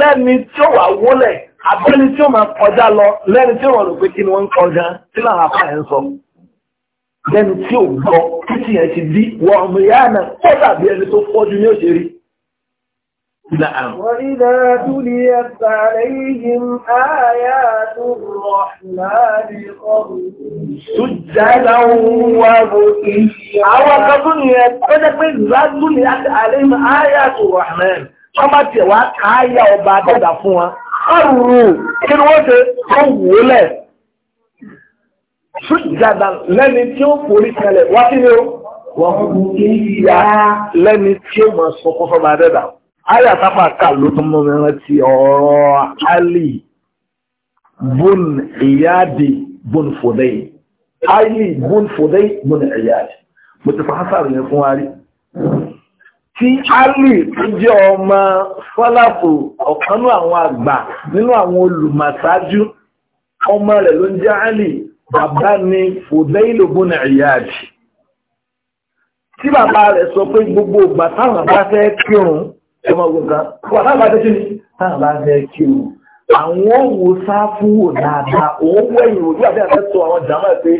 lẹ́ni tí ó wà wólẹ̀ àbẹ́ni tí ó máa kọjá lọ lẹ́ni tí ó wọ̀n rò pé kí ni wọ́n ń kọjá tí láàrín àpá ẹ̀ ń sọ lẹ́nu tí ò gbọ́ títí yẹn ti di wọ ọmọ ìyá náà ó dàbí ẹni tó fọ́jú ní òṣèré. وَإِذَا تُلِيَتْ عَلَيْهِمْ آيَاتُ الرَّحْمَنِ سُجَّدًا وَرُكِعًا Àwọn kan tó nìyẹn tó jẹ́ pé ìgbà تُلِيَتْ عَلَيْهِمْ آيَاتُ الرَّحْمَنِ wọ́n bá tiẹ̀ wá káyà ọba àdọ́dà fún wa. Ọ̀rùn kí ni wọ́n ṣe tó wò lẹ̀ sùjàdà lẹ́ni tí ó forí kalẹ̀ wá sí ni ó wọ́n mú ìyá lẹ́ni tí ó máa sọ bá dẹ́dà. Ayà tápà ká ló tún mọ́ mẹ́rin ti ọ̀rọ̀ Ali bun Iyadi bun Fudayl. Ali bun Fudayl bun Iyadi. Mo ti fàá sáré yẹn fún wa rí. Tí Ali tó jẹ́ ọmọ Fọláfò ọ̀kanú àwọn àgbà nínú àwọn olùmọ̀sáájú, ọmọ rẹ̀ ló ń jẹ́ Ali bàbá ni Fudayl ibn Iyad tí bàbá rẹ̀ sọ pé gbogbo ìgbà táwọn bá fẹ́ kírun ẹmọ gbogbo kan táwọn bá fẹ́ kí ni táwọn bá fẹ́ kírun àwọn òwò sáfù wò dáadáa òun wẹ̀yìn òjú àti àtẹ́tọ̀ àwọn jàmáà pé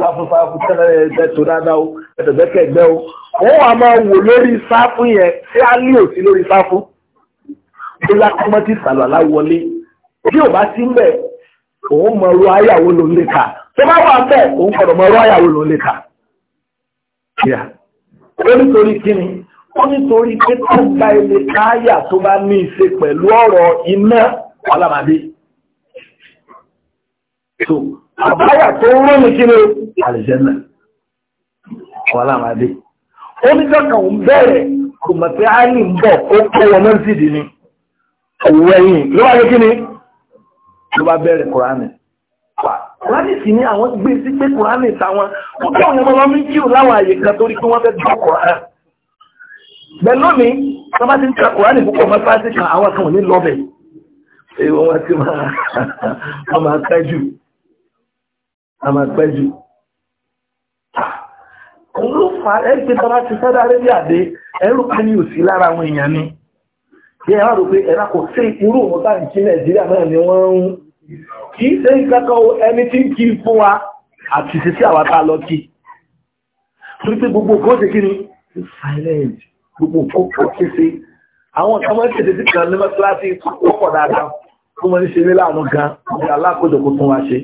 sáfù sáfù tẹ́lẹ̀ ẹ̀tẹ́tọ̀ dáadáa o ẹ̀tẹ̀tẹ̀kẹ̀ ẹgbẹ́ o wọ́n wà máa wò lórí sáfù yẹn tí a lè ò sí lórí sáfù tó lákọ́mọ́tì sàlọ́lá wọlé tí ò bá sí mbẹ̀ òun mọ̀ ru tó bá wà bẹ́ẹ̀ òun kọ̀dọ̀ mọ́ rọ́yàwó ló lè kà ó nítorí kíni ó nítorí pé tó gba ilé káyà tó bá ní ìṣe pẹ̀lú ọ̀rọ̀ iná alámàdé so àbáyà tó ń ní kíni àlìjẹ́nà ó ní bẹ̀rẹ̀ kò mọ̀ pé ń bọ̀ ó ló kíni ló bá bẹ̀rẹ̀ kùránì sì ni àwọn gbé sí pé kùránì táwọn ó kí àwọn ọmọ ọmọ jíò láwọn àyè kan torí pé wọ́n fẹ́ gbọ́ kùránì bẹ́ẹ̀ ni wọ́n bá ti ń ka kùránì púpọ̀ mọ́sáàsì kan àwọn kan ò ní lọ́bẹ̀ ṣé wọ́n ti máa pẹ́ jù máa pẹ́ jù ló fà ẹ́gbẹ́ tọ́lá ti ni bí kìí ṣe ìkẹ́kọ̀ọ́ ẹni tí ń kí fún wa àti ṣe sí àwátá lọ kí torí pé gbogbo kó ṣe kí ni silent gbogbo kókó kí ṣe àwọn ọ̀tọ́ mọ́ ṣètè sí kan ní mọ́síláṣí púpọ̀ dáadáa tó mọ́ ń ṣe nílá àwọn gan ní alákòjọpọ̀ tó wá ṣe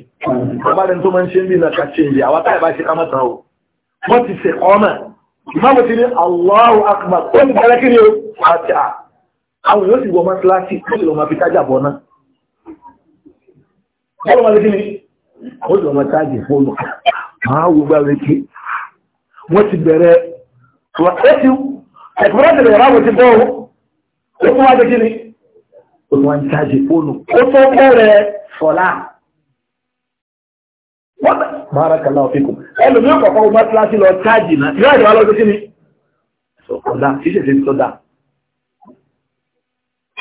ọbáde tó mọ́ ń ṣe ń bí iná ká ṣe ìyà àwátá ìbá ṣe kámọ́ta o wọ́n ti ṣe ọmọ ìmáàmù ti ní Allahu Akbar tó ń bẹ̀rẹ̀ kí ni o àti àwọn yóò sì wọ mọ́síláṣí tó lè máa fi tájà bọ̀ náà Bọ́lọ̀ máa lè kí ni? Ó jọ máa táàgì fóònù. Máa wù gbá rẹ̀ kí. Wọ́n ti bẹ̀rẹ̀ ẹ̀kùnrẹ́dẹ̀ rẹ̀ ráwọ̀ ti bọ́ọ̀. Ó tún wá lè kí ni? Ó tún wá ń táàgì fóònù. Ó tún bẹ̀rẹ̀ sọ̀lá. Wọ́n bára kàlá ọ̀fíkù. Ẹlòmí ọ̀pọ̀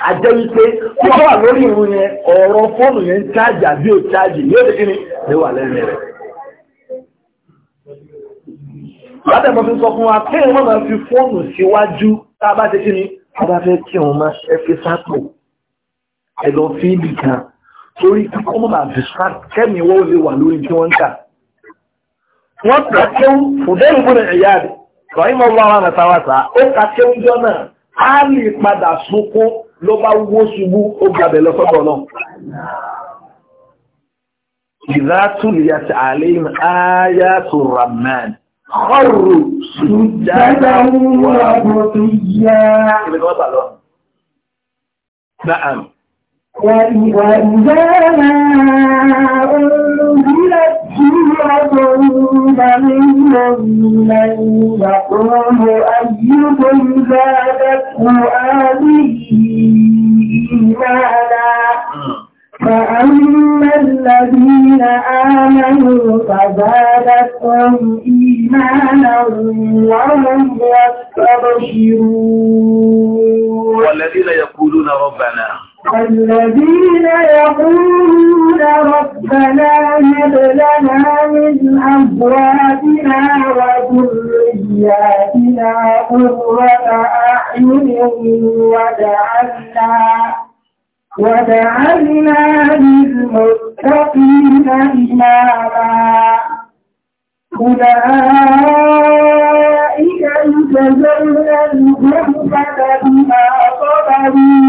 àjẹ́ wípé tó wà lórí ìrun yẹn ọ̀rọ̀ fóònù yẹn ń chájì àbí ò chájì ní èdè kíni lè wà lẹ́nu rẹ̀. látẹ̀ mo fi sọ fún wa pé wọ́n máa fi fóònù síwájú tá a bá ṣe kíni a bá fẹ́ kí wọn máa ẹ fi sápò ẹ lọ fi ibì kan torí kí wọ́n máa fi sápò kẹ́mi wọ́n lè wà lórí tí wọ́n ń kà. wọ́n kà kéwù fòdẹ́rù gbọ́dọ̀ ẹ̀yà rẹ̀ sọ ìmọ̀ wọn wà ló bá wó ṣubú ó gbàbẹ̀ lọ sọ́dọ̀ náà. Ìzátúlìyàtì àlẹ́yìn ayàtò Rahman, ọrù sùjádà wà bọ̀tù yá. Wa ìwà ìyára ọ̀rọ̀ يدعون من من يقول أيكم زادته آله إيمانا فأما الذين آمنوا فزادتهم إيمانا وهم يستبشرون والذين يقولون ربنا الذين يقولون ربنا هب لنا من أبوابنا وذرياتنا قرة أعين وجعلنا وجعلنا للمتقين إماما أولئك يجزون الغرفة بما صبروا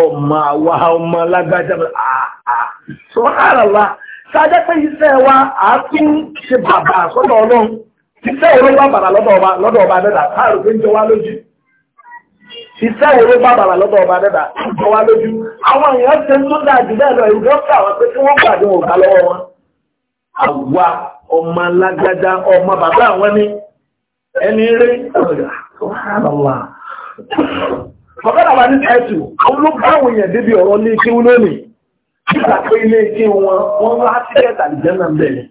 ọmọ awa ọmọ alágbájá sọ́háràlá sáájá pé iṣẹ́ wa a tún ṣe bàbà sọ́dọ̀ ọlọ́run iṣẹ́ bá bàbà lọ́dọ̀ ọba dẹ́dà káàrò pé ń jọ wá lójú iṣẹ́ òru bá bàbà lọ́dọ̀ ọba dẹ́dà ń jọ wá lójú àwọn èèyàn ṣe ń tó dájú bẹ́ẹ̀ lọ ìwé ọ̀sẹ̀ àwọn pé kí wọ́n lọ́wọ́ wọn. àwa ọmọ alágbájá ọmọ bàbá àwọn ẹni rí Bàbá wa ní tẹ́tù, olóbáwò yẹn débi ọ̀rọ̀ ní ike lónìí. Nígbà pé ilé ike wọn, wọ́n wá sí ẹ̀ta ìjẹ́ náà bẹ̀rẹ̀.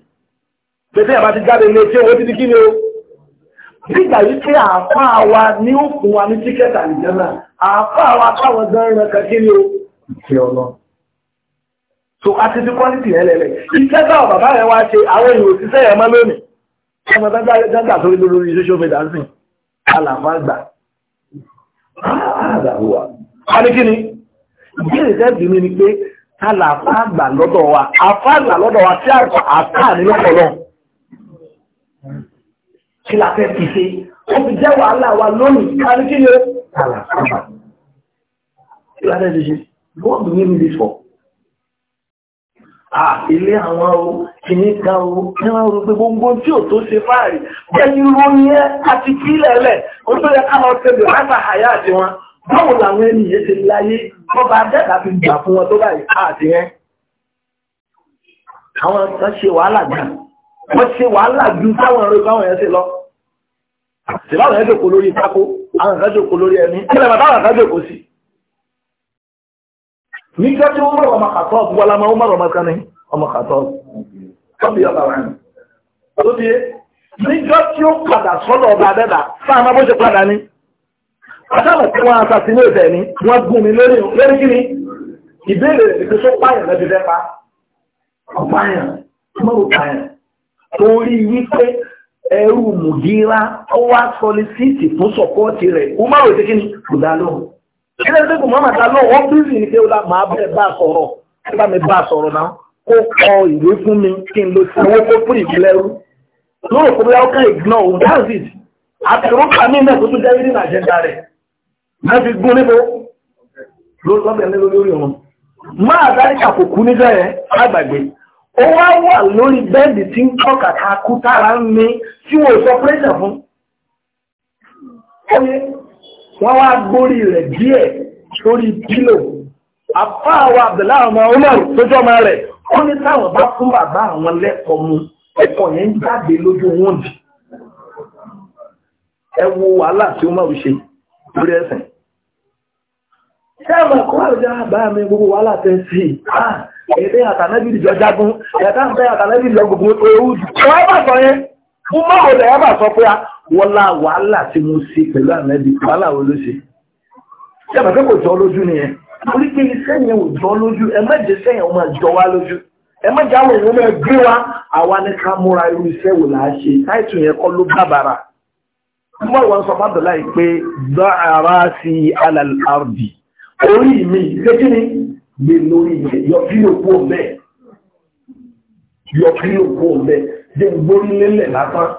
Bébí àbá ti jáde ilé ike owó títí kí ni o. Nígbà yìí pé àáfàá wa ní ó fún wa ní tíkẹ́tà ìjẹ́ náà, àáfàá wa táwọn gan ran kan kí ni o. Ìfẹ́ ọ̀nà. So a ti fi quality yẹn lẹ̀lẹ̀. Iṣẹ́ táwọn bàbá rẹ̀ wá ṣe àwọn èèyàn òṣìṣẹ́ yẹn mọ́ lónìí. Ọmọ dáńdà sórí lórí social media ń sìn. Alàfáà gbà ààrà wà á ní kí ni ìbéèrè tẹ́bì mi ni pé tààlà àfáàgbà lọ́dọ̀ wa àfáàgbà lọ́dọ̀ wa tí àfáà ní lọ́pọ̀lọ́ kí la fẹ́ fi ṣe ó fi jẹ́ wàhálà wa lónìí ká ní kí ni ó tààlà àfáàgbà kí la fẹ́ fi ṣe what do we need this for ilé àwọn o kìíní kan o kí wọ́n rò pé gbogbo tí ò tó ṣe fáàrí bẹ́ẹ̀ni ròyìn ẹ́ àti kílẹ̀ lẹ̀ ó tó yẹ ká lọ tẹ̀lé láta àyà àti wọn báwo làwọn ènìyàn ṣe láyé wọ́n bá dẹ́ta fi gbà fún wọn tó báyìí àti yẹn àwọn kan ṣe nígbà tí Umar ọmọ kàtọ́ ọ̀bù ma Umar ọmọ kan ní ọmọ kàtọ́ ọ̀bù yọ̀ọ̀lá rẹ̀ tó di nígbà tí ó padà sọ́dọ̀ ọba dẹ́dà sáàmà bó ṣe padà ní ọjọ́ tí wọ́n asàtì ní ìbẹ̀ ni wọ́n gún mi lórí kí ni ìbéèrè ìpè tó pààyàn lẹ́bi dẹ́pa ọ̀pààyàn mọ́rù pààyàn torí wípé ẹrù mùgíra ó wá sọlí síìtì fún sọ̀kọ́ọ̀tì rẹ̀ Umar òṣèkí ni kò dá ilé ẹgbẹ́ kò mọ́mọ́ ta lọ wọ́n bízì ní kéwọ́lá màá bẹ́ẹ̀ bá sọ̀rọ̀ ẹ bá mi bá sọ̀rọ̀ náà kó kọ ìwé fún mi kí n lo ti owó kó fún ìfilẹ́rú lóòrò kó bóyá ó kàn ìgbìnà òun that's it àtẹ̀rọ̀kà mí náà tó tún jẹ́ reading agenda rẹ̀ náà fi gún níbo ló sọ́bẹ̀ ní lórí wọn máa dáríkà kò kú níbẹ̀ yẹn lágbàgbé ó wá wà lórí bẹ́ẹ̀dì tí ń kọ́ kàkà kú tára ń ní tí wọ́n sọ pẹ́sẹ̀ fún wọ́n wá gbórí rẹ̀ díẹ̀ sórí pílò apá àwọn Abdullahi ọmọ Umar tó jọ ọmọ rẹ̀ ó ní táwọn bá fún bàbá àwọn lẹ́kọ̀ọ́ mu ẹ̀kọ́ yẹn jáde lójú wọn dì ẹ wo wàhálà tí Umar ṣe lórí ẹsẹ̀ ṣẹ́mọ̀ kọ́ àrùjá bá mi gbogbo wà látẹ́ sí èdè àtàlẹ́bì ìjọ jagun ẹ̀dá ń bẹ́ àtàlẹ́bì lọ gbogbo ewu jù ọwọ́ bà sọ yẹn fún mọ́wọ́ wọ́n lá wàhálà tí mo ṣe pẹ̀lú ànábì wàhálà wo ló ṣe ṣe àmọ́ kò jọ lójú nìyẹn torí pé iṣẹ́ yẹn ò jọ lójú ẹ má jẹ́ sẹ́yìn ọmọ àjọ wa lójú ẹ má jẹ́ àwọn èèyàn náà gbé wa àwa ní ká múra irú iṣẹ́ wò là á ṣe táìtù yẹn kọ́ ló bàbàrà mọ́ ìwọ̀n sọ fàdọ̀ láì pé dọ́ara sí alàlárdi orí mi létí ni gbé lórí yẹn yọ bí òkú ọ̀bẹ yọ bí òkú ọ̀bẹ jẹ́ gbórí lélẹ̀ lásán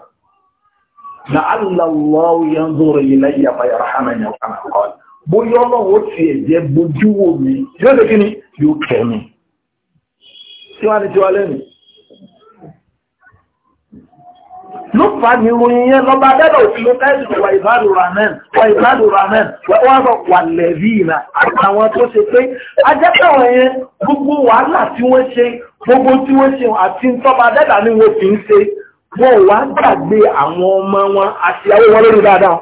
làálàlọ́ yẹn zòrò ilẹ̀ yẹn fà yàrá hàmà yẹn fà nà kọ́ bóyá ọlọ́wọ́ tiẹ̀ jẹ́ bójú wò mí yóò lè kí ni yóò kẹ́ mi tí wàá ní tiwa lẹ́nu. ló fà ní ìròyìn yẹn lọ́ba dẹ́rọ̀ òfin ló tẹ́lẹ̀ wà ìbádùn ramen wà ìbádùn ramen wà wà lẹ́bí ìlà àtàwọn tó ṣe pé ajẹ́pẹ̀wọ̀n yẹn gbogbo wàhálà tí wọ́n ṣe gbogbo tí wọ́n ṣe àti ń tọ́ba dẹ́dà ni wọ́n fi ń ṣe wọn ò wá gbàgbé àwọn ọmọ wọn àti àwọn wọn lórí dáadáa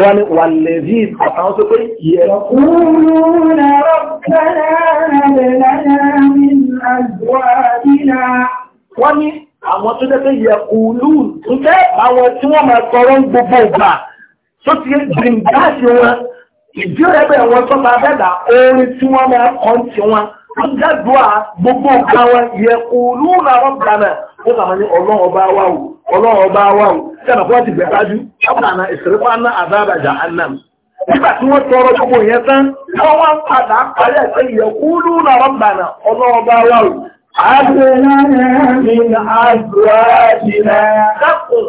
wọ́n ni wà lèrí àtàwọn tó pé yẹ kúrúnà rọ̀pẹ̀lá wọ́n ni àwọn tó dẹ́ pé yẹ kúrú tó jẹ́ àwọn tí wọ́n máa tọrọ ń gbogbo ìgbà tó ti gbìngáàsì wọn ìdí ọ̀rẹ́bẹ̀ wọn tó máa bẹ́ẹ̀dà orin tí wọ́n máa kọ́ ti wọn ń jádùá gbogbo nǹkan wọn yẹ na làwọn gbàmẹ̀ ó sàmà ní ọlọ́run ọba wa o ọlọ́run ọba wa o sẹ́nà fún na gbẹ̀dájú ọ̀nà àná annam nígbà tí wọ́n tọrọ gbogbo yẹn tán wọ́n wá padà parí ẹ̀sẹ̀ yẹ ọlọ́run ọba wa o.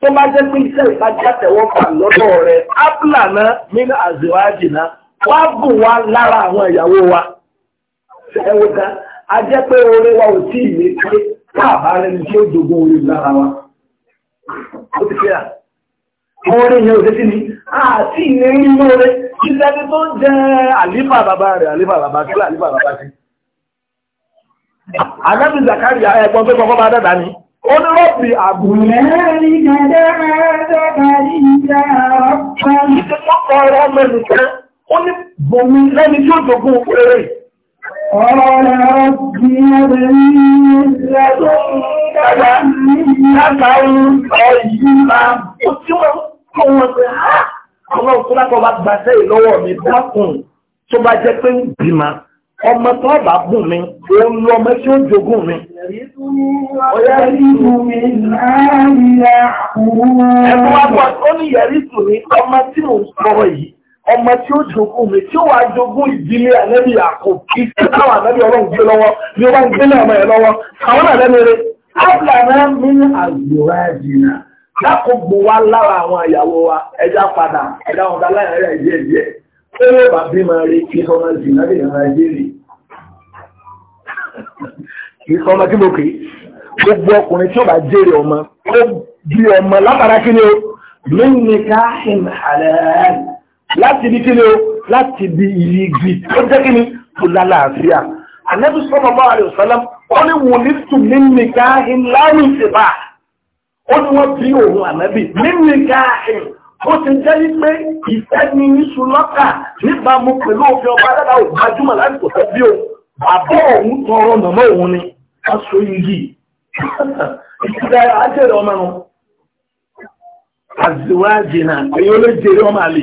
Tó bá jẹ́ pé iṣẹ́ tẹ̀wọ́ pa lọ́dọ̀ rẹ̀, náà, ẹwọ́ ga a jẹ́ pé orí wa ò tí ìlé pé káàbá rẹni tí ó dogun orí lára wa ó ti fẹ́ra orí yẹn ò sí sí ni àti ilé rí lóore ìsẹ́ni tó ń jẹ́ àlífà bàbá rẹ̀ àlífà bàbá sí àlífà bàbá sí Àgbẹ́bí Zakaria ẹ̀gbọ́n tó kọ́kọ́ bá dàdà ni. Ó ní rọ́pì àbúrẹ́ rí dàdà Zakaria ọ̀pọ̀. Ìtẹ́kọ́kọ́ rọ́mẹ́nìkan, ó ní bòmí lẹ́ni tí ó jogún eré. قال رب هب لي من لدنك ذرية طيبة Ọlọ́run tó lápọ̀ bá gbàṣẹ́ ìlọ́wọ́ mi dákùn tó bá jẹ́ pé ń bímá ọmọ tó bá gùn mi ó ń lọ ọmọ tí ó jogún mi. Ẹ̀kọ́ wá bọ̀ ó ní yẹ̀rí tù ní ọmọ tí mò ń sọ̀rọ̀ yìí ọmọ tí ó jogún mi tí ó wà jogún ìdílé ànẹ́bí àkó iṣẹ́ táwọn ànẹ́bí ọlọ́run gbé lọ́wọ́ ni ó bá ń gbélé ọmọ ẹ̀ lọ́wọ́ àwọn ànẹ́bí rẹ̀ ábìlà náà ní àgbòrá ìdìnà lákòógbò wa lára àwọn ìyàwó wa ẹja padà ẹja ọ̀dà láyàrá ẹ̀jẹ̀ ẹ̀jẹ̀ ó yóò bá bí máa rí kí sọmọ ìdìnà lè máa jẹ́ rí kí sọmọ tí mo kì í gbogbo ọkùnrin tí ó bá jèrè ọmọ ó bí ọmọ látara kí ni ó lóyún ní káàkiri àlẹ́ láti ibi kíni o láti ibi ìyígi tó jẹ́ kíni tó lálàáfíà ànábì sallallahu alaihi wasallam ó ní wò ní tù mí nìkáhìn láàrin ìsìnbà ó ní wọ́n bí òun ànábì mí nìkáhìn ó ti jẹ́ wípé ìfẹ́ ni iṣu lọ́kà níbàámu pẹ̀lú òfin ọba dáadáa ò gbajúmọ̀ láti kò tẹ́ bí òun àbọ̀ òun tọrọ nàmá òun ni wọ́n so igi ìtura ajẹ́rẹ̀ ọmọ wọn àzìwájì náà èyí ó lè jèrè ọmọ àlè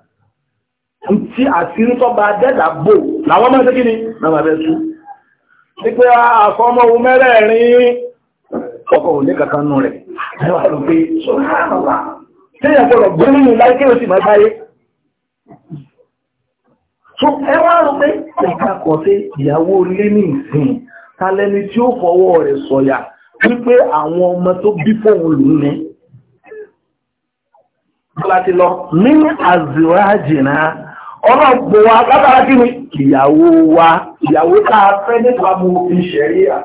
tí àti ń tọ́ba dẹ́dà bò làwọn máa ṣe kí ni náà bàbẹ́ sú ní pé àfọmọ ohun mẹ́rẹ̀ẹ̀rin ọkọ̀ òní kankan nù rẹ̀ ẹwà ló pé téèyàn gbọ́dọ̀ gbé nínú láì kí o sì máa báyé tó ẹwà ló pé ẹ̀ka kọ̀ sí ìyàwó ilé lọ ní àzìwájì náà ọ̀nà gbò wa látara kí ni ìyàwó wa ìyàwó tá a fẹ́ nípa mu ìṣẹ̀rí à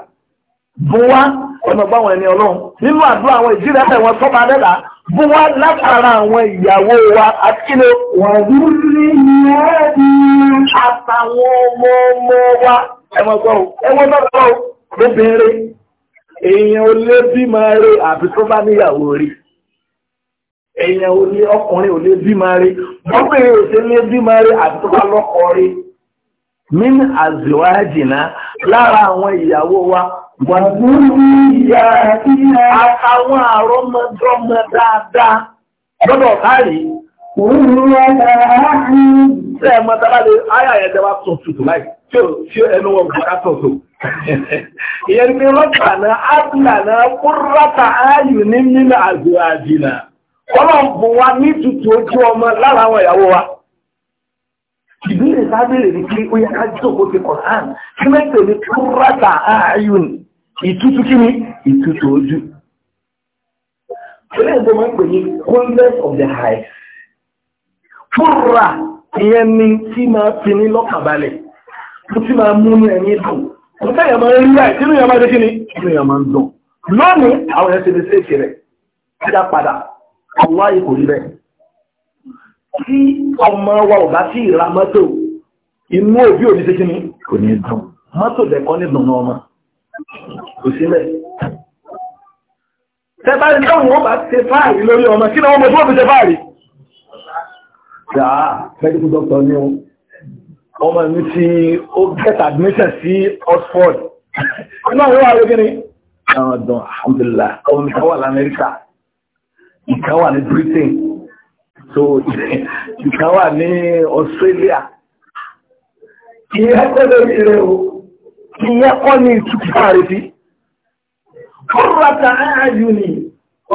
bú wa ọ̀nà báwọn ẹni ọlọ́run nínú àdúrà àwọn ìdílé ẹ̀fẹ̀ wọn tọ́ba dẹ́là bú wa látara àwọn ìyàwó wa àti kí ni wọ́n rí ní ẹ̀dí àtàwọn ọmọ ọmọ wa ẹ̀wọ̀n sọ̀rọ̀ ẹ̀wọ̀n sọ̀rọ̀ lóbìnrin èèyàn ò lè bímọ rẹ̀ àbí tó bá níyàwó rí. ẹ̀yàn ò ní ọkùnrin ò lè bí rí ọkùnrin ò sí lè bí rí àti lọ́kọ rí min azwajina lára àwọn ìyàwó wa wà lórí ìyá àtàwọn àrọ́mọdọ́mọ dáadáa lọ́dọ̀ káàrí wa tún tutù láì tí ó ẹnu wọn bùkátà tó ìyẹn náà náà ayù ní Ọlọ́run bùn wa ní tutù ojú ọmọ lára àwọn ìyàwó wa. Ìbílẹ̀ sábẹ́lẹ̀ ni pé ó yẹ ká jókòó ti Kọ̀sán, kí mẹ́tẹ̀ ni kúrátà ààyùn, ìtútù kí ni ìtútù ojú. Ilé ìgbọ́n máa ń pè ní coldness of the eyes. Kúrà ìyẹn ni tí máa fi ní lọ́kàbalẹ̀, tó ti máa mú ní ẹ̀yìn dùn. Kò sẹ́yìn máa ń rí láì, sínú ìyẹn máa ń dé kí ni? Sínú ìyẹn máa ń dùn. Lónìí, àwọn ẹ̀sìn ti ṣe é kiri, ẹja padà aláì kò rí bẹ́ẹ̀ tí ọmọ wa ò bá sí ìra mọ́tò inú òbí òbí ṣe kíni kò ní dùn mọ́tò lẹ́kọ́ ní dùn ọmọ kò sílẹ̀ tẹ́bá ní táwọn ọba ṣe fáàrí lórí ọmọ kí ni wọ́n mọ̀ tí wọ́n fi ṣe fáàrí dáa mi tí ó get admission sí Oxford inú àwọn ìwà rẹ̀ gíní àwọn ọdún alhamdulillah ọmọ mi kọ́ wà lamẹ́ríkà ìkan wà ní Britain so ìkan wà ní Australia ìyẹn tẹ́lẹ̀ ìrẹ̀ o ìyẹn kọ́ ní ìtùkù fàárẹ̀ sí kọ́rọ̀ta ààyù ni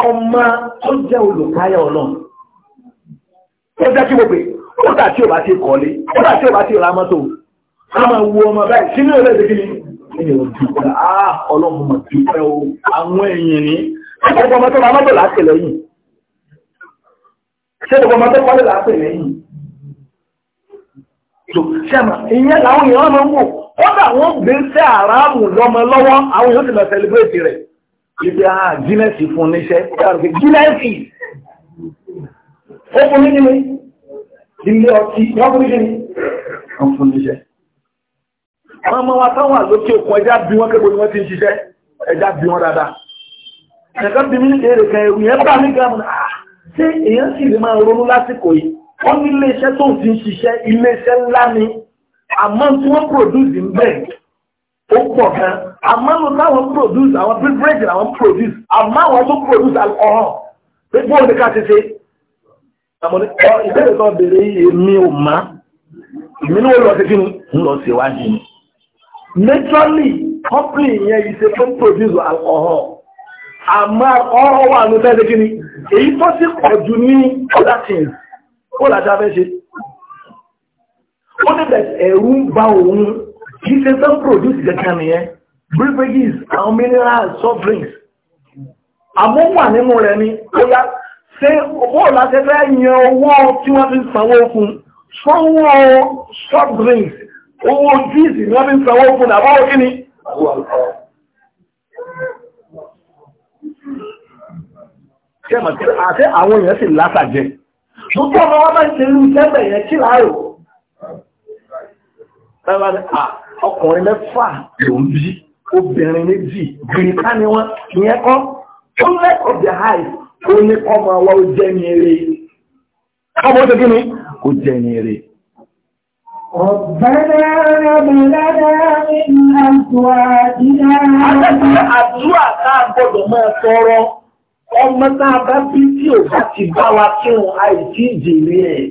ọmọ tó jẹ́ olùkáyà ọlọ́run ó jẹ́ kí gbogbo kódà tí o bá ti kọ́lé kódà tí o bá ti ra mọ́tò a máa wo ọmọ báyìí sínú ilé ìdíkì ni ẹni ò dùn ọlọ́run mọ̀ dùn o àwọn èèyàn ní ẹgbẹ́ ọmọ tó ra mọ́tò láti lẹ́yìn ṣé gbogbo ọmọ tó kọ́lé láàpẹ̀ lẹ́yìn tó ṣẹ́mà ìyẹn làwọn èèyàn máa ń wò kọ́dà wọ́n gbé sí àràmù lọ́mọ lọ́wọ́ àwọn èèyàn ti lọ sẹlẹ̀bírẹ̀tì rẹ̀ ibi a gínẹ́sì fún níṣẹ́ gínẹ́sì ó fún ní ní ilé ọtí wọ́n fún ní wọ́n fún níṣẹ́ àwọn ọmọ wa táwọn àlókè òkun ẹja bí wọ́n kébò ni wọ́n ti ń ṣiṣẹ́ ẹja bí wọ́n dáadáa ẹ̀ka bí mi ní èrè kan ẹ̀rù yẹn bá mi gan ṣé èèyàn sì lè máa ronú lásìkò yìí wọ́n ní iléeṣẹ́ tó ń fi ṣiṣẹ́ iléeṣẹ́ ńlá ni àmọ́ tí wọ́n produce ń bẹ̀ ó pọ̀ gan àmọ́ ló táwọn produce àwọn beverage làwọn produce àmọ́ àwọn tó produce alcohol pé bóun ní ká ti ṣe ìbéèrè kan béèrè èmi ò má èmi ní ó lọ sí kí n lọ síwájú ni naturally company yẹn yìí ṣe tó produce alcohol àmọ́ ọ̀rọ̀ wà ní tẹ́lẹ̀ kí ni èyí tó sì pọ̀jù ní ọ̀dá tìǹ ó làjá fẹ́ ṣe ó dẹ̀ ẹ̀rù ń ba òun kì í ṣe tó ń produce gẹ̀gẹ̀ nìyẹn beverages àwọn minerals soft drinks àmọ́ wà nínú rẹ̀ ni ó yá ṣé owó láti fẹ́ yan owó tí wọ́n fi sanwó fún sanwó soft drinks owó juice ni wọ́n fi sanwó fún àbáwọ̀ kí ni. kẹ́mọ̀ tí àti àwọn èèyàn sì látàjẹ́ ṣùgbọ́n ọmọ wọn bá ń ṣe irú tẹ́lẹ̀ yẹn kí láàrò ọkùnrin mẹ́fà ló ń bí obìnrin méjì gbìyànká ni wọ́n ìyẹn kọ́ tó lẹ́kọ̀ọ́ bí àì ó ní kọ́ máa wá ó jẹ́ ní eré ọmọ ó ṣe kí ni kò jẹ́ ní eré Ọ̀bẹ́rẹ́ rẹ̀bẹ̀lẹ́rẹ́ ní àjọ àdúrà. Àjọ́ àdúrà ká gbọdọ̀ máa sọ̀rọ̀ ọmọ náà bá bí tí ò bá ti bá wa tún àìsí ìjèrè ẹ̀.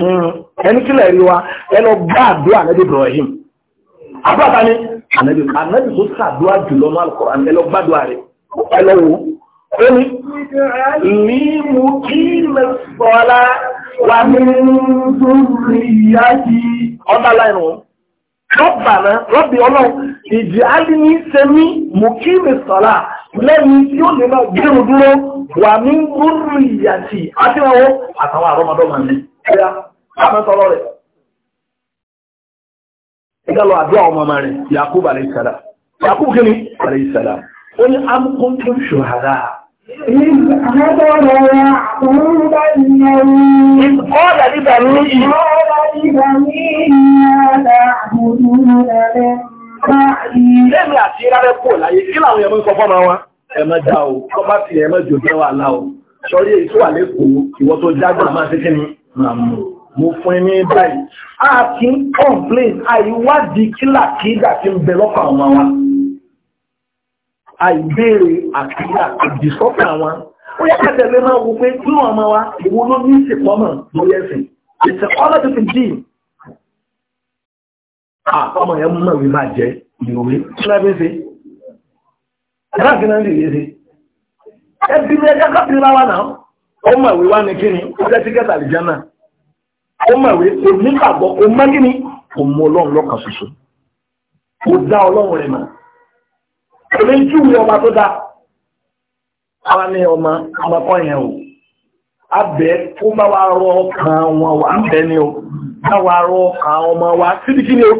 Hmm. ẹni kílẹ̀ rí wa ẹ lọ bá àdúrà ànábì Ibrahim àbúrò àtàní ànábì ànábì tó sàdúrà jùlọ náà Al-Qur'an ẹ lọ gbàdúrà rẹ ẹ lọ wò ó ní. ní mo kí lè sọ́lá wà ní ìyájí. ọ̀dà láìnù rọ́bà náà rọ́bì ọlọ́run ìjì á mo kí lè sọ́lá lẹ́yìn tí ó lè máa gbẹ̀rù dúró wà ní gúrù ìyàtì àti owó àtàwọn àrọ́mọdọ́mọ ní ẹ̀yà àmọ́sọ̀rọ̀ rẹ̀. ìgbàlọ́ àdúrà ọmọ ọmọ rẹ̀ Yakub alẹ́sàdá Yakub kí ni alẹ́sàdá ó ní amúkúntún ṣòhàdá Ìkọ́dà nígbà ní ìyá. Ìkọ́dà nígbà ní ìyá Lẹ́mi àti rárẹ́ pò láyé, kí làwọn ẹmọ́ sọ fọ́mọ wọn? Ẹmọ́ já o, kọ́ bá ti ẹmọ́ jò jẹ́ wà láò. Sọ́rí èyí tó wà lẹ́kọ̀ọ́, ìwọ tó jágbà máa ṣe kí ni? Mo fún ẹni báyìí. A ti ń complain, àìwádìí kílà kígbà ti ń bẹ lọ́kàn àwọn wa. Àìbéèrè àkíyà ìdìsọ́kàn wọn. Ó yẹ ká tẹ̀lé máa wo pé kí wọ́n ọmọ wa, ìwo ló ní ìsìnkọ́mọ̀ lórí ẹ̀sìn. Ìsìnkọ́mọ̀ tó ti dì í àpamọ̀ yẹn mọ̀ wí máa jẹ́ ìròwé ṣílábí ṣe ẹ̀rọ kí náà lè rí ṣe ẹbí ní ẹjọ́ kọ́ tìrìlá wa náà ó mọ̀ wí wá ní kí ni ó jẹ́ tíkẹ́tà àlìjá náà ó mọ̀ wí kò nígbàgbọ́ ó mọ́ kí ni kò mú ọlọ́run lọ́kàn ṣoṣo kò dá ọlọ́run rẹ̀ mọ̀ kò ní júwe ọba tó dá àwa ní ọmọ ọmọkọ yẹn o abẹ kó bá wa rọ ọkàn wọn wà bẹ́ẹ̀ ni o báwa rọ ọkà ọmọ wa síbi kí ni ó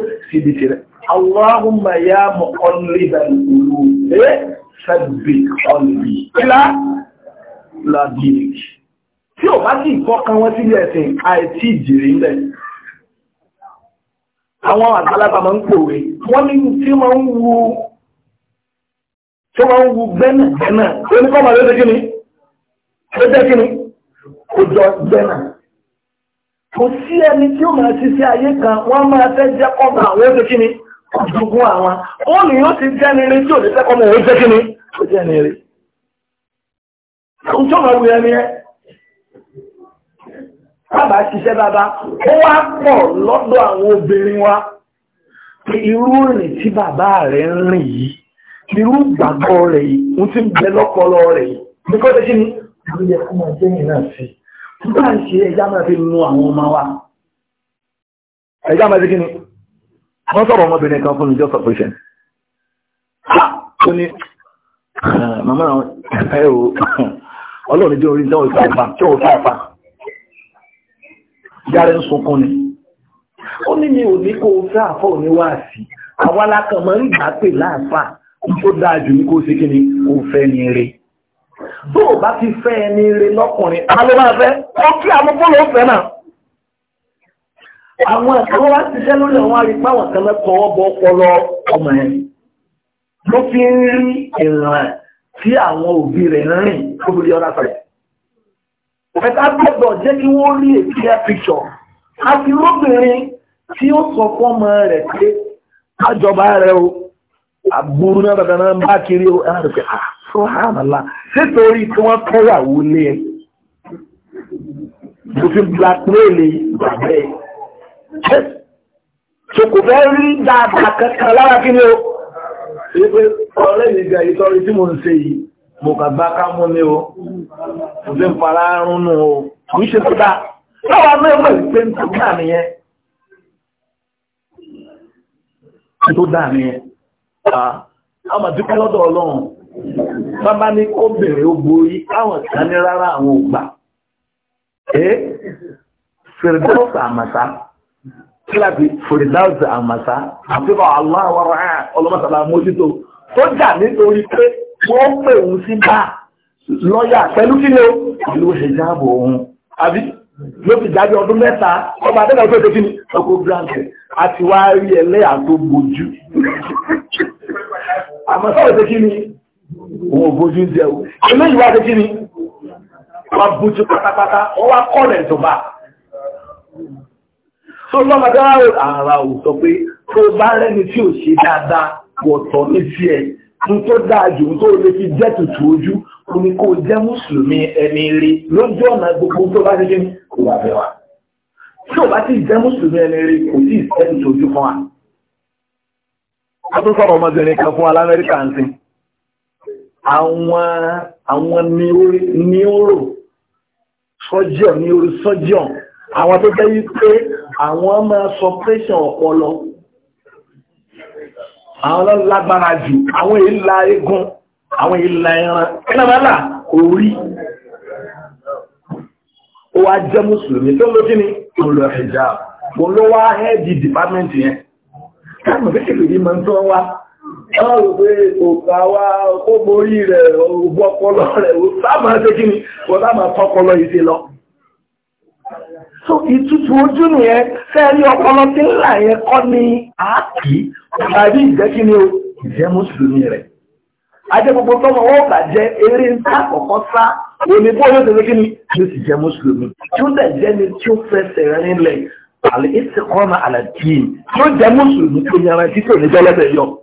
Allahumma ya muqallibal qulub ẹ́ eh, sabbit qalbi ilá labirik tí ò bá sì fọ́kàn wọn síbi ẹ̀sìn àìtí ìjìrì ńlẹ̀ àwọn àgbàlagbà máa ń pòwe wọ́n ní tí máa ń wu tó máa ń wu gbẹ́nà kò sí ẹni tí ó máa ṣiṣẹ́ ayé kan wọ́n máa fẹ́ jẹ́ kọ́mọ àwọn oṣù kí ni ọdún àwọn ó ní ó ti jẹ́ nílé tí ò ní fẹ́ kọ́mọ oṣù kí ni ó jẹ́ nílé. Àwọn tó máa wù ẹni ẹ. Bàbá ṣiṣẹ́ bàbá, ó wá pọ̀ lọ́dọ̀ àwọn obìnrin wa pé irú rìn tí bàbá rẹ̀ ń rìn yìí, irú gbàgbọ́ rẹ̀ yìí, ń ti bẹ lọ́pọlọ rẹ̀ yìí. Bí kọ́ ṣe kí ni? Àwọn yẹ kó máa jẹ́ náà sí i bá ń ṣe ẹjá máa fi mú àwọn ọmọ wa ẹjá máa fi kí ni wọ́n sọ̀rọ̀ ọmọbìnrin kan fún mi just operation ó ní ah, màmá ẹ o ọlọ́run jẹ́ orí ìjọba ìfàfà tí ó fàfà yára ń sunkún ni ó ní mi ò ní kó o fẹ́ àfọ́ òní wá sí àwa la ń gbà pé láàfà tó dáa jù ní kó ṣe kí ni kó fẹ́ ni rèé tó o bá ti fẹ́ ẹni rẹ lọ́kùnrin alẹ́ máa fẹ́ náà àwọn ẹ̀kọ́ wá jẹ́ lórí àwọn arípa àwọn kan lẹ́kọ̀ọ́ ọbọ̀ ọmọ ẹ̀ ló ń rí tí àwọn òbí rẹ̀ rìn tó fi rí ẹ̀ka gbọ́dọ̀ kí wọ́n rí àti lóbìnrin tí ó sọ rẹ̀ pé o àbúrú náà sọ́hánàlá sétorí tí wọ́n kẹ́yàwó lé ẹ kò fi blackmaili bàbẹ́ ẹ tó kò fẹ́ rí dáadáa kankan lára kí ni o wípé ọ̀rẹ́ mi gà ìtọ́rí tí mo ń ṣe yìí mo kà bá ká mú ní o kò fi ń fara rúnnú o kì í ṣe tó dáa láwọn mẹ́wàá ìpé ń tó dáa nìyẹn tó dáa nìyẹn a máa dúpẹ́ lọ́dọ̀ ọlọ́run Bábá ní kó bèèrè ó borí káwọn kan ní rárá àwọn ògbà. Ee, Firdaus Amasa, kíláàpì Firdaus Amasa, àfikọ̀ Allah wa ra'á ọlọ́mọ̀sálà mójútó tó jà nítorí pé wọ́n pè òun sí bá lọ́yà pẹ̀lú kí ló ìlú hijabu òun. Àbí ló fi dájú ọdún mẹ́ta ọba adẹ́gbẹ̀ẹ́ tó tẹ́kí ni ọkọ̀ gíráǹtẹ̀ àti wá rí ẹlẹ́yà tó gbojú. Àmọ́ sọ́wọ́ tẹ́kí ni òun òbójú jẹ́ o ilé ìwà ti kí ni wà bójú pátápátá ó wá kọ́lẹ̀ ìjọba tó lọ́mọdé ara ò sọ pé tó bá rẹ́ni tí ò ṣe dáadáa wọ̀tọ̀ ní sí ẹ̀ ní tó dáa jù tó lè fi jẹ́ tutù ojú omi kó jẹ́ mùsùlùmí ẹni rí lójú ọ̀nà gbogbo tó bá ti kí ni kò wà fẹ́ wa tí ò bá ti jẹ́ mùsùlùmí ẹni rí kò sí ìsẹ́ni tó ojú fún wa. wọ́n tún sọ̀rọ̀ ọmọbìnrin kan fún alamẹ́ríkà ń sìn àwọn ní orò surgeon ní orí surgeon àwọn tó jẹ́ wípé àwọn máa suppression ọpọlọ àwọn lágbára jù àwọn ìlà egun àwọn ìlà ẹran ẹnàmọ́là orí ó wá jẹ́ mùsùlùmí tó ló kí ni olùrọ̀ hijab òun ló wá head department yẹn káàmù kékeré máa ń tọ́ wá Àwọn òwe òkà wa ó borí rẹ̀ ògbọ́ ọpọlọ rẹ̀ ó sábà ṣe kí ni kò sábà tọpọlọ ìdè lọ. So ìtutù ojú nìyẹn fẹ́ rí ọpọlọ tí ńlá yẹn kọ́ ní àákì tàbí ìjẹ́ kí ni o ìjẹ́ mùsùlùmí rẹ̀. Ajẹ́ gbogbo tọ́mọ wọ́n kà jẹ́ eré ńlá àkọ́kọ́ sá òní bóyá ó ṣe kí ni yóò sì jẹ́ mùsùlùmí. Tí ó dẹ̀ jẹ́ ni tí ó fẹsẹ̀ rinlẹ̀ àlè ìsìnkọ́nà àlàdín tí ó jẹ́ mùsùlùmí tó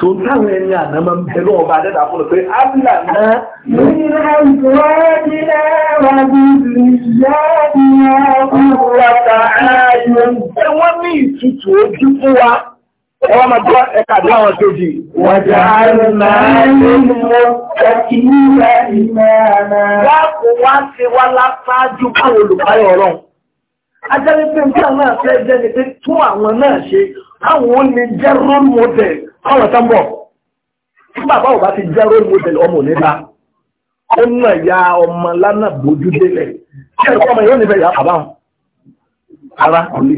tó táwọn ẹni àná máa ń bẹ lọ́wọ́ bá dẹ́dà fún un pé ábílà náà. nínú ìwé ìdílé wa ní ìyá ìyá ìwàta ààyè. ẹ wọ́n ní ìtutù ojú fún wa. ẹ wọ́n máa gbọ́ ẹ̀ka àdúrà wọn sójì. wàjà àrùnmáyé ni mo fẹ́ kí ilẹ̀ ìmọ̀ àná. wọ́n kò wá sí wa láṣáájú báwo olùbáyọ̀ ọlọ́run. ajá wípé nǹkan náà fẹ́ jẹ́ ni pé tún àwọn náà ṣe àwọn ò lè jẹ́ role model. àwọn kan bọ̀ tí bàbá ti jẹ́ role ọmụ ọmọ òníta ya ọmọ lánàá bójú délẹ̀ kí ya ọmọ ara kò ní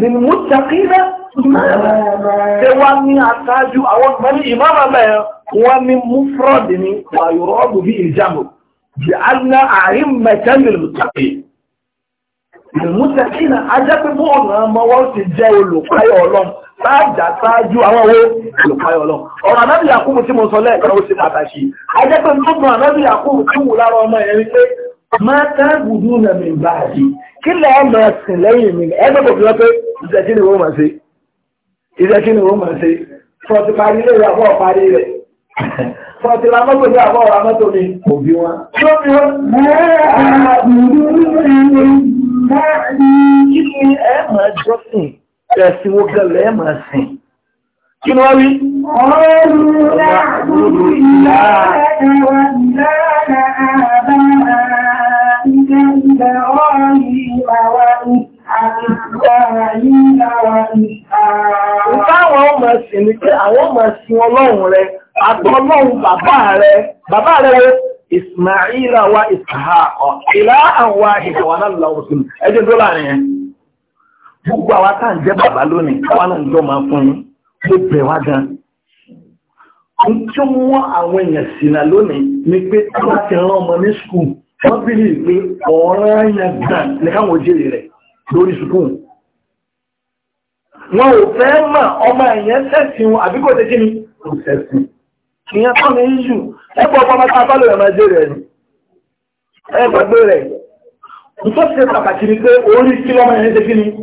ni mo ṣàkíyà ya wá ya aṣáájú àwọn ọmọdé ìmáàmà na ya ní mufrod ní ya na ti sáájà sáájú àwọn owó olùpayọ̀ lọ. ọ̀rọ̀ ànábì Yakubu tí mo sọ lẹ́ẹ̀kan ó ṣe pàtàkì ajẹ́ pé tó gun ànábì Yakubu tí wù lára ọmọ ẹ̀ ni pé máa ká gùdú nà mí bá a di kí lẹ́ ọmọ ẹ̀sìn lẹ́yìn mi ẹgbẹ́ kò fi wọ́n pé ìṣẹ́ kí ni wọ́n máa ṣe ìṣẹ́ kí ni wọ́n máa ṣe fọ́ọ̀tì parí ilé rẹ̀ àbọ̀ parí rẹ̀ fọ́ọ̀tì la mọ́tò ní àbọ̀ ẹ̀sìn wo gẹ̀lẹ́ mà sìn kí ni rí Ìtàwọn ọmọ ẹ̀sìn rẹ̀, àtọ́lọ́run bàbá rẹ̀, bàbá rẹ̀ Ismaila wa Ishaqa, ìlà àwọn ìṣàwádà lọ́wọ́sùn, ẹjẹ́ dọ́là nìyẹn gbogbo àwa tá à ń jẹ́ bàbá lónìí àwa náà ń jọ máa fún yín ló bẹ̀ wá gan. n tí ó mú àwọn èèyàn sínà lónìí ni pé wọ́n ti rán ọmọ ní skul wọ́n bí lè pé ọ̀ràn yẹn gan ní káwọn òjèrè rẹ̀ lórí skul. wọn ò fẹ́ mọ̀ ọmọ èèyàn sẹ́sìn wọn àbí kò tẹ́ ni kò sẹ́sìn. ìyẹn tó ní yíyù ẹgbẹ́ ọgbọ́n máa ta abálò rẹ̀ máa jẹ́ rẹ̀ ni ẹgbẹ́ rẹ̀ nítorí pàtàkì ni pé orí kí lọ́mọ yẹn ṣe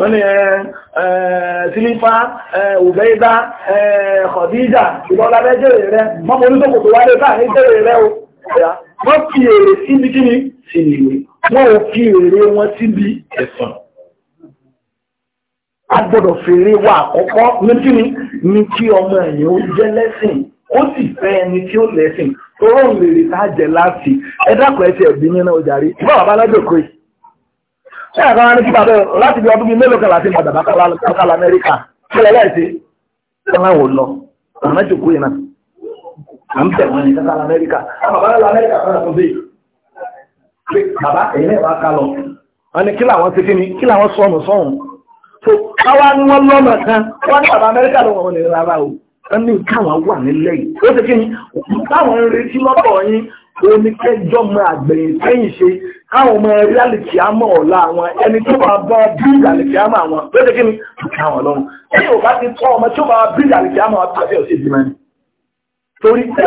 wọ́n ni sílífà ọ̀bẹ́ìdá ọ̀díjà ìlọ́lá lẹ́jẹ̀rẹ̀ rẹ mọ́mọ́ oníṣòkò tó wáyé bá ní jẹ́rẹ̀ rẹ o wọ́n fi èrè síbi kí ni sí ìwé wọ́n ò fi èrè wọn síbi ẹ̀sàn a gbọ́dọ̀ fèrè wa àkọ́kọ́ ní kí ni ní kí ọmọ ẹ̀yìn ó jẹ́ lẹ́sìn ó sì fẹ́ ẹni tí ó lẹ́sìn tó rọrùn lè rí tá jẹ láti ẹ̀dàkọ̀ ẹ̀sẹ̀ ẹ̀bí nínú ọjà rí bọ́ọ̀ bá lọ́jọ́ kọ́ yìí ṣé àgbà wọn ní kí bàbá láti bí ọdún bíi mélòó kan láti padà bá kálá Amẹ́ríkà kílẹ̀ lẹ́ẹ̀sì kálá wò lọ ọ̀nà jòkó yìí náà à ń bẹ̀ wọ́n ní kálá Amẹ́ríkà bàbá lọ Amẹ́ríkà fẹ́ràn tó bẹ́ẹ̀ pé bàbá ẹ̀yìn náà bá ká lọ wọn ni kí làwọn ti kí ni kí làwọn sọnù sọhùn tó káwá ní wọn lọ́nà kan wọn ní bàbá Amẹ́ríkà ló wọn ní rárá o wọn ní káwọn wà nílẹ̀ yìí ó ti kí ni káwọn ń retí lọ́pọ̀ yín oníkẹ́jọ́ mọ àgbẹ̀yìn sẹ́yìn ṣe káwọn ọmọ rí àlìkí àmọ́ ọ̀la àwọn ẹni tó bá bá bíríìdì àlìkí àmọ́ àwọn lóde kí ni káwọn lọ́rùn ẹni ò bá ti tọ́ ọmọ tó bá bíríìdì àlìkí àmọ́ àti ọ̀sẹ̀ ìdìmọ̀ ni torí pé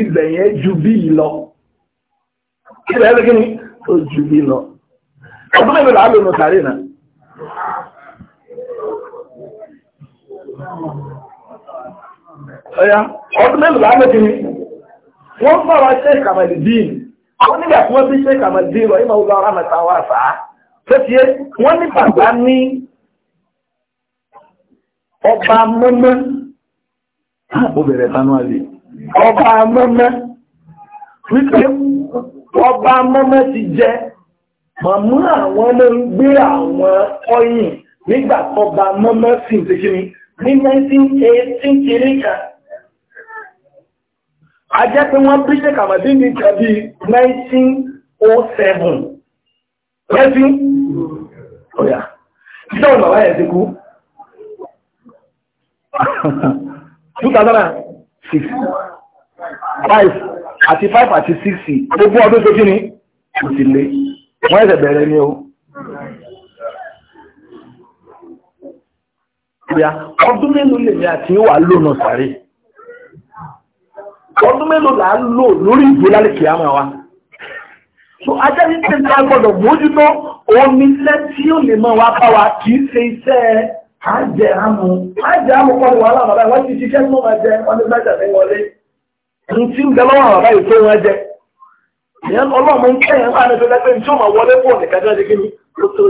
ibẹ̀ yẹn ju bí yìí lọ ibẹ̀ yẹn kí ni ó ju bí lọ ọdún mẹ́rin là á lò nù sàárè náà. ọdún mẹ́rin là á lò kí ni wọ́n fọ́ra ṣe kàmàlì díìnì wọ́n nígbà tí wọ́n bí ṣe kàmàdé rọ̀ ìmọ̀ ọgbà ọ̀rá mẹ́ta wà fàá fẹ́fìyẹ́ wọ́n ní bàbá ní ọba mọ́mọ́ ó ah, bẹ̀rẹ̀ tánú àlè ọba mọ́mọ́ wípé ọba mọ́mọ́ ti jẹ màmú àwọn ọmọ gbé àwọn ọyìn nígbà tọba mọ́mọ́ sì ń ni ní 1918 kiri kan a jẹ́ pé wọ́n bí ṣe kàmàdí ní ìjọ bí 1907 lẹ́sí ọ̀yà ìjọ ìbàbá ẹ̀ ti kú 2006 5 àti 5 àti 6 gbogbo ọdún tó kí ni kò sí lé wọ́n ẹ̀sẹ̀ bẹ̀rẹ̀ ni o ọdún mélòó lè ní àti wà lónà sàárè ọdún mélòó là ń lò lórí ìgbé wa. so ajá ní tí a gbọ́dọ̀ mójútó omi iṣẹ́ tí ó lè mọ́ wa bá wa kì í ṣe iṣẹ́ àmú àmú kọ́ ni wàhálà bàbá wọ́n ti ṣiṣẹ́ jẹ wọ́n ní ha ní wọlé ní tí ń bẹ lọ́wọ́ bàbá yìí tó jẹ. ìyẹn ń kẹ́ bá ní fẹ́lẹ́ pé tí ó máa wọlé fún kí ni ó tó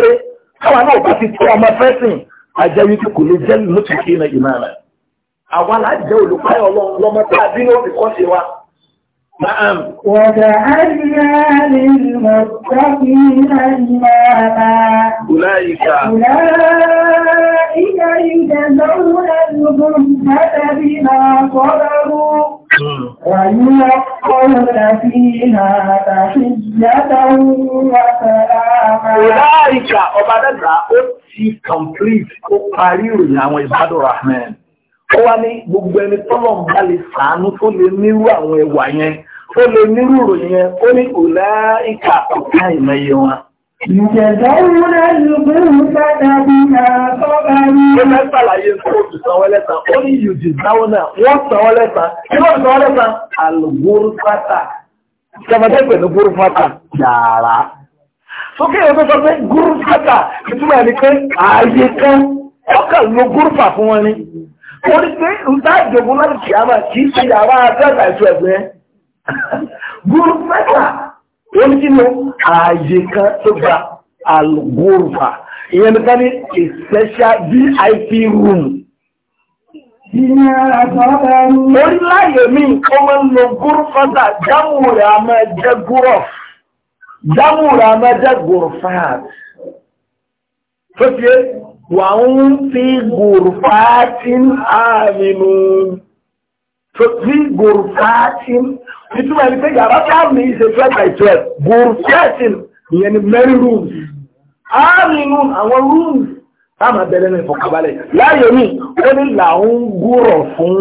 jẹ. káwa náà bá ti tó ọmọ fẹ́sìn àjẹ́ wípé kò lè jẹ́ lókè kí iná ìmọ̀ rẹ̀ àwa lájẹ́ olùpáyọ̀ ọlọ́run lọ́mọ tá a bí ní òfin kọ́ sí wa. وجعلنا للمتقين إماما أولئك أولئك يجزون الغرفة بما صبروا ويلقون فيها تحية وسلاما أولئك ọbadẹ́gbà ó ti complete ó parí ìròyìn àwọn ìbádọ̀ Rahman ó wá ní gbogbo ẹni tọ́lọ̀ ń bá lè sàánú tó lè nírú àwọn ẹwà yẹn tó lè nírú ìròyìn yẹn ó ní ọ̀lá ọ̀ká ìmẹ̀yẹ wọn Ìjẹ̀dọ́rún ẹlùgbùn sádàbí náà sọ́gbà ní. Ó mẹ́ta láyé ń kó ìsanwó lẹ́ta, ó ní ìyùjì dáwọn náà, wọ́n sanwó lẹ́ta, kí wọ́n sanwó lẹ́ta? Àlùgbùrú pátá. Ṣẹ̀mọ̀tẹ́ pẹ̀lú gúrú pátá yàrá. Sókè yẹn tó sọ pé gúrú pátá, ìtumọ̀ ní pé ààyè kan, ọkàn ló gúrú pà fún wọn ni. Ó ní pé ń dá wọ́n ní sínú ààyè kan tó gba algorfa ìyẹn nìkan ní a special VIP room orí láyé mi ó máa ń lo gúrúfàtà jámù rẹ̀ a máa jẹ́ gúrọ̀f jámù rẹ̀ a máa jẹ́ gúrúfàt tó ń fi gúrúfàtín So three gurfatin, ìtumọ̀ ẹni pé yàrá táàmì is a twelve by twelve, gurfatin ìyẹn ni many rooms. Ààrínú àwọn rooms táàmì abẹ́rẹ́ ní ìfọ̀kàbalẹ̀. Láyé mi, ó ní làún gúrọ̀ fún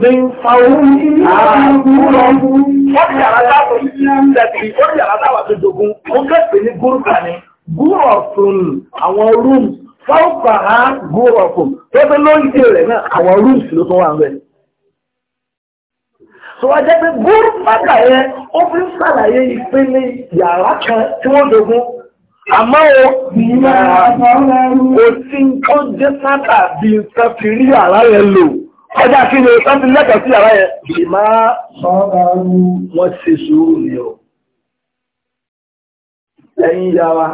ní fáwọn àgúrọ̀ fún. Wọ́n ti yàrá táwọn ìṣẹ́tì, ó ní yàrá táwọn àtòjògùn, ó kẹ́sì ní gúrùkà ni, gúrọ̀ fún àwọn rooms, fáwọn fàá gúrọ̀ fún. Tẹ́tẹ́ lóyìí rẹ̀ náà àwọn rooms ló tún wà ń bẹ̀rẹ̀ tó wá jẹ́ pé góòlù mọ́tà yẹn ó fi ń ṣàlàyé ìpele yàrá kan tí wọ́n dogun àmọ́ o kò sí tó jẹ́ sábà bí nǹkan fi rí yàrá yẹn lò ọjà kí ni wọ́n ti lẹ́tọ̀ọ́ sí yàrá yẹn bì máa wọ́n ṣe sùúrù ni o ẹ̀yin ìyá wa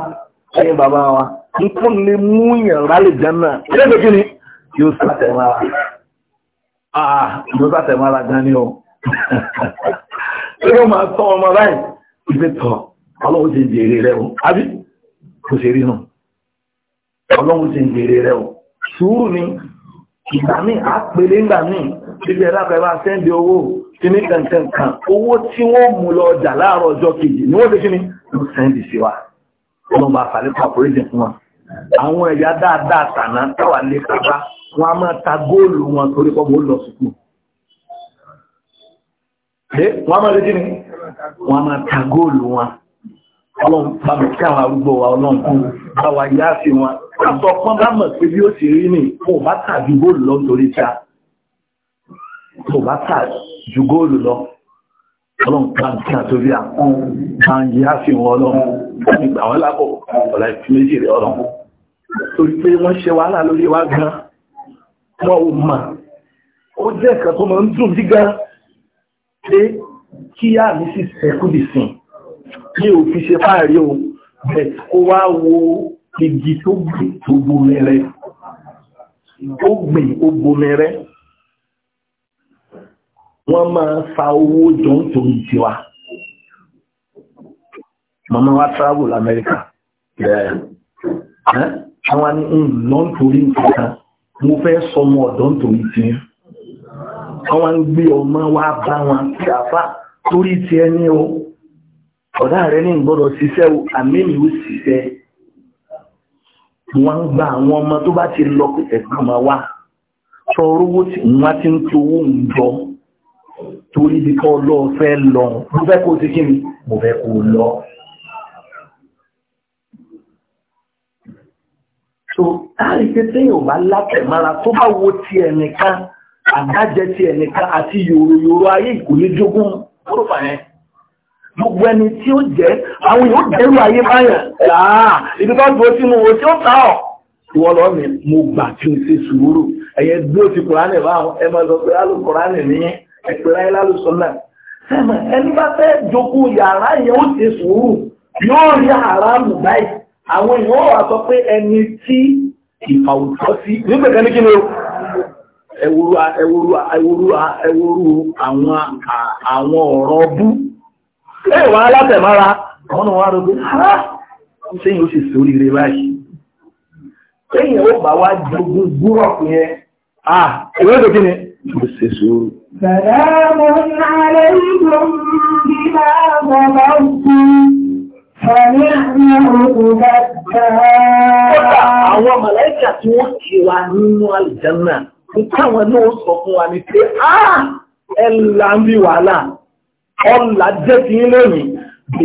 ẹ̀yin bàbá wa ń kún lè mú yàrá lè jẹ́ náà ilé kí ni yóò sàtẹ̀ mára ah, yóò sàtẹ̀ mára gan ni o ṣé yóò máa tọ́ ọmọ láì ìfẹ́ tọ́ ọlọ́run ti ń jèrè rẹ̀ o àbí kò ṣe rí nù ọlọ́run ti ń jèrè rẹ̀ o sùúrù ni ìgbà míì àpèlé ńgbà míì bíbí ẹlápẹ́ bá sẹ́ndì owó tí ní kankankan owó tí wọ́n mú lọ ọjà láàárọ̀ ọjọ́ kejì ni wọ́n fi kíni ló sẹ́ndì sí wa ọlọ́run bá fàlẹ́ pàpọ̀rẹ́jì fún wa àwọn ẹ̀yà dáadáa tàná táwa lè kápá wọn a máa ta góòlù wọn torí pọ́ bó lọ sùkúù wọ́n máa lójú ní wọ́n máa ta góòlù wọn ọlọ́run bá mọ̀ kí àwọn arúgbó wa ọlọ́run kú bá wa yá sí wọn àtọ̀ kan bá mọ̀ pé bí ó ti rí ní kò bá tà ju góòlù lọ nítorí ta kò bá tà ju góòlù lọ ọlọ́run kan kí àtòrí àkún bá ń yá sí wọn ọlọ́run láti gbà wọ́n lábọ̀ ọ̀la ìfi méjì rẹ̀ ọlọ́run torí pé wọ́n ṣe wàhálà pé kí yá mi sì sẹ́kùdì sí ní òfin ṣe fáàrí o bẹ̀ ó wá wo igi tó gbìn tó bomi rẹ̀ ó gbìn ó bomi rẹ̀ wọ́n máa fa owó jọ ń torí tiwa màmá wa travel Amẹ́ríkà àwọn ni ń lọ nítorí nǹkan mo fẹ́ sọmọ ọ̀dọ́ nítorí tiwọn àwọn ń gbé ọmọ wa bá wọn kí àfà torí ti ẹni o ọ̀dá rẹ ní gbọ́dọ̀ ṣiṣẹ́ o àmẹ́mì ó ṣiṣẹ́ wọ́n ń gba àwọn ọmọ tó bá ti lọ ẹ̀gbọ́n ma wá sọ̀rọ̀ tí wọ́n ti ń towó ń jọ torí bí kọ́ lọ fẹ́ lọ mo fẹ́ kó ti kí ni mo fẹ́ kó lọ. so láàrin pé téèyàn bá látẹ̀ mára tó bá wo ti ẹnìkan àdájẹ ti ẹnìkan àti yòrò yòrò ayé kò ní jogún kúròfà yẹn gbogbo ẹni tí ó jẹ́ àwọn yóò dẹ́rù ayé báyàn láà ibi bá gbọ́ sínú o tí ó ta ọ̀ ìwọ lọ mi mo gbà tí o ṣe sùúrù ẹ̀yẹ dúró ti kùránì báwọn ẹ máa sọ pé alù kùránì ní ẹ̀pẹ̀rẹ̀ ayé bá fẹ́ jogún sí nígbà ní kí ni o ẹwúrú àwọn ọ̀rọ̀ bú ẹwà alátẹ̀mára àwọn ọ̀rọ̀ arọ́gbé ha ń yíò sì sórí rẹ̀ báyìí ẹ̀yìn ó bá wá jogun gúrọ̀pù yẹn ah ìwé tó kí ni ó sì sórí Àwọn màláìkà tí wọ́n kí wa nínú àlìjánà Ìtàwọn náà sọ fún wa ní pé, "Ah! Ẹlà ń bí wàhálà, ọlà jẹ́ ti ń lónìí."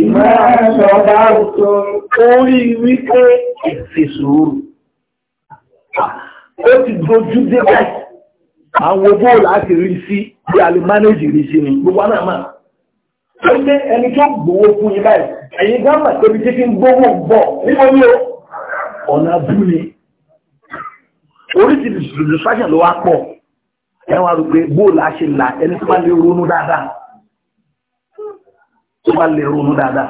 Ìmọ̀ ọ̀dá orí wípé èsì sùúrù. Ó ti dojú dé báyìí. Àwọn bóòlù láti rí sí bí a lè mánéjì rí sí ni, gbogbo náà máa. Ó jẹ́ ẹni tó gbowó fún yín báyìí. Ẹ̀yin gbọ́n mà tóbi tí kí ń gbówó bọ̀ nígbà ní ọ̀nà abúlé oríṣiríṣi distraction ló wá pọ̀ ẹ wá rò pé bóòlù á ṣe là ẹni tó bá lè ronú dáadáa tó bá lè ronú dáadáa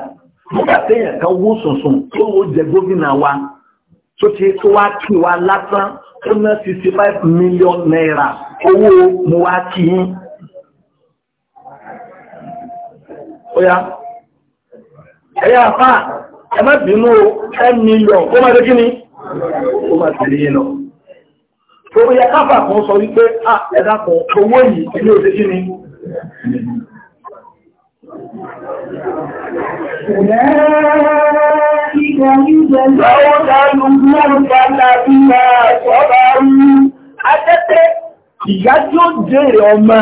nígbà téèyàn kan wó sùnsùn tó ń wo jẹ gómìnà wa tó ti tó wá kí wa lásán tó ná sixty five million naira owó mo wá kí yín. ó yá ẹ̀yà àfáà ẹ má bínú ten million kó má dé kí ni kó má tẹ̀lé yín lọ tó yẹ káfà kan sọ wípé ẹ̀dá kan owó yìí ilé òṣè kí ni Ìyá tí ó jèrè ọmọ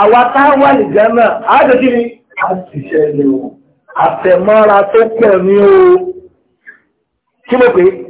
àwa táwà ìjẹ́ náà, a jẹ́ kí ni? A ti ṣẹlẹ̀ o, àtẹ̀mọ́ra tó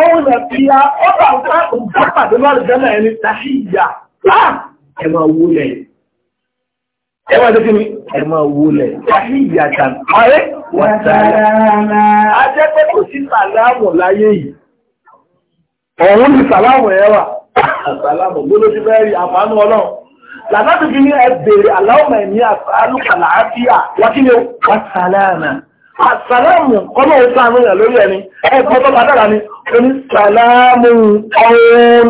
ọ̀rọ̀ ìyá ọ̀rọ̀ ìgbàpàdé máa rẹ̀ jẹ́mẹ̀ ẹni tàbí ìyá ẹ máa wúlẹ̀ ẹ máa tẹ́kí ni ẹ máa wúlẹ̀ tàbí ìyá kan ọ̀rẹ́ wàtàrà ajẹ́ pé kò sí sàlámù láyé yìí ọ̀hún ni sàlámù ẹ wà sàlámù gbọ́dọ̀ sí bẹ́ẹ̀ rí àfààní ọlọ́run làbá tó ẹ bèrè àláwọ̀ ẹ̀mí àlùkàlà àfíà wákìlẹ̀ wàtàrà náà àsàlámù kọ́mọ̀ ó sáà múyàn lórí ẹni ẹgbọ́n tó padàrà ni ó ní sàlámù ọ̀hún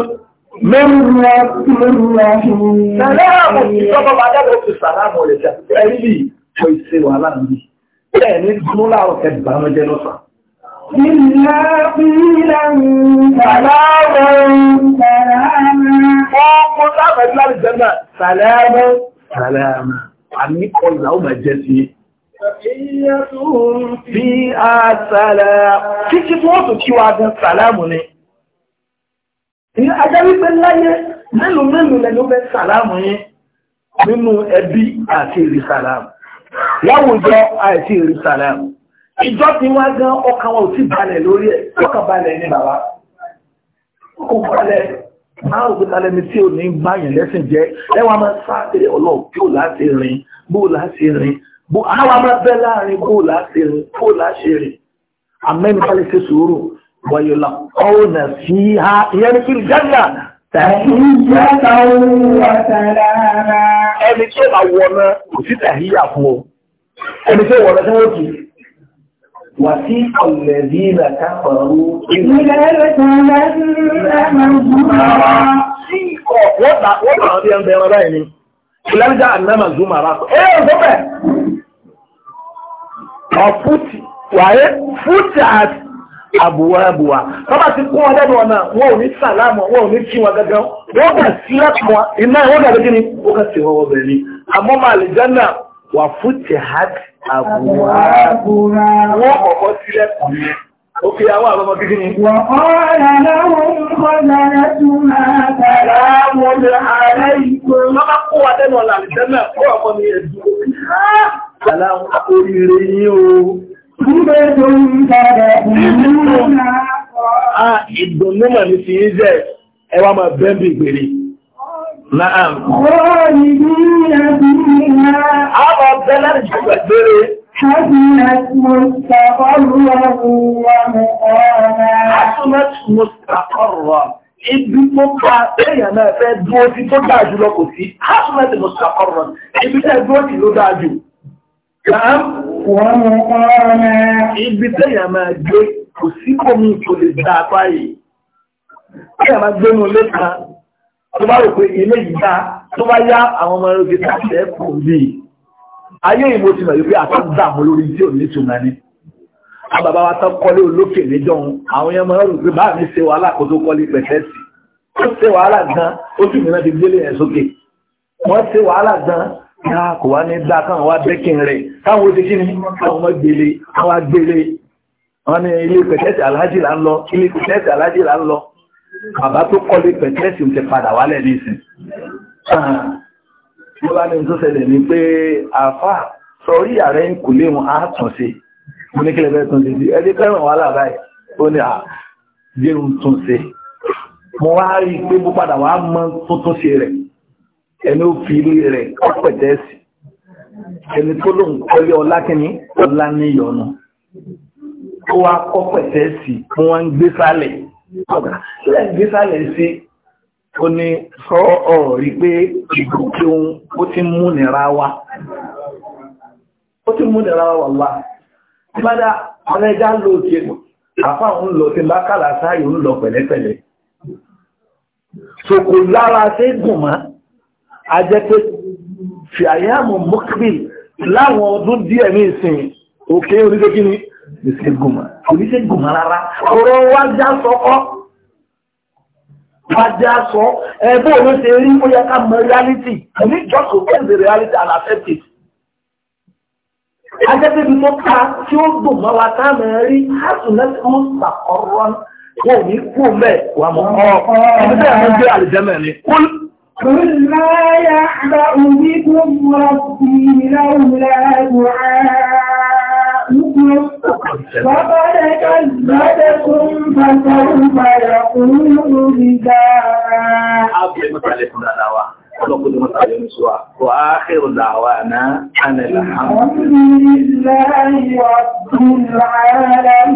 mẹ́rin sàlámù ìjọba padàrà ó fi sàlámù rẹ̀ jà ẹ̀rí bí ìjọ ìṣe wà láàrin bẹ́ẹ̀ ní múlá ọ̀kẹ́ ìbámu jẹ́ lọ́sà. Ìlà ìlà sàlámù sàlámù. Ọkùn láàrín láàrín jẹ́ náà sàlámù sàlámù. Àníkọ̀ làwọn máa jẹ́ sí i. Bí a sàlá, títí fún ọ̀tún kí wa gan sàlámù ni. Ní ajá wípé láyé, mélòó mélòó lẹ́nu bẹ́ sàlámù yín nínú ẹbí àti ìrì sàlámù. Láwùjọ àti ìrì sàlámù. Ìjọ ti wá gan ọkàn wọn ò tí balẹ̀ lórí ẹ̀, ọkàn balẹ̀ ní bàbá. Kò balẹ̀ máa ń gbọ́ta lẹ́ni tí ò ní báyìí lẹ́sìn jẹ́, ẹwà máa ń sá bó àwa máa bẹ́ láàrin bó láṣẹ rẹ̀ àmẹ́ni bá lè ṣe sùúrù wọ̀nyọ̀lá ọ̀nà sí ha ìyẹn ní kiri Ẹni tí wọ̀nà kò sí tàhíyà fún o. Ẹni tí wọ̀nà tí wọ́n kìí. وثيق الذين كفروا ìlànà ànámà zumara ẹ̀yẹ ọ̀gbọ́bẹ̀ ọ̀fútì wàyé fútì àti àbúwábúwá bábà ti kún wọn lẹ́nu ọ̀nà wọn ò ní sàlámù wọn ò ní kí wọn gángan wọn kà sí ẹ̀kọ́ iná wọn dàbí kí ni wọn kà sí wọn wọbẹ̀ ni àmọ́ máa lè jẹ́nà wà fútì àti àbúwábúwá wọn kọ̀kọ́ sílẹ̀kùn yẹn Òkè àwọn àwọn ọmọ gidi ni. Wọ́n wọn Wọ́n bá kó wa tẹ́nu ọ̀là o. Nígbẹ́ tó ń bẹ̀rẹ̀ ìdùnnú. حسنت مستقرا ومقاما حسنت مستقرا ibi tó ká èèyàn náà fẹ́ dúró sí tó dáa jù lọ kò sí hasunat mustaqarran ibi tẹ́ dúró sí ló dáa jù láàm wọ́n mọ́ ibi tẹ́yàn máa gbé kò sí kòmí kò lè dáa báyìí tẹ́yàn máa gbé mú lẹ́ka tó bá rò pé ilé yìí dá tó bá yá àwọn ọmọ ẹrọ ayé ìmò ti mọ̀ wípé àtàkùdà mọ́ lórí tí ò ní túnmọ̀ ní àbàbá wa tán kọ́lé olókè níjọ́un àwọn yẹn mọ́ rò pé bá mi ṣe wàhálà kó tó kọ́lé pẹ̀tẹ́ sí ó ṣe wàhálà gan ojú mi náà ti gbélé yẹn sókè wọ́n ṣe wàhálà gan ya kò wá ní dá káwọn wá bẹ́kìn rẹ̀ káwọn oṣù kí ni káwọn ọmọ gbélé káwọn gbélé wọn ní ilé pẹ̀tẹ́sì aláàjì là ń lọ ilé pẹ̀tẹ́sì aláàjì là ń lọ bàbá tó kọ́lé pẹ̀tẹ́sì ń ti padà wálẹ̀ nísìn ah ló bá ní tó ṣẹlẹ̀ ní pé àfà sọrí ààrẹ ń kò léwu àtúnṣe mo ní kílẹ̀ bẹ́ẹ̀ tún ṣe sí ẹdí fẹ́ràn wà láàbáyé ó ní àjẹun tún ṣe mo wá rí i pé bó padà wàá mọ tuntun ṣe rẹ̀ ẹni ó fi rẹ̀ kọ́pẹ̀tẹ́ sí ó ní sọ ọ̀rí pé ìgbòkè ohun ó ti mú nìra wá ó ti mú nìra wá wà tí bá dá ọ̀rẹ́ ẹja ń lo òkè àfá òun lọ sí lákàlà sáàyè ń lọ pẹ̀lẹ́pẹ̀lẹ́ sòkò lára sí gùn mọ́ a jẹ́ pé fìyàmù mọ́kìlì láwọn ọdún díẹ̀ ní ìsìn òkè oníṣẹ́ kí ni ìṣègùn rárá ọ̀rọ̀ wájá sọ́kọ́ Bájá sọ, ẹgbẹ́ òun ṣe rí ó yẹ ká mọ reality, ẹ̀mí ìjọsìn ó ń reality and accept it. Ajẹ́bíbi tó ká tí ó dùn mọ́ wa ká mọ̀ rí, a sùn lẹ́sẹ̀ mú sàkọ́rọ́ wọn ò ní kú mẹ́ wà mọ́ Ẹni bẹ́ẹ̀ mọ́ gbé àlìjẹ́mẹ̀ ni. Kúlá yà bá òbí tó mọ̀ sí ìlà ربكم وقد كذبكم فسوف يقول بذاك ونقول مطلع ينسوا وآخر دعوانا أن الحمد لله رب العالمين